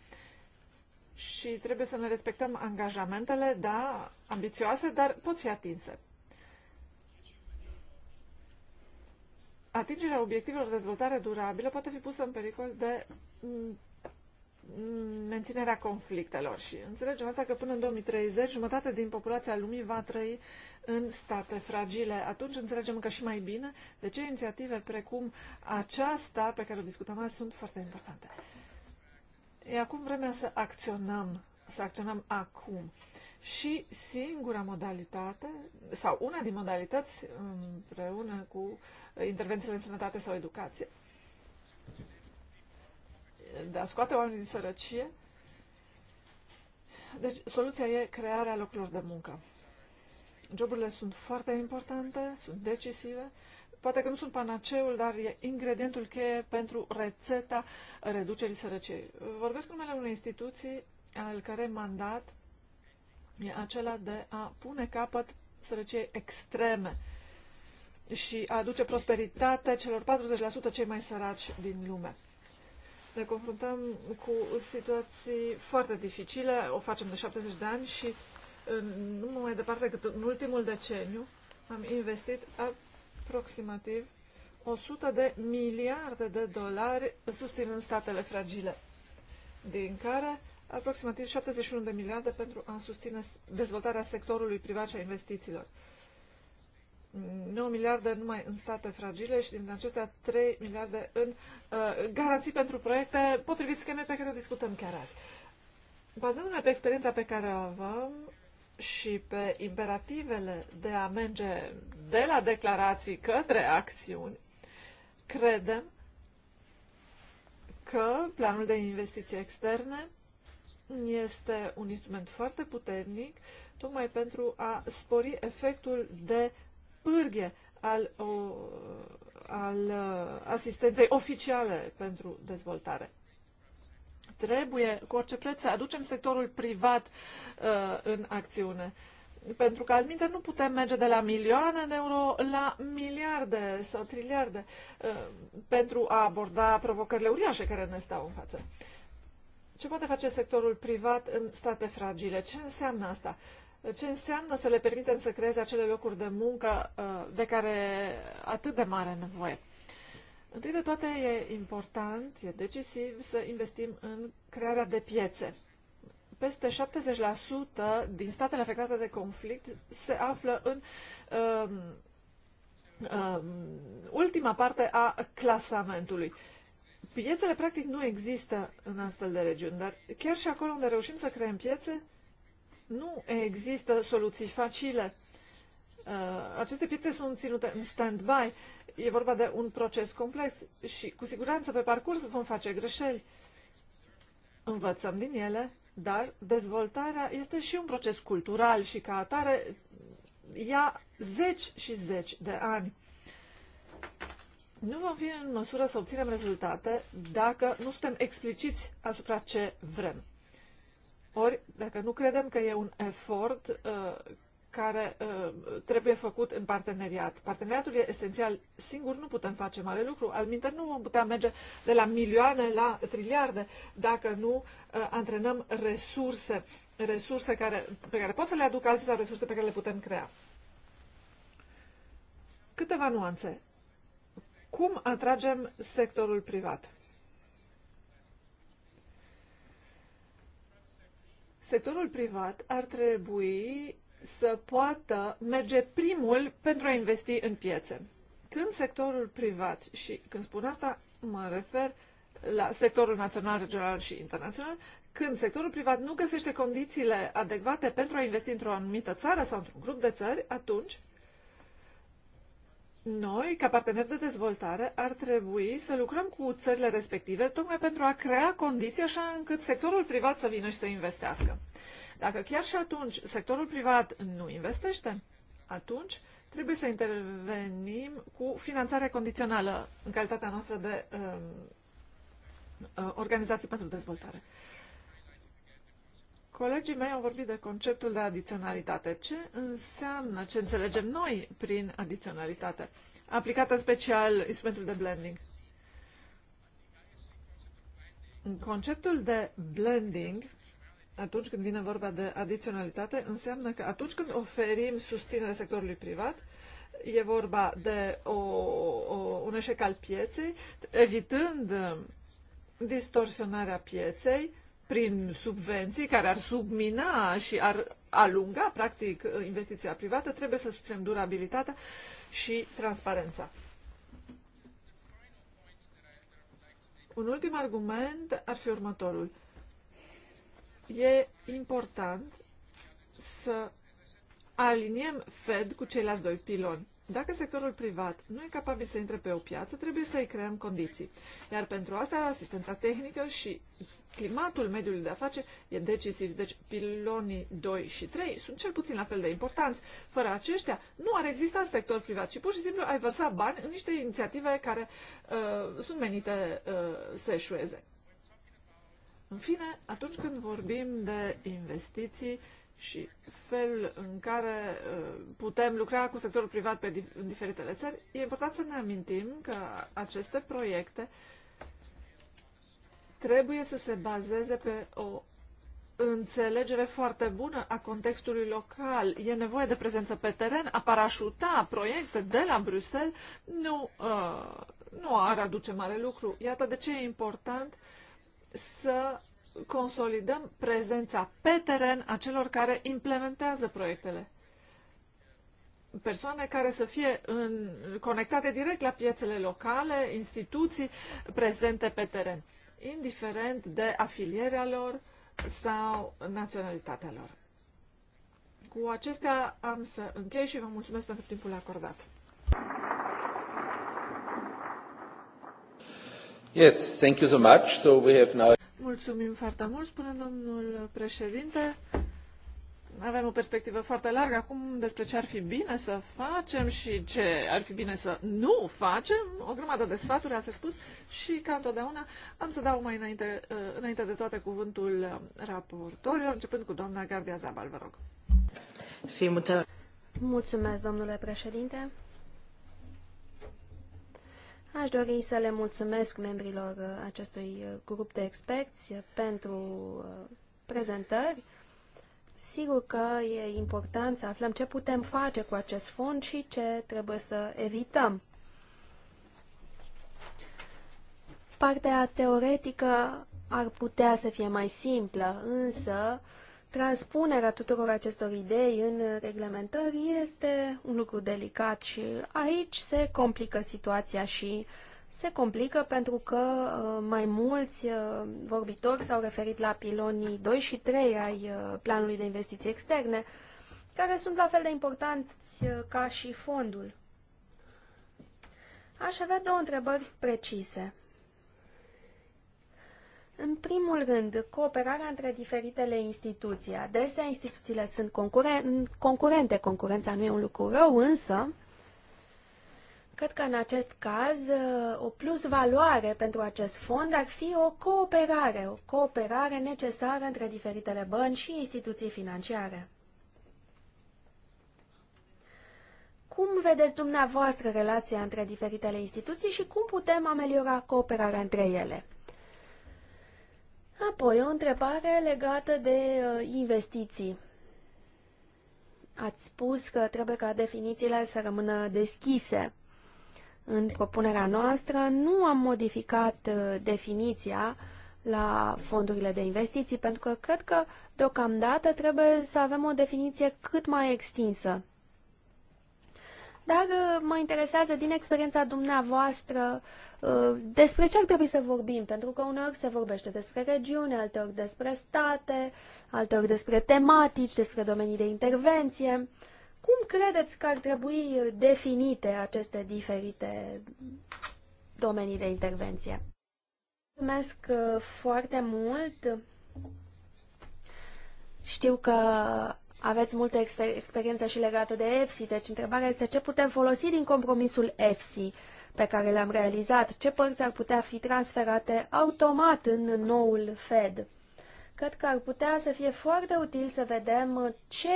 Și trebuie să ne respectăm angajamentele, da, ambițioase, dar pot fi atinse. atingerea obiectivelor de dezvoltare durabilă poate fi pusă în pericol de mm, menținerea conflictelor și înțelegem asta că până în 2030 jumătate din populația lumii va trăi în state fragile. Atunci înțelegem că și mai bine de ce inițiative precum aceasta pe care o discutăm azi sunt foarte importante. E acum vremea să acționăm, să acționăm acum și singura modalitate, sau una din modalități, împreună cu intervențiile în sănătate sau educație, de a scoate oamenii din sărăcie. Deci, soluția e crearea locurilor de muncă. Joburile sunt foarte importante, sunt decisive. Poate că nu sunt panaceul, dar e ingredientul cheie pentru rețeta reducerii sărăciei. Vorbesc numele unei instituții al care mandat e acela de a pune capăt sărăciei extreme și a aduce prosperitate celor 40% cei mai săraci din lume. Ne confruntăm cu situații foarte dificile, o facem de 70 de ani și nu mai departe decât în ultimul deceniu am investit aproximativ 100 de miliarde de dolari susținând statele fragile, din care aproximativ 71 de miliarde pentru a susține dezvoltarea sectorului privat și a investițiilor. 9 miliarde numai în state fragile și din acestea 3 miliarde în uh, garanții pentru proiecte potrivit scheme pe care o discutăm chiar azi. Bazându-ne pe experiența pe care o avem și pe imperativele de a merge de la declarații către acțiuni, credem că planul de investiții externe este un instrument foarte puternic tocmai pentru a spori efectul de pârghie al, o, al uh, asistenței oficiale pentru dezvoltare. Trebuie cu orice preț să aducem sectorul privat uh, în acțiune. Pentru că altminte nu putem merge de la milioane de euro la miliarde sau triliarde uh, pentru a aborda provocările uriașe care ne stau în față. Uh, ce poate face sectorul privat în state fragile? Ce înseamnă asta? Ce înseamnă să le permitem să creeze acele locuri de muncă uh, de care atât de mare nevoie? Întâi de toate, e important, e decisiv să investim în crearea de piețe. Peste 70% din statele afectate de conflict se află în um, um, ultima parte a clasamentului. Uh, Piețele practic nu există în astfel de regiuni, dar chiar și acolo unde reușim să creăm piețe, nu există soluții facile. Uh, aceste piețe sunt ținute în stand-by. E vorba de un proces complex și cu siguranță pe parcurs vom face greșeli. Învățăm din ele, dar dezvoltarea este și un proces cultural și ca atare ia zeci și zeci de ani nu vom fi în măsură să obținem rezultate dacă nu suntem expliciți asupra ce vrem. Ori, dacă nu credem că e un efort uh, care uh, trebuie făcut în parteneriat. Parteneriatul e esențial. Singur nu putem face mare lucru. Alminte nu vom putea merge de la milioane la triliarde dacă nu uh, antrenăm resurse, resurse care, pe care pot să le aduc alții sau resurse pe care le putem crea. Câteva nuanțe. Cum atragem sectorul privat? Sectorul privat ar trebui să poată merge primul pentru a investi în piețe. Când sectorul privat, și când spun asta, mă refer la sectorul național, regional și internațional, când sectorul privat nu găsește condițiile adecvate pentru a investi într-o anumită țară sau într-un grup de țări, atunci noi, ca parteneri de dezvoltare, ar trebui să lucrăm cu țările respective tocmai pentru a crea condiții așa încât sectorul privat să vină și să investească. Dacă chiar și atunci sectorul privat nu investește, atunci trebuie să intervenim cu finanțarea condițională în calitatea noastră de um, uh, organizații pentru dezvoltare. Colegii mei au vorbit de conceptul de adiționalitate. Ce înseamnă, ce înțelegem noi prin adiționalitate, aplicată în special instrumentul de blending? Conceptul de blending, atunci când vine vorba de adiționalitate, înseamnă că atunci când oferim susținere sectorului privat, e vorba de o, o, un eșec al pieței, evitând distorsionarea pieței, prin subvenții care ar submina și ar alunga, practic, investiția privată, trebuie să susținem durabilitatea și transparența. Un ultim argument ar fi următorul. E important să aliniem Fed cu ceilalți doi piloni. Dacă sectorul privat nu e capabil să intre pe o piață, trebuie să-i creăm condiții. Iar pentru asta, asistența tehnică și climatul mediului de afaceri e decisiv. Deci, pilonii 2 și 3 sunt cel puțin la fel de importanți. Fără aceștia, nu ar exista sector privat, ci pur și simplu ai vărsa bani în niște inițiative care uh, sunt menite uh, să eșueze. În fine, atunci când vorbim de investiții, și felul în care uh, putem lucra cu sectorul privat pe în diferitele țări, e important să ne amintim că aceste proiecte trebuie să se bazeze pe o înțelegere foarte bună a contextului local. E nevoie de prezență pe teren, a parașuta proiecte de la Bruxelles nu, uh, nu ar aduce mare lucru. Iată de ce e important să consolidăm prezența pe teren a celor care implementează proiectele. Persoane care să fie în, conectate direct la piețele locale, instituții prezente pe teren, indiferent de afilierea lor sau naționalitatea lor. Cu acestea am să închei și vă mulțumesc pentru timpul acordat. Yes, thank you so much. So we have now Mulțumim foarte mult, spune domnul președinte. Avem o perspectivă foarte largă acum despre ce ar fi bine să facem și ce ar fi bine să nu facem. O grămadă de sfaturi, altfel spus, și ca întotdeauna am să dau mai înainte, uh, înainte de toate cuvântul raportorilor, începând cu doamna Gardia Zabal, vă rog. Mulțumesc, domnule președinte. Aș dori să le mulțumesc membrilor uh, acestui uh, grup de experți uh, pentru prezentări. Sigur că e important să aflăm ce putem face cu acest fond și ce trebuie să evităm. Partea teoretică ar putea să fie mai simplă, însă uh, Transpunerea tuturor acestor idei în reglementări este un lucru delicat și aici se complică situația și se complică pentru că uh, mai mulți uh, vorbitori s-au referit la pilonii 2 și 3 ai uh, planului de investiții externe, care sunt la fel de importanți ca și fondul. Aș avea două întrebări precise. În primul rând, cooperarea între diferitele instituții. Adesea instituțiile sunt concuren concurente, concurența nu e un lucru rău, însă cred că în acest caz o plus valoare pentru acest fond ar fi o cooperare, o cooperare necesară între diferitele bănci și instituții financiare. Cum vedeți dumneavoastră relația între diferitele instituții și cum putem ameliora cooperarea între ele? Apoi, o întrebare legată de uh, investiții. Ați spus că trebuie ca definițiile să rămână deschise. În propunerea noastră nu am modificat uh, definiția la fondurile de investiții, pentru că cred că deocamdată trebuie să avem o definiție cât mai extinsă dar uh, mă interesează din experiența dumneavoastră uh, despre ce ar trebui să vorbim, pentru că uneori se vorbește despre regiune, alteori despre state, alteori despre tematici, despre domenii de intervenție. Cum credeți că ar trebui definite aceste diferite domenii de intervenție? Mulțumesc uh, foarte mult! Știu că aveți multă exper experiență și legată de EFSI, deci întrebarea este ce putem folosi din compromisul EFSI pe care l-am realizat, ce părți ar putea fi transferate automat în noul Fed. Cred că ar putea să fie foarte util să vedem ce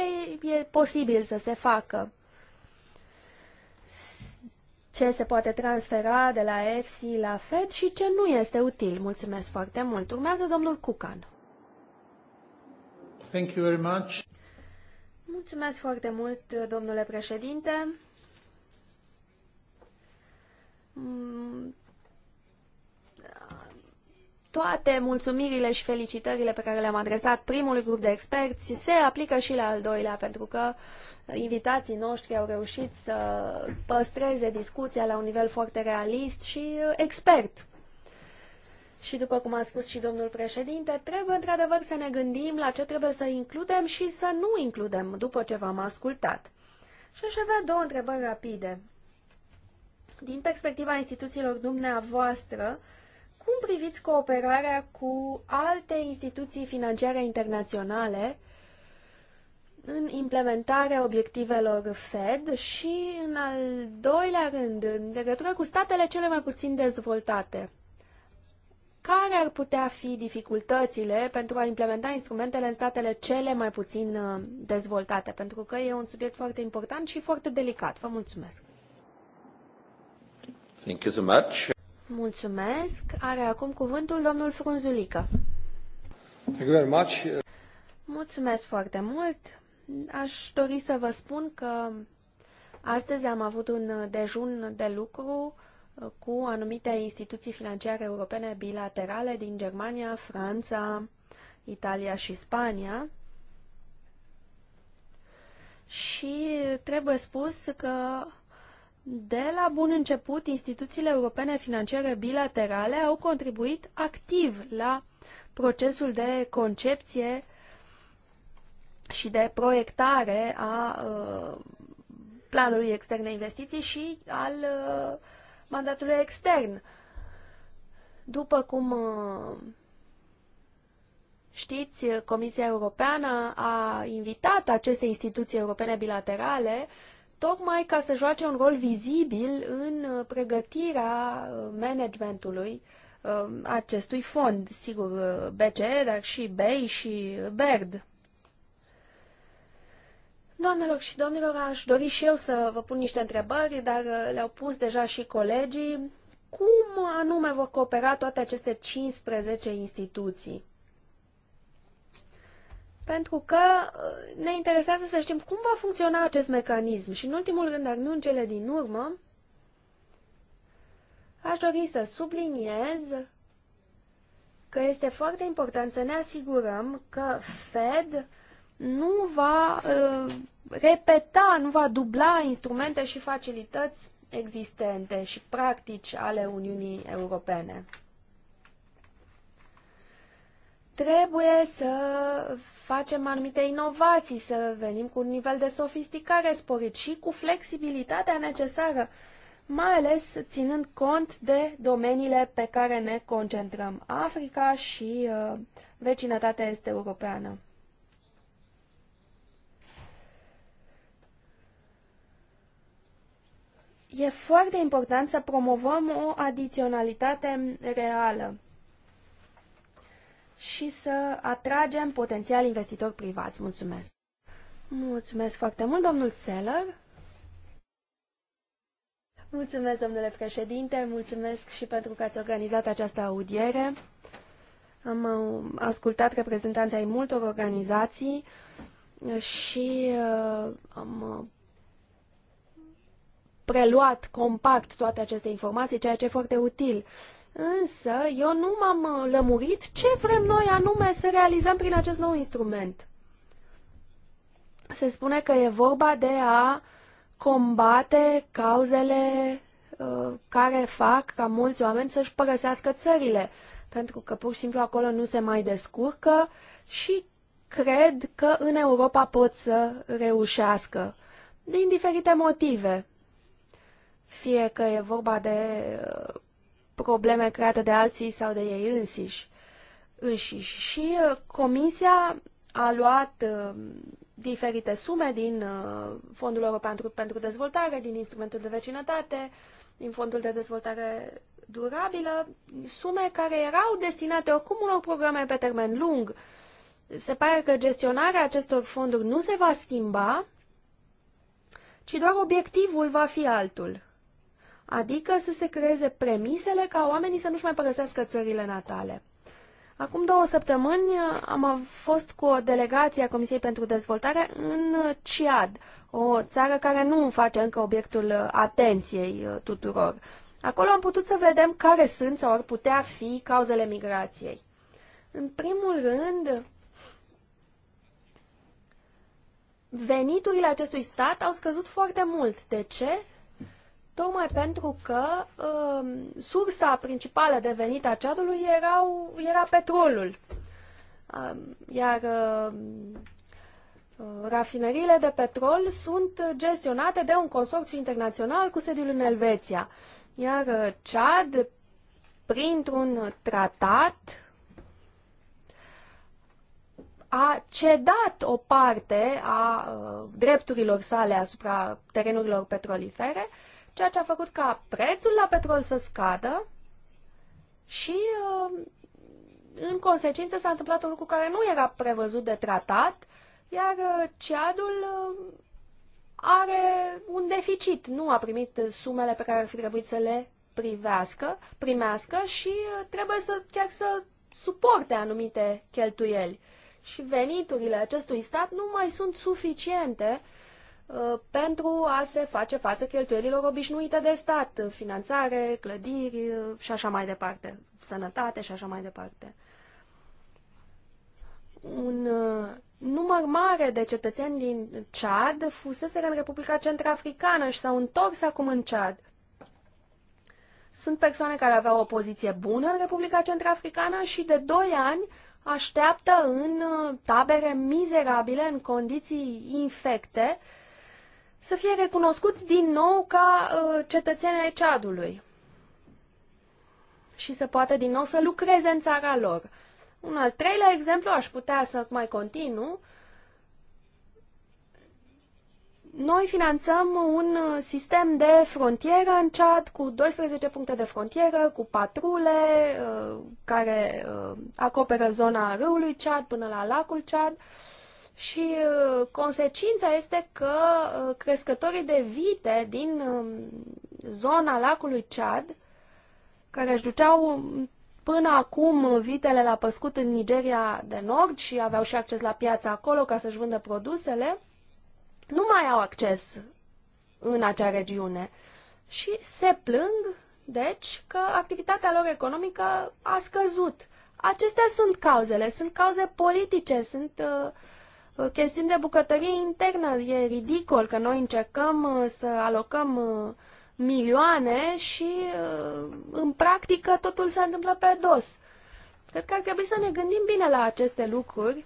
e posibil să se facă. Ce se poate transfera de la EFSI la Fed și ce nu este util. Mulțumesc foarte mult. Urmează domnul Cucan. Thank you very much. Mulțumesc foarte mult, domnule președinte. Mm, toate mulțumirile și felicitările pe care le-am adresat primului grup de experți se aplică și la al doilea, pentru că invitații noștri au reușit să păstreze discuția la un nivel foarte realist și expert. Și după cum a spus și domnul președinte, trebuie într-adevăr să ne gândim la ce trebuie să includem și să nu includem după ce v-am ascultat. Și aș avea două întrebări rapide. Din perspectiva instituțiilor dumneavoastră, cum priviți cooperarea cu alte instituții financiare internaționale în implementarea obiectivelor Fed și, în al doilea rând, în legătură cu statele cele mai puțin dezvoltate? Care ar putea fi dificultățile pentru a implementa instrumentele în statele cele mai puțin uh, dezvoltate? Pentru că e un subiect foarte important și foarte delicat. Vă mulțumesc! Thank you so much. Mulțumesc. Are acum cuvântul domnul Frunzulică. Thank you very much. Mulțumesc foarte mult. Aș dori să vă spun că astăzi am avut un dejun de lucru cu anumite instituții financiare europene bilaterale din Germania, Franța, Italia și Spania. Și trebuie spus că de la bun început, instituțiile europene financiare bilaterale au contribuit activ la procesul de concepție și de proiectare a uh, planului extern de investiții și al uh, mandatului extern. După cum uh, știți, Comisia Europeană a invitat aceste instituții europene bilaterale tocmai ca să joace un rol vizibil în uh, pregătirea uh, managementului acestui fond, sigur BCE, dar și BEI și BERD. Doamnelor și domnilor, aș dori și eu să vă pun niște întrebări, dar uh, le-au pus deja și colegii. Cum anume vor coopera toate aceste 15 instituții? Pentru că uh, ne interesează să știm cum va funcționa acest mecanism și, în ultimul rând, dar nu în cele din urmă, aș dori să subliniez că este foarte important să ne asigurăm că Fed nu va uh, repeta, nu va dubla instrumente și facilități existente și practici ale Uniunii Europene. Trebuie să facem anumite inovații, să venim cu un nivel de sofisticare sporit și cu flexibilitatea necesară, mai ales ținând cont de domeniile pe care ne concentrăm, Africa și uh, vecinătatea este europeană. E foarte important să promovăm o adiționalitate reală și să atragem potențial investitori privați. Mulțumesc! Mulțumesc foarte mult, domnul Țeller! Mulțumesc, domnule președinte, mulțumesc și pentru că ați organizat această audiere. Am ascultat reprezentanții ai multor organizații și uh, am uh, preluat compact toate aceste informații, ceea ce e foarte util. Însă, eu nu m-am lămurit ce vrem noi anume să realizăm prin acest nou instrument. Se spune că e vorba de a combate cauzele uh, care fac ca mulți oameni să-și părăsească țările, pentru că pur și simplu acolo nu se mai descurcă și cred că în Europa pot să reușească, din diferite motive fie că e vorba de uh, probleme create de alții sau de ei însiși. înșiși. Și uh, Comisia a luat uh, diferite sume din Fondul European pentru Dezvoltare, din Instrumentul de Vecinătate, din Fondul de Dezvoltare Durabilă, sume care erau destinate oricum unor programe pe termen lung. Se pare că gestionarea acestor fonduri nu se va schimba, ci doar obiectivul va fi altul adică să se creeze premisele ca oamenii să nu-și mai părăsească țările natale. Acum două săptămâni am fost cu o delegație a Comisiei pentru Dezvoltare în Ciad, o țară care nu face încă obiectul uh, atenției uh, tuturor. Acolo am putut să vedem care sunt sau ar putea fi cauzele migrației. În primul rând, veniturile acestui stat au scăzut foarte mult. De ce? tocmai pentru că uh, sursa principală de venit a Ceadului erau, era petrolul. Uh, iar uh, rafineriile de petrol sunt gestionate de un consorțiu internațional cu sediul în Elveția. Iar uh, Cead, printr-un tratat, a cedat o parte a uh, drepturilor sale asupra terenurilor petrolifere uh, ceea ce a făcut ca prețul la petrol să scadă și uh, în consecință s-a întâmplat un lucru care nu era prevăzut de tratat, iar uh, ceadul uh, are un deficit, nu a primit sumele pe care ar fi trebuit să le privească, primească și trebuie să chiar să suporte anumite cheltuieli. Și veniturile acestui stat nu mai sunt suficiente uh, Uh, pentru a se face față cheltuielilor obișnuite de stat, finanțare, clădiri uh, și așa mai departe, sănătate și așa mai departe. Un uh, număr mare de cetățeni din Chad fuseseră în Republica Centrafricană și s-au întors acum în Chad. Sunt persoane care aveau o poziție bună în Republica Centrafricană și de 2 ani așteaptă în tabere mizerabile, în condiții infecte, să fie recunoscuți din nou ca uh, cetățenii ai Ceadului și să poată din nou să lucreze în țara lor. Un al treilea exemplu, aș putea să mai continu, noi finanțăm un uh, sistem de frontieră în Chad cu 12 puncte de frontieră, cu patrule uh, care acoperă zona râului Chad până la lacul Chad și uh, consecința este că uh, crescătorii de vite din um, zona lacului Chad, care își duceau um, până acum vitele la păscut în Nigeria de Nord și aveau și acces la piața acolo ca să-și vândă produsele, nu mai au acces în acea regiune și se plâng, deci, că activitatea lor economică a scăzut. Acestea sunt cauzele, sunt cauze politice, sunt uh, Uh, chestiuni de bucătărie internă. E ridicol că noi încercăm uh, să alocăm uh, milioane și în practică totul se întâmplă pe dos. Cred că ar trebui să ne gândim bine la aceste lucruri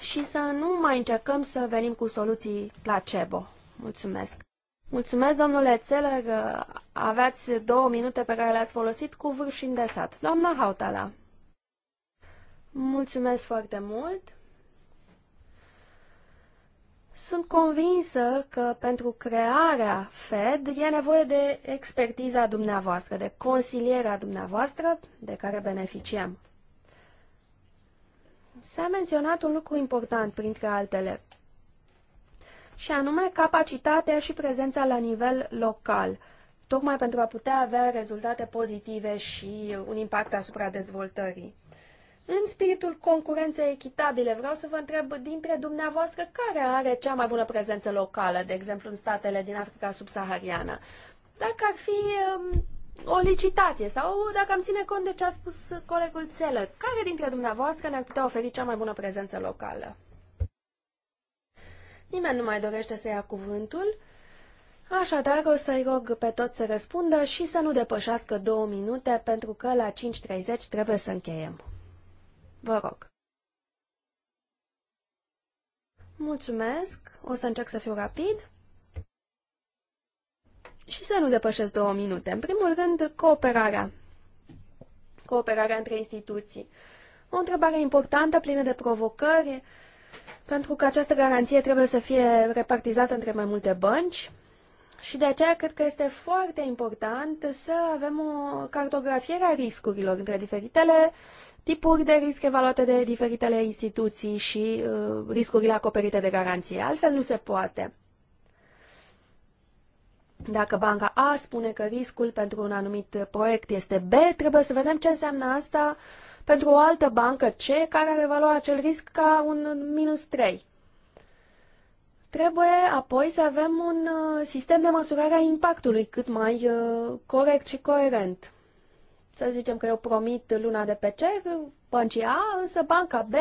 și să nu mai încercăm să venim cu soluții placebo. Mulțumesc! Mulțumesc, domnule Țeler, aveați două minute pe care le-ați folosit cu vârf și îndesat. Doamna Hautala! Mulțumesc foarte mult! Sunt convinsă că pentru crearea Fed e nevoie de expertiza dumneavoastră, de consilierea dumneavoastră de care beneficiem. S-a menționat un lucru important, printre altele, și anume capacitatea și prezența la nivel local, tocmai pentru a putea avea rezultate pozitive și un impact asupra dezvoltării în spiritul concurenței echitabile. Vreau să vă întreb dintre dumneavoastră care are cea mai bună prezență locală, de exemplu în statele din Africa subsahariană. Dacă ar fi um, o licitație sau dacă am ține cont de ce a spus colegul Țelă, care dintre dumneavoastră ne-ar putea oferi cea mai bună prezență locală? Nimeni nu mai dorește să ia cuvântul. Așadar, o să-i rog pe toți să răspundă și să nu depășească două minute, pentru că la 5.30 trebuie să încheiem. Vă rog. Mulțumesc, o să încerc să fiu rapid și să nu depășesc două minute. În primul rând, cooperarea. Cooperarea între instituții. O întrebare importantă, plină de provocări, pentru că această garanție trebuie să fie repartizată între mai multe bănci și de aceea cred că este foarte important să avem o cartografiere a riscurilor între diferitele tipuri de risc evaluate de diferitele instituții și uh, riscurile acoperite de garanție. Altfel nu se poate. Dacă banca A spune că riscul pentru un anumit proiect este B, trebuie să vedem ce înseamnă asta pentru o altă bancă C care ar evalua acel risc ca un minus 3. Trebuie apoi să avem un uh, sistem de măsurare a impactului cât mai uh, corect și coerent să zicem că eu promit luna de pe cer, băncii A, însă banca B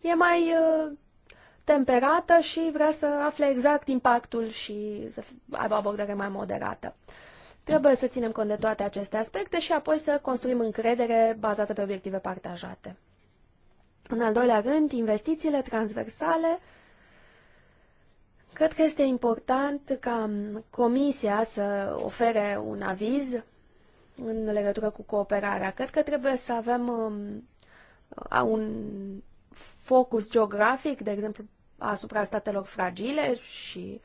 e mai uh, temperată și vrea să afle exact impactul și să aibă o abordare mai moderată. Trebuie să ținem cont de toate aceste aspecte și apoi să construim încredere bazată pe obiective partajate. În al doilea rând, investițiile transversale. Cred că este important ca Comisia să ofere un aviz în legătură cu cooperarea. Cred că trebuie să avem um, un focus geografic, de exemplu, asupra statelor fragile și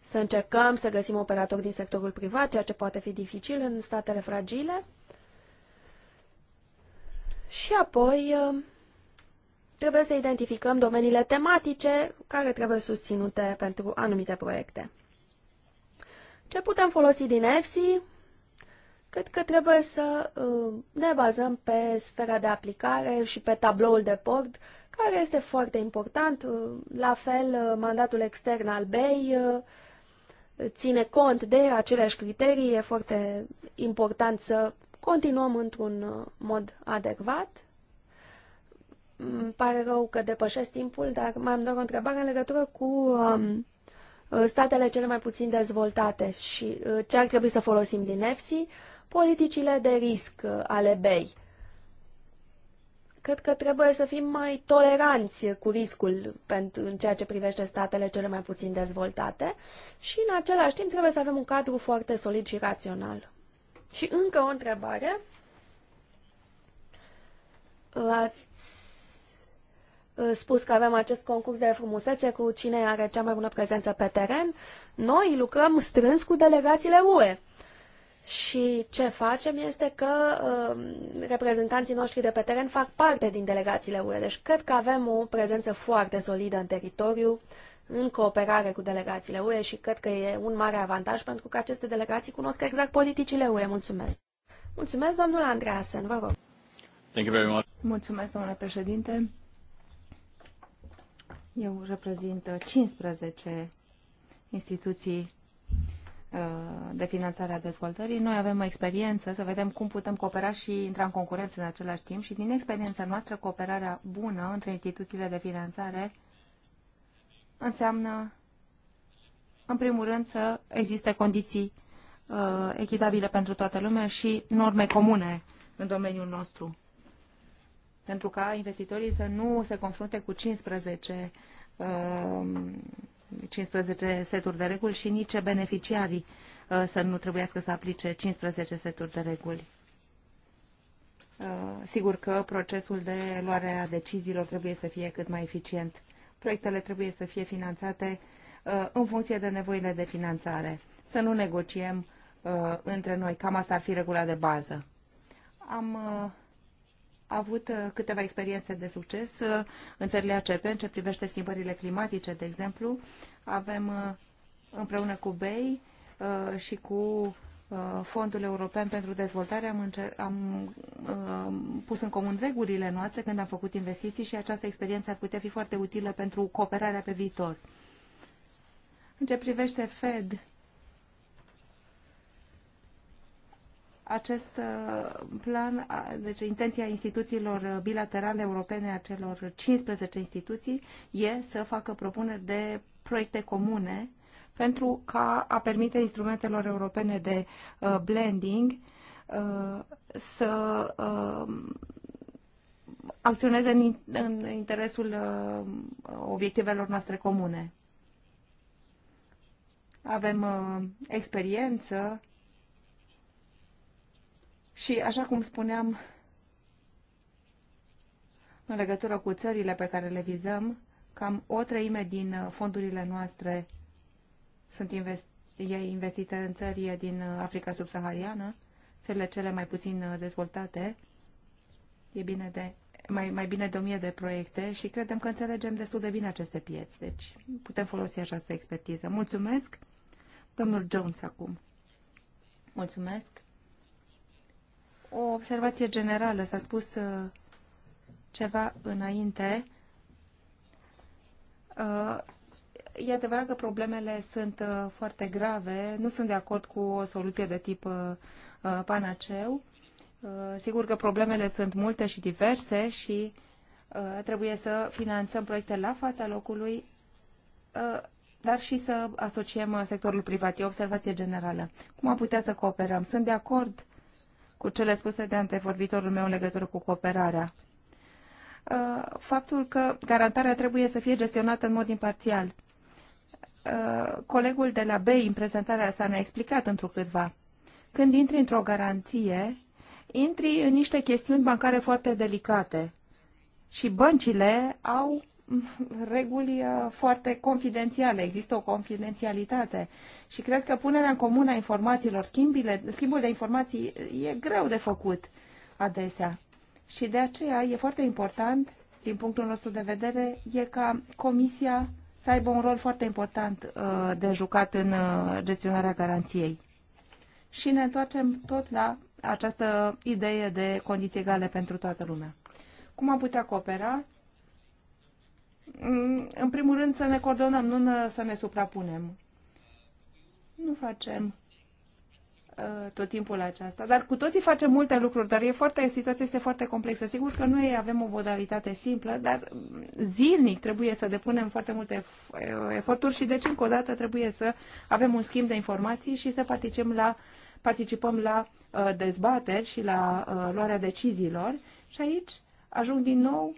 să încercăm să găsim operatori din sectorul privat, ceea ce poate fi dificil în statele fragile. Și apoi um, trebuie să identificăm domeniile tematice care trebuie susținute pentru anumite proiecte. Ce putem folosi din EFSI? Cred că trebuie să uh, ne bazăm pe sfera de aplicare și pe tabloul de port, care este foarte important. Uh, la fel, uh, mandatul extern al BEI ține cont de aceleași criterii, e foarte important să continuăm într-un mod adecvat. Îmi mm, pare rău că depășesc timpul, dar mai am doar o întrebare în legătură cu um, statele cele mai puțin dezvoltate și uh, ce ar trebui să folosim din EFSI politicile de risc uh, ale BEI. Cred că trebuie să fim mai toleranți cu riscul pentru, în ceea ce privește statele cele mai puțin dezvoltate și în același timp trebuie să avem un cadru foarte solid și rațional. Și încă o întrebare. Ați uh, spus că avem acest concurs de frumusețe cu cine are cea mai bună prezență pe teren. Noi lucrăm strâns cu delegațiile UE. Și ce facem este că uh, reprezentanții noștri de pe teren fac parte din delegațiile UE, deci cred că avem o prezență foarte solidă în teritoriu, în cooperare cu delegațiile UE și cred că e un mare avantaj pentru că aceste delegații cunosc exact politicile UE. Mulțumesc! Mulțumesc, domnul Andreasen, vă rog! Thank you very much. Mulțumesc, domnule președinte! Eu reprezint 15 instituții Uh, de finanțare a dezvoltării. Noi avem o experiență să vedem cum putem coopera și intra în concurență în același timp și din experiența noastră cooperarea bună între instituțiile de finanțare înseamnă în primul rând să existe condiții uh, echitabile pentru toată lumea și norme comune în domeniul nostru. Pentru ca investitorii să nu se confrunte cu 15 uh, 15 seturi de reguli și nici beneficiarii uh, să nu trebuiască să aplice 15 seturi de reguli. Uh, sigur că procesul de luare a deciziilor trebuie să fie cât mai eficient. Proiectele trebuie să fie finanțate uh, în funcție de nevoile de finanțare. Să nu negociem între noi. Cam asta ar fi regula de bază. Am avut uh, câteva experiențe de succes uh, în țările ACP, în ce privește schimbările climatice, de exemplu. Avem uh, împreună cu BEI și cu Fondul European pentru Dezvoltare am, încer- am pus în comun regulile noastre când am făcut investiții și această experiență ar putea fi foarte utilă pentru cooperarea pe viitor. În ce privește Fed, acest uh, plan, deci intenția instituțiilor bilaterale europene a celor 15 instituții e să facă propuneri de proiecte comune pentru ca a permite instrumentelor europene de uh, blending uh, să uh, acționeze în, în interesul uh, obiectivelor noastre comune. Avem uh, experiență și, așa cum spuneam, în legătură cu țările pe care le vizăm, cam o treime din uh, fondurile noastre sunt investite în țări din uh, Africa subsahariană, țările cele mai puțin uh, dezvoltate. E bine de mai, mai bine de 1000 de proiecte și credem că înțelegem destul de bine aceste pieți, deci putem folosi această expertiză. Mulțumesc, domnul Jones acum. Mulțumesc o observație generală. S-a spus uh, ceva înainte. Uh, e adevărat că problemele sunt uh, foarte grave. Nu sunt de acord cu o soluție de tip panaceu. Sigur că problemele sunt multe și diverse și trebuie să finanțăm proiecte la fața locului, dar și să asociem sectorul privat. E o observație generală. Cum am putea să cooperăm? Sunt de acord cu cele spuse de antevorbitorul meu în legătură cu cooperarea. Uh, faptul că garantarea trebuie să fie gestionată în mod imparțial. Uh, colegul de la BEI în prezentarea sa ne-a explicat întrucâtva. Când intri într-o garanție, intri în niște chestiuni bancare foarte delicate și băncile au reguli uh, foarte confidențiale, există o confidențialitate și cred că punerea în comun a informațiilor, schimbile, schimbul de informații e greu de făcut adesea. Și de aceea e foarte important, din punctul nostru de vedere, e ca Comisia să aibă un rol foarte important uh, de jucat în uh, gestionarea garanției. Și ne întoarcem tot la această idee de condiții egale pentru toată lumea. Cum am putea coopera? Mm, în primul rând, să ne coordonăm, nu să ne suprapunem. Nu facem uh, tot timpul aceasta. Dar cu toții facem multe lucruri, dar e foarte, situația este foarte complexă. Sigur că noi avem o modalitate simplă, dar zilnic trebuie să depunem foarte multe uh, eforturi și deci încă o dată trebuie să avem un schimb de informații și să participăm la, participăm la uh, dezbateri și la luarea deciziilor. Și aici ajung din nou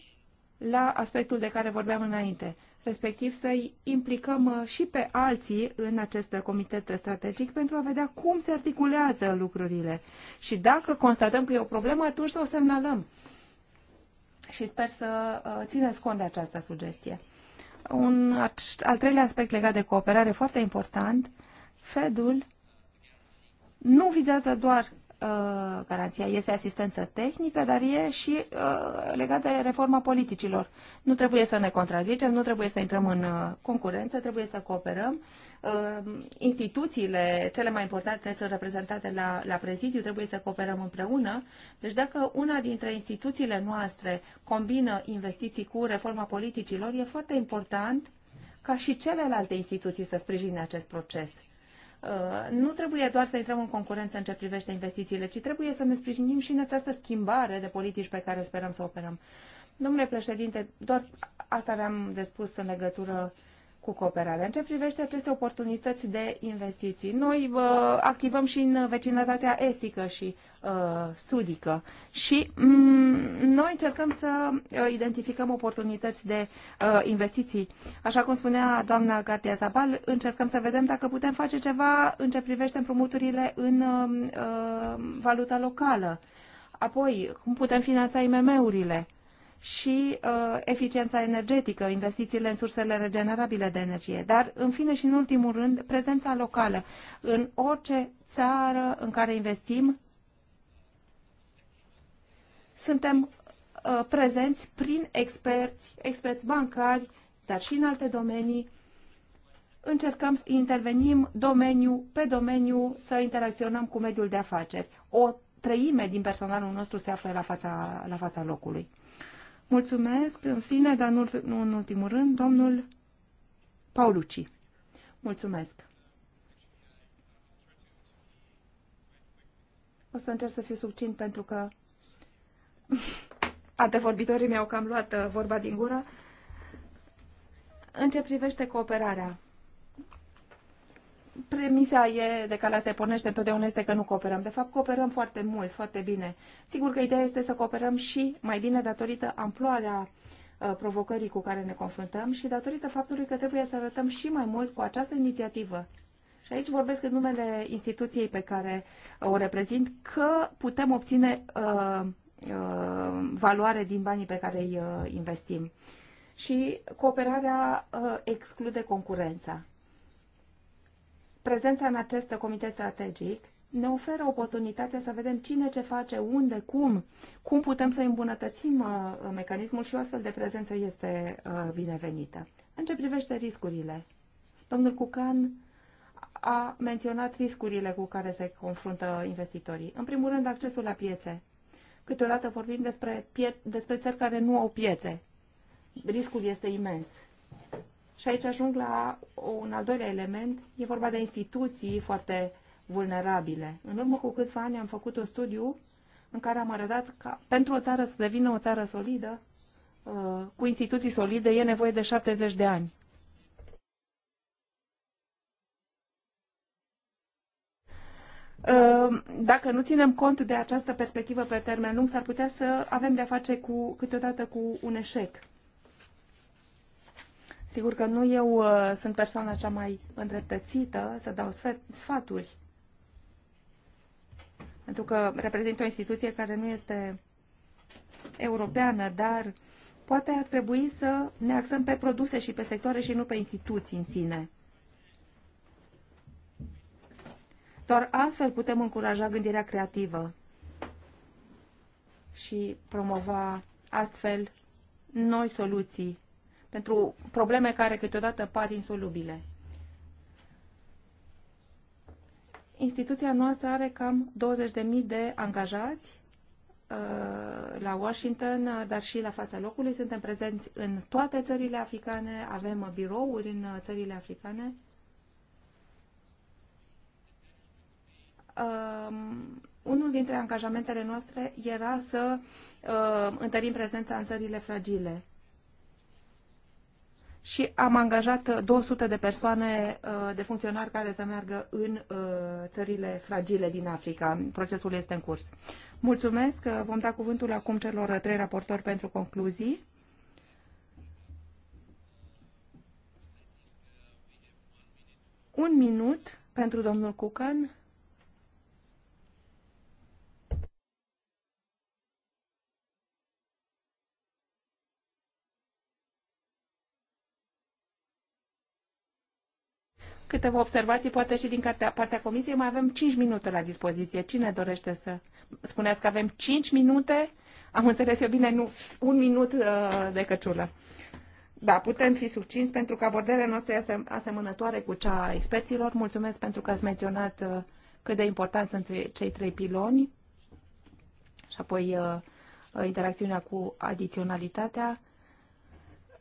la aspectul de care vorbeam înainte, respectiv să-i implicăm uh, și pe alții în acest comitet strategic pentru a vedea cum se articulează lucrurile. Și dacă constatăm că e o problemă, atunci să o semnalăm. Și sper să uh, țineți cont de această sugestie. Un al treilea aspect legat de cooperare foarte important, Fedul nu vizează doar Uh, garanția este asistență tehnică, dar e și uh, legată de reforma politicilor. Nu trebuie să ne contrazicem, nu trebuie să intrăm în uh, concurență, trebuie să cooperăm. Instituțiile cele mai importante sunt reprezentate la, la prezidiu, trebuie să cooperăm împreună. Deci dacă una dintre instituțiile noastre combină investiții cu reforma politicilor, e foarte important ca și celelalte instituții să sprijine acest proces Uh, nu trebuie doar să intrăm în concurență în ce privește investițiile, ci trebuie să ne sprijinim și în această schimbare de politici pe care sperăm să operăm. Domnule președinte, doar asta aveam de spus în legătură cu cooperarea. În ce privește aceste oportunități de investiții, noi uh, activăm și în vecinătatea estică și uh, sudică și um, noi încercăm să uh, identificăm oportunități de uh, investiții. Așa cum spunea doamna Gartia Zabal, încercăm să vedem dacă putem face ceva în ce privește împrumuturile în uh, valuta locală. Apoi, cum putem finanța IMM-urile și uh, eficiența energetică, investițiile în sursele regenerabile de energie. Dar, în fine și în ultimul rând, prezența locală. În orice țară în care investim, suntem Uh, prezenți prin experți, experți bancari, dar și în alte domenii. Încercăm să intervenim domeniu pe domeniu, să interacționăm cu mediul de afaceri. O treime din personalul nostru se află la fața, la fața locului. Mulțumesc, în fine, dar nu, nu în ultimul rând, domnul Paulucci. Mulțumesc. O să încerc să fiu subțin pentru că antevorbitorii mi-au cam luat uh, vorba din gură. În ce privește cooperarea, premisa e de care se pornește întotdeauna este că nu cooperăm. De fapt, cooperăm foarte mult, foarte bine. Sigur că ideea este să cooperăm și mai bine datorită amploarea uh, provocării cu care ne confruntăm și datorită faptului că trebuie să arătăm și mai mult cu această inițiativă. Și aici vorbesc în numele instituției pe care uh, o reprezint că putem obține uh, Uh, valoare din banii pe care îi uh, investim. Și cooperarea uh, exclude concurența. Prezența în acest comitet strategic ne oferă oportunitatea să vedem cine ce face, unde, cum, cum putem să îmbunătățim mecanismul și o astfel de prezență este binevenită. În ce privește riscurile, domnul Cucan a menționat riscurile cu care se confruntă investitorii. În primul rând, accesul la piețe. Câteodată vorbim despre, despre țări care nu au piețe. Riscul este imens. Și aici ajung la un al doilea element. E vorba de instituții foarte vulnerabile. În urmă cu câțiva ani am făcut un studiu în care am arătat că pentru o țară să devină o țară solidă, uh, cu instituții solide, e nevoie de 70 de ani. Ehm, dacă nu ținem cont de această perspectivă pe termen lung, s-ar putea să avem de-a face cu, câteodată cu un eșec. Sigur că nu eu uh, sunt persoana cea mai îndreptățită să dau sfaturi, pentru că reprezint o instituție care nu este europeană, dar poate ar trebui să ne axăm pe produse și pe sectoare și nu pe instituții în sine. Doar astfel putem încuraja gândirea creativă și promova astfel noi soluții pentru probleme care câteodată par insolubile. Instituția noastră are cam 20.000 de angajați uh, la Washington, uh, dar și la fața locului. Suntem prezenți în toate țările africane, avem birouri în uh, țările africane Um, unul dintre angajamentele noastre era să uh, întărim prezența în țările fragile. Și am angajat 200 uh, de persoane uh, de funcționari care să meargă în uh, țările fragile din Africa. Procesul este în curs. Mulțumesc. Uh, vom da cuvântul acum celor uh, trei raportori pentru concluzii. Un minut pentru domnul Cucan câteva observații, poate și din partea, partea comisiei. Mai avem 5 minute la dispoziție. Cine dorește să... spuneți că avem 5 minute? Am înțeles eu bine, nu un minut uh, de căciulă. Da, putem fi succinți pentru că abordarea noastră este asemănătoare cu cea a experților. Mulțumesc pentru că ați menționat uh, cât de important sunt cei trei piloni și apoi uh, interacțiunea cu adiționalitatea.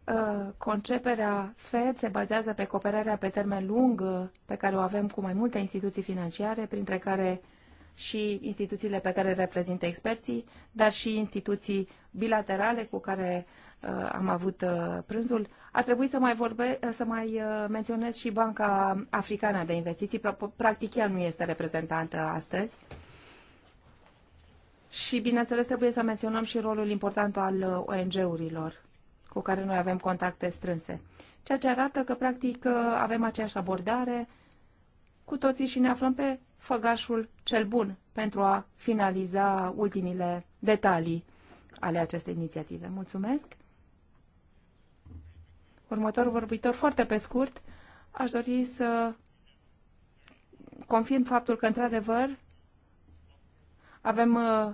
Uh, conceperea FED se bazează pe cooperarea pe termen lung uh, pe care o avem cu mai multe instituții financiare, printre care și instituțiile pe care reprezintă experții, dar și instituții bilaterale cu care uh, am avut uh, prânzul. Ar trebui să mai, vorbe, uh, să mai uh, menționez și Banca Africană de Investiții. Practic ea nu este reprezentantă astăzi. Și, bineînțeles, trebuie să menționăm și rolul important al ONG-urilor cu care noi avem contacte strânse. Ceea ce arată că, practic, avem aceeași abordare cu toții și ne aflăm pe făgașul cel bun pentru a finaliza ultimile detalii ale acestei inițiative. Mulțumesc! Următorul vorbitor, foarte pe scurt, aș dori să confirm faptul că, într-adevăr, avem uh,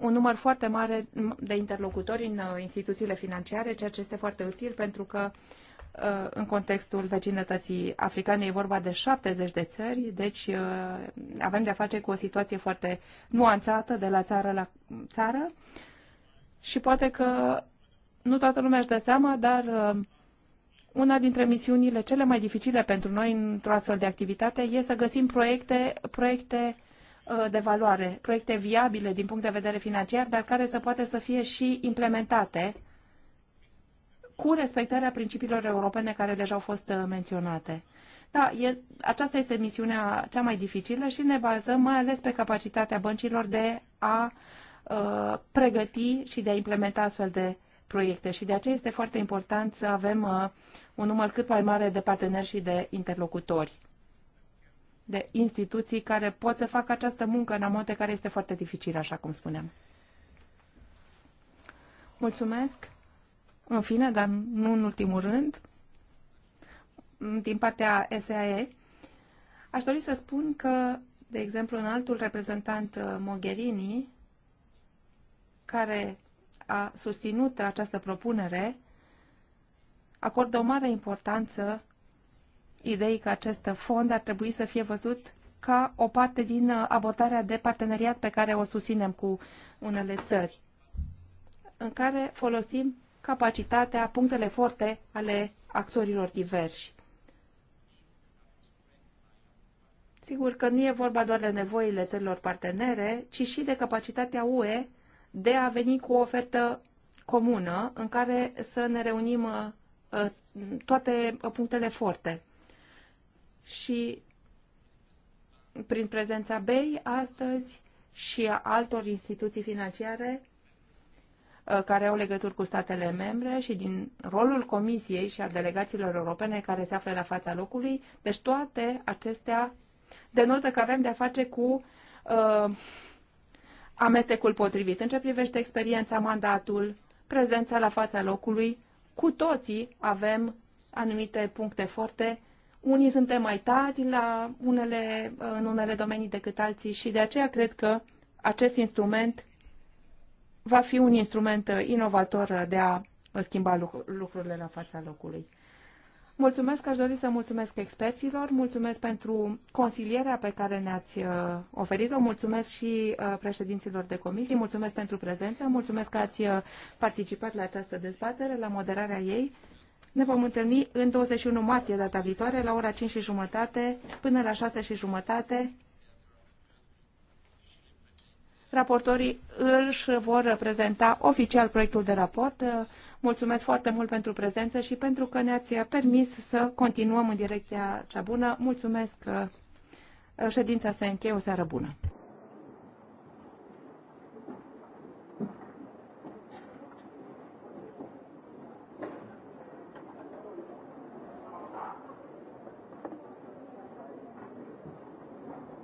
un număr foarte mare de interlocutori în uh, instituțiile financiare, ceea ce este foarte util pentru că uh, în contextul vecinătății africane e vorba de 70 de țări, deci uh, avem de-a face cu o situație foarte nuanțată de la țară la țară și poate că nu toată lumea își dă seama, dar una dintre misiunile cele mai dificile pentru noi într-o astfel de activitate e să găsim proiecte, proiecte Uh, de valoare, proiecte viabile din punct de vedere financiar, dar care să poate să fie și implementate cu respectarea principiilor europene care deja au fost uh, menționate. Da, e, aceasta este misiunea cea mai dificilă și ne bazăm mai ales pe capacitatea băncilor de a uh, pregăti și de a implementa astfel de proiecte și de aceea este foarte important să avem uh, un număr cât mai mare de parteneri și de interlocutori de instituții care pot să facă această muncă în amonte care este foarte dificilă, așa cum spuneam. Mulțumesc. În fine, dar nu în ultimul rând, din partea SAE, aș dori să spun că, de exemplu, în altul reprezentant uh, Mogherini, care a susținut această propunere, acordă o mare importanță idei că acest fond ar trebui să fie văzut ca o parte din abordarea de parteneriat pe care o susținem cu unele țări, în care folosim capacitatea, punctele forte ale actorilor diversi. Sigur că nu e vorba doar de nevoile țărilor partenere, ci și de capacitatea UE de a veni cu o ofertă comună în care să ne reunim uh, toate punctele forte și prin prezența BEI astăzi și a altor instituții financiare uh, care au legături cu statele membre și din rolul Comisiei și a delegațiilor europene care se află la fața locului. Deci toate acestea denotă că avem de-a face cu uh, amestecul potrivit. În ce privește experiența, mandatul, prezența la fața locului, cu toții avem anumite puncte forte unii suntem mai tari la unele, în unele domenii decât alții și de aceea cred că acest instrument va fi un instrument uh, inovator uh, de a uh, schimba lucrurile la fața locului. Mulțumesc, aș dori să mulțumesc experților, mulțumesc pentru consilierea pe care ne-ați oferit-o, mulțumesc și președinților de comisii, mulțumesc pentru prezență, mulțumesc că ați participat la această dezbatere, la moderarea ei. Ne vom întâlni în 21 martie data viitoare la ora 5 și jumătate până la 6 și jumătate. Raportorii își vor prezenta oficial proiectul de raport. Mulțumesc foarte mult pentru prezență și pentru că ne-ați permis să continuăm în direcția cea bună. Mulțumesc. Ședința se încheie. O seară bună.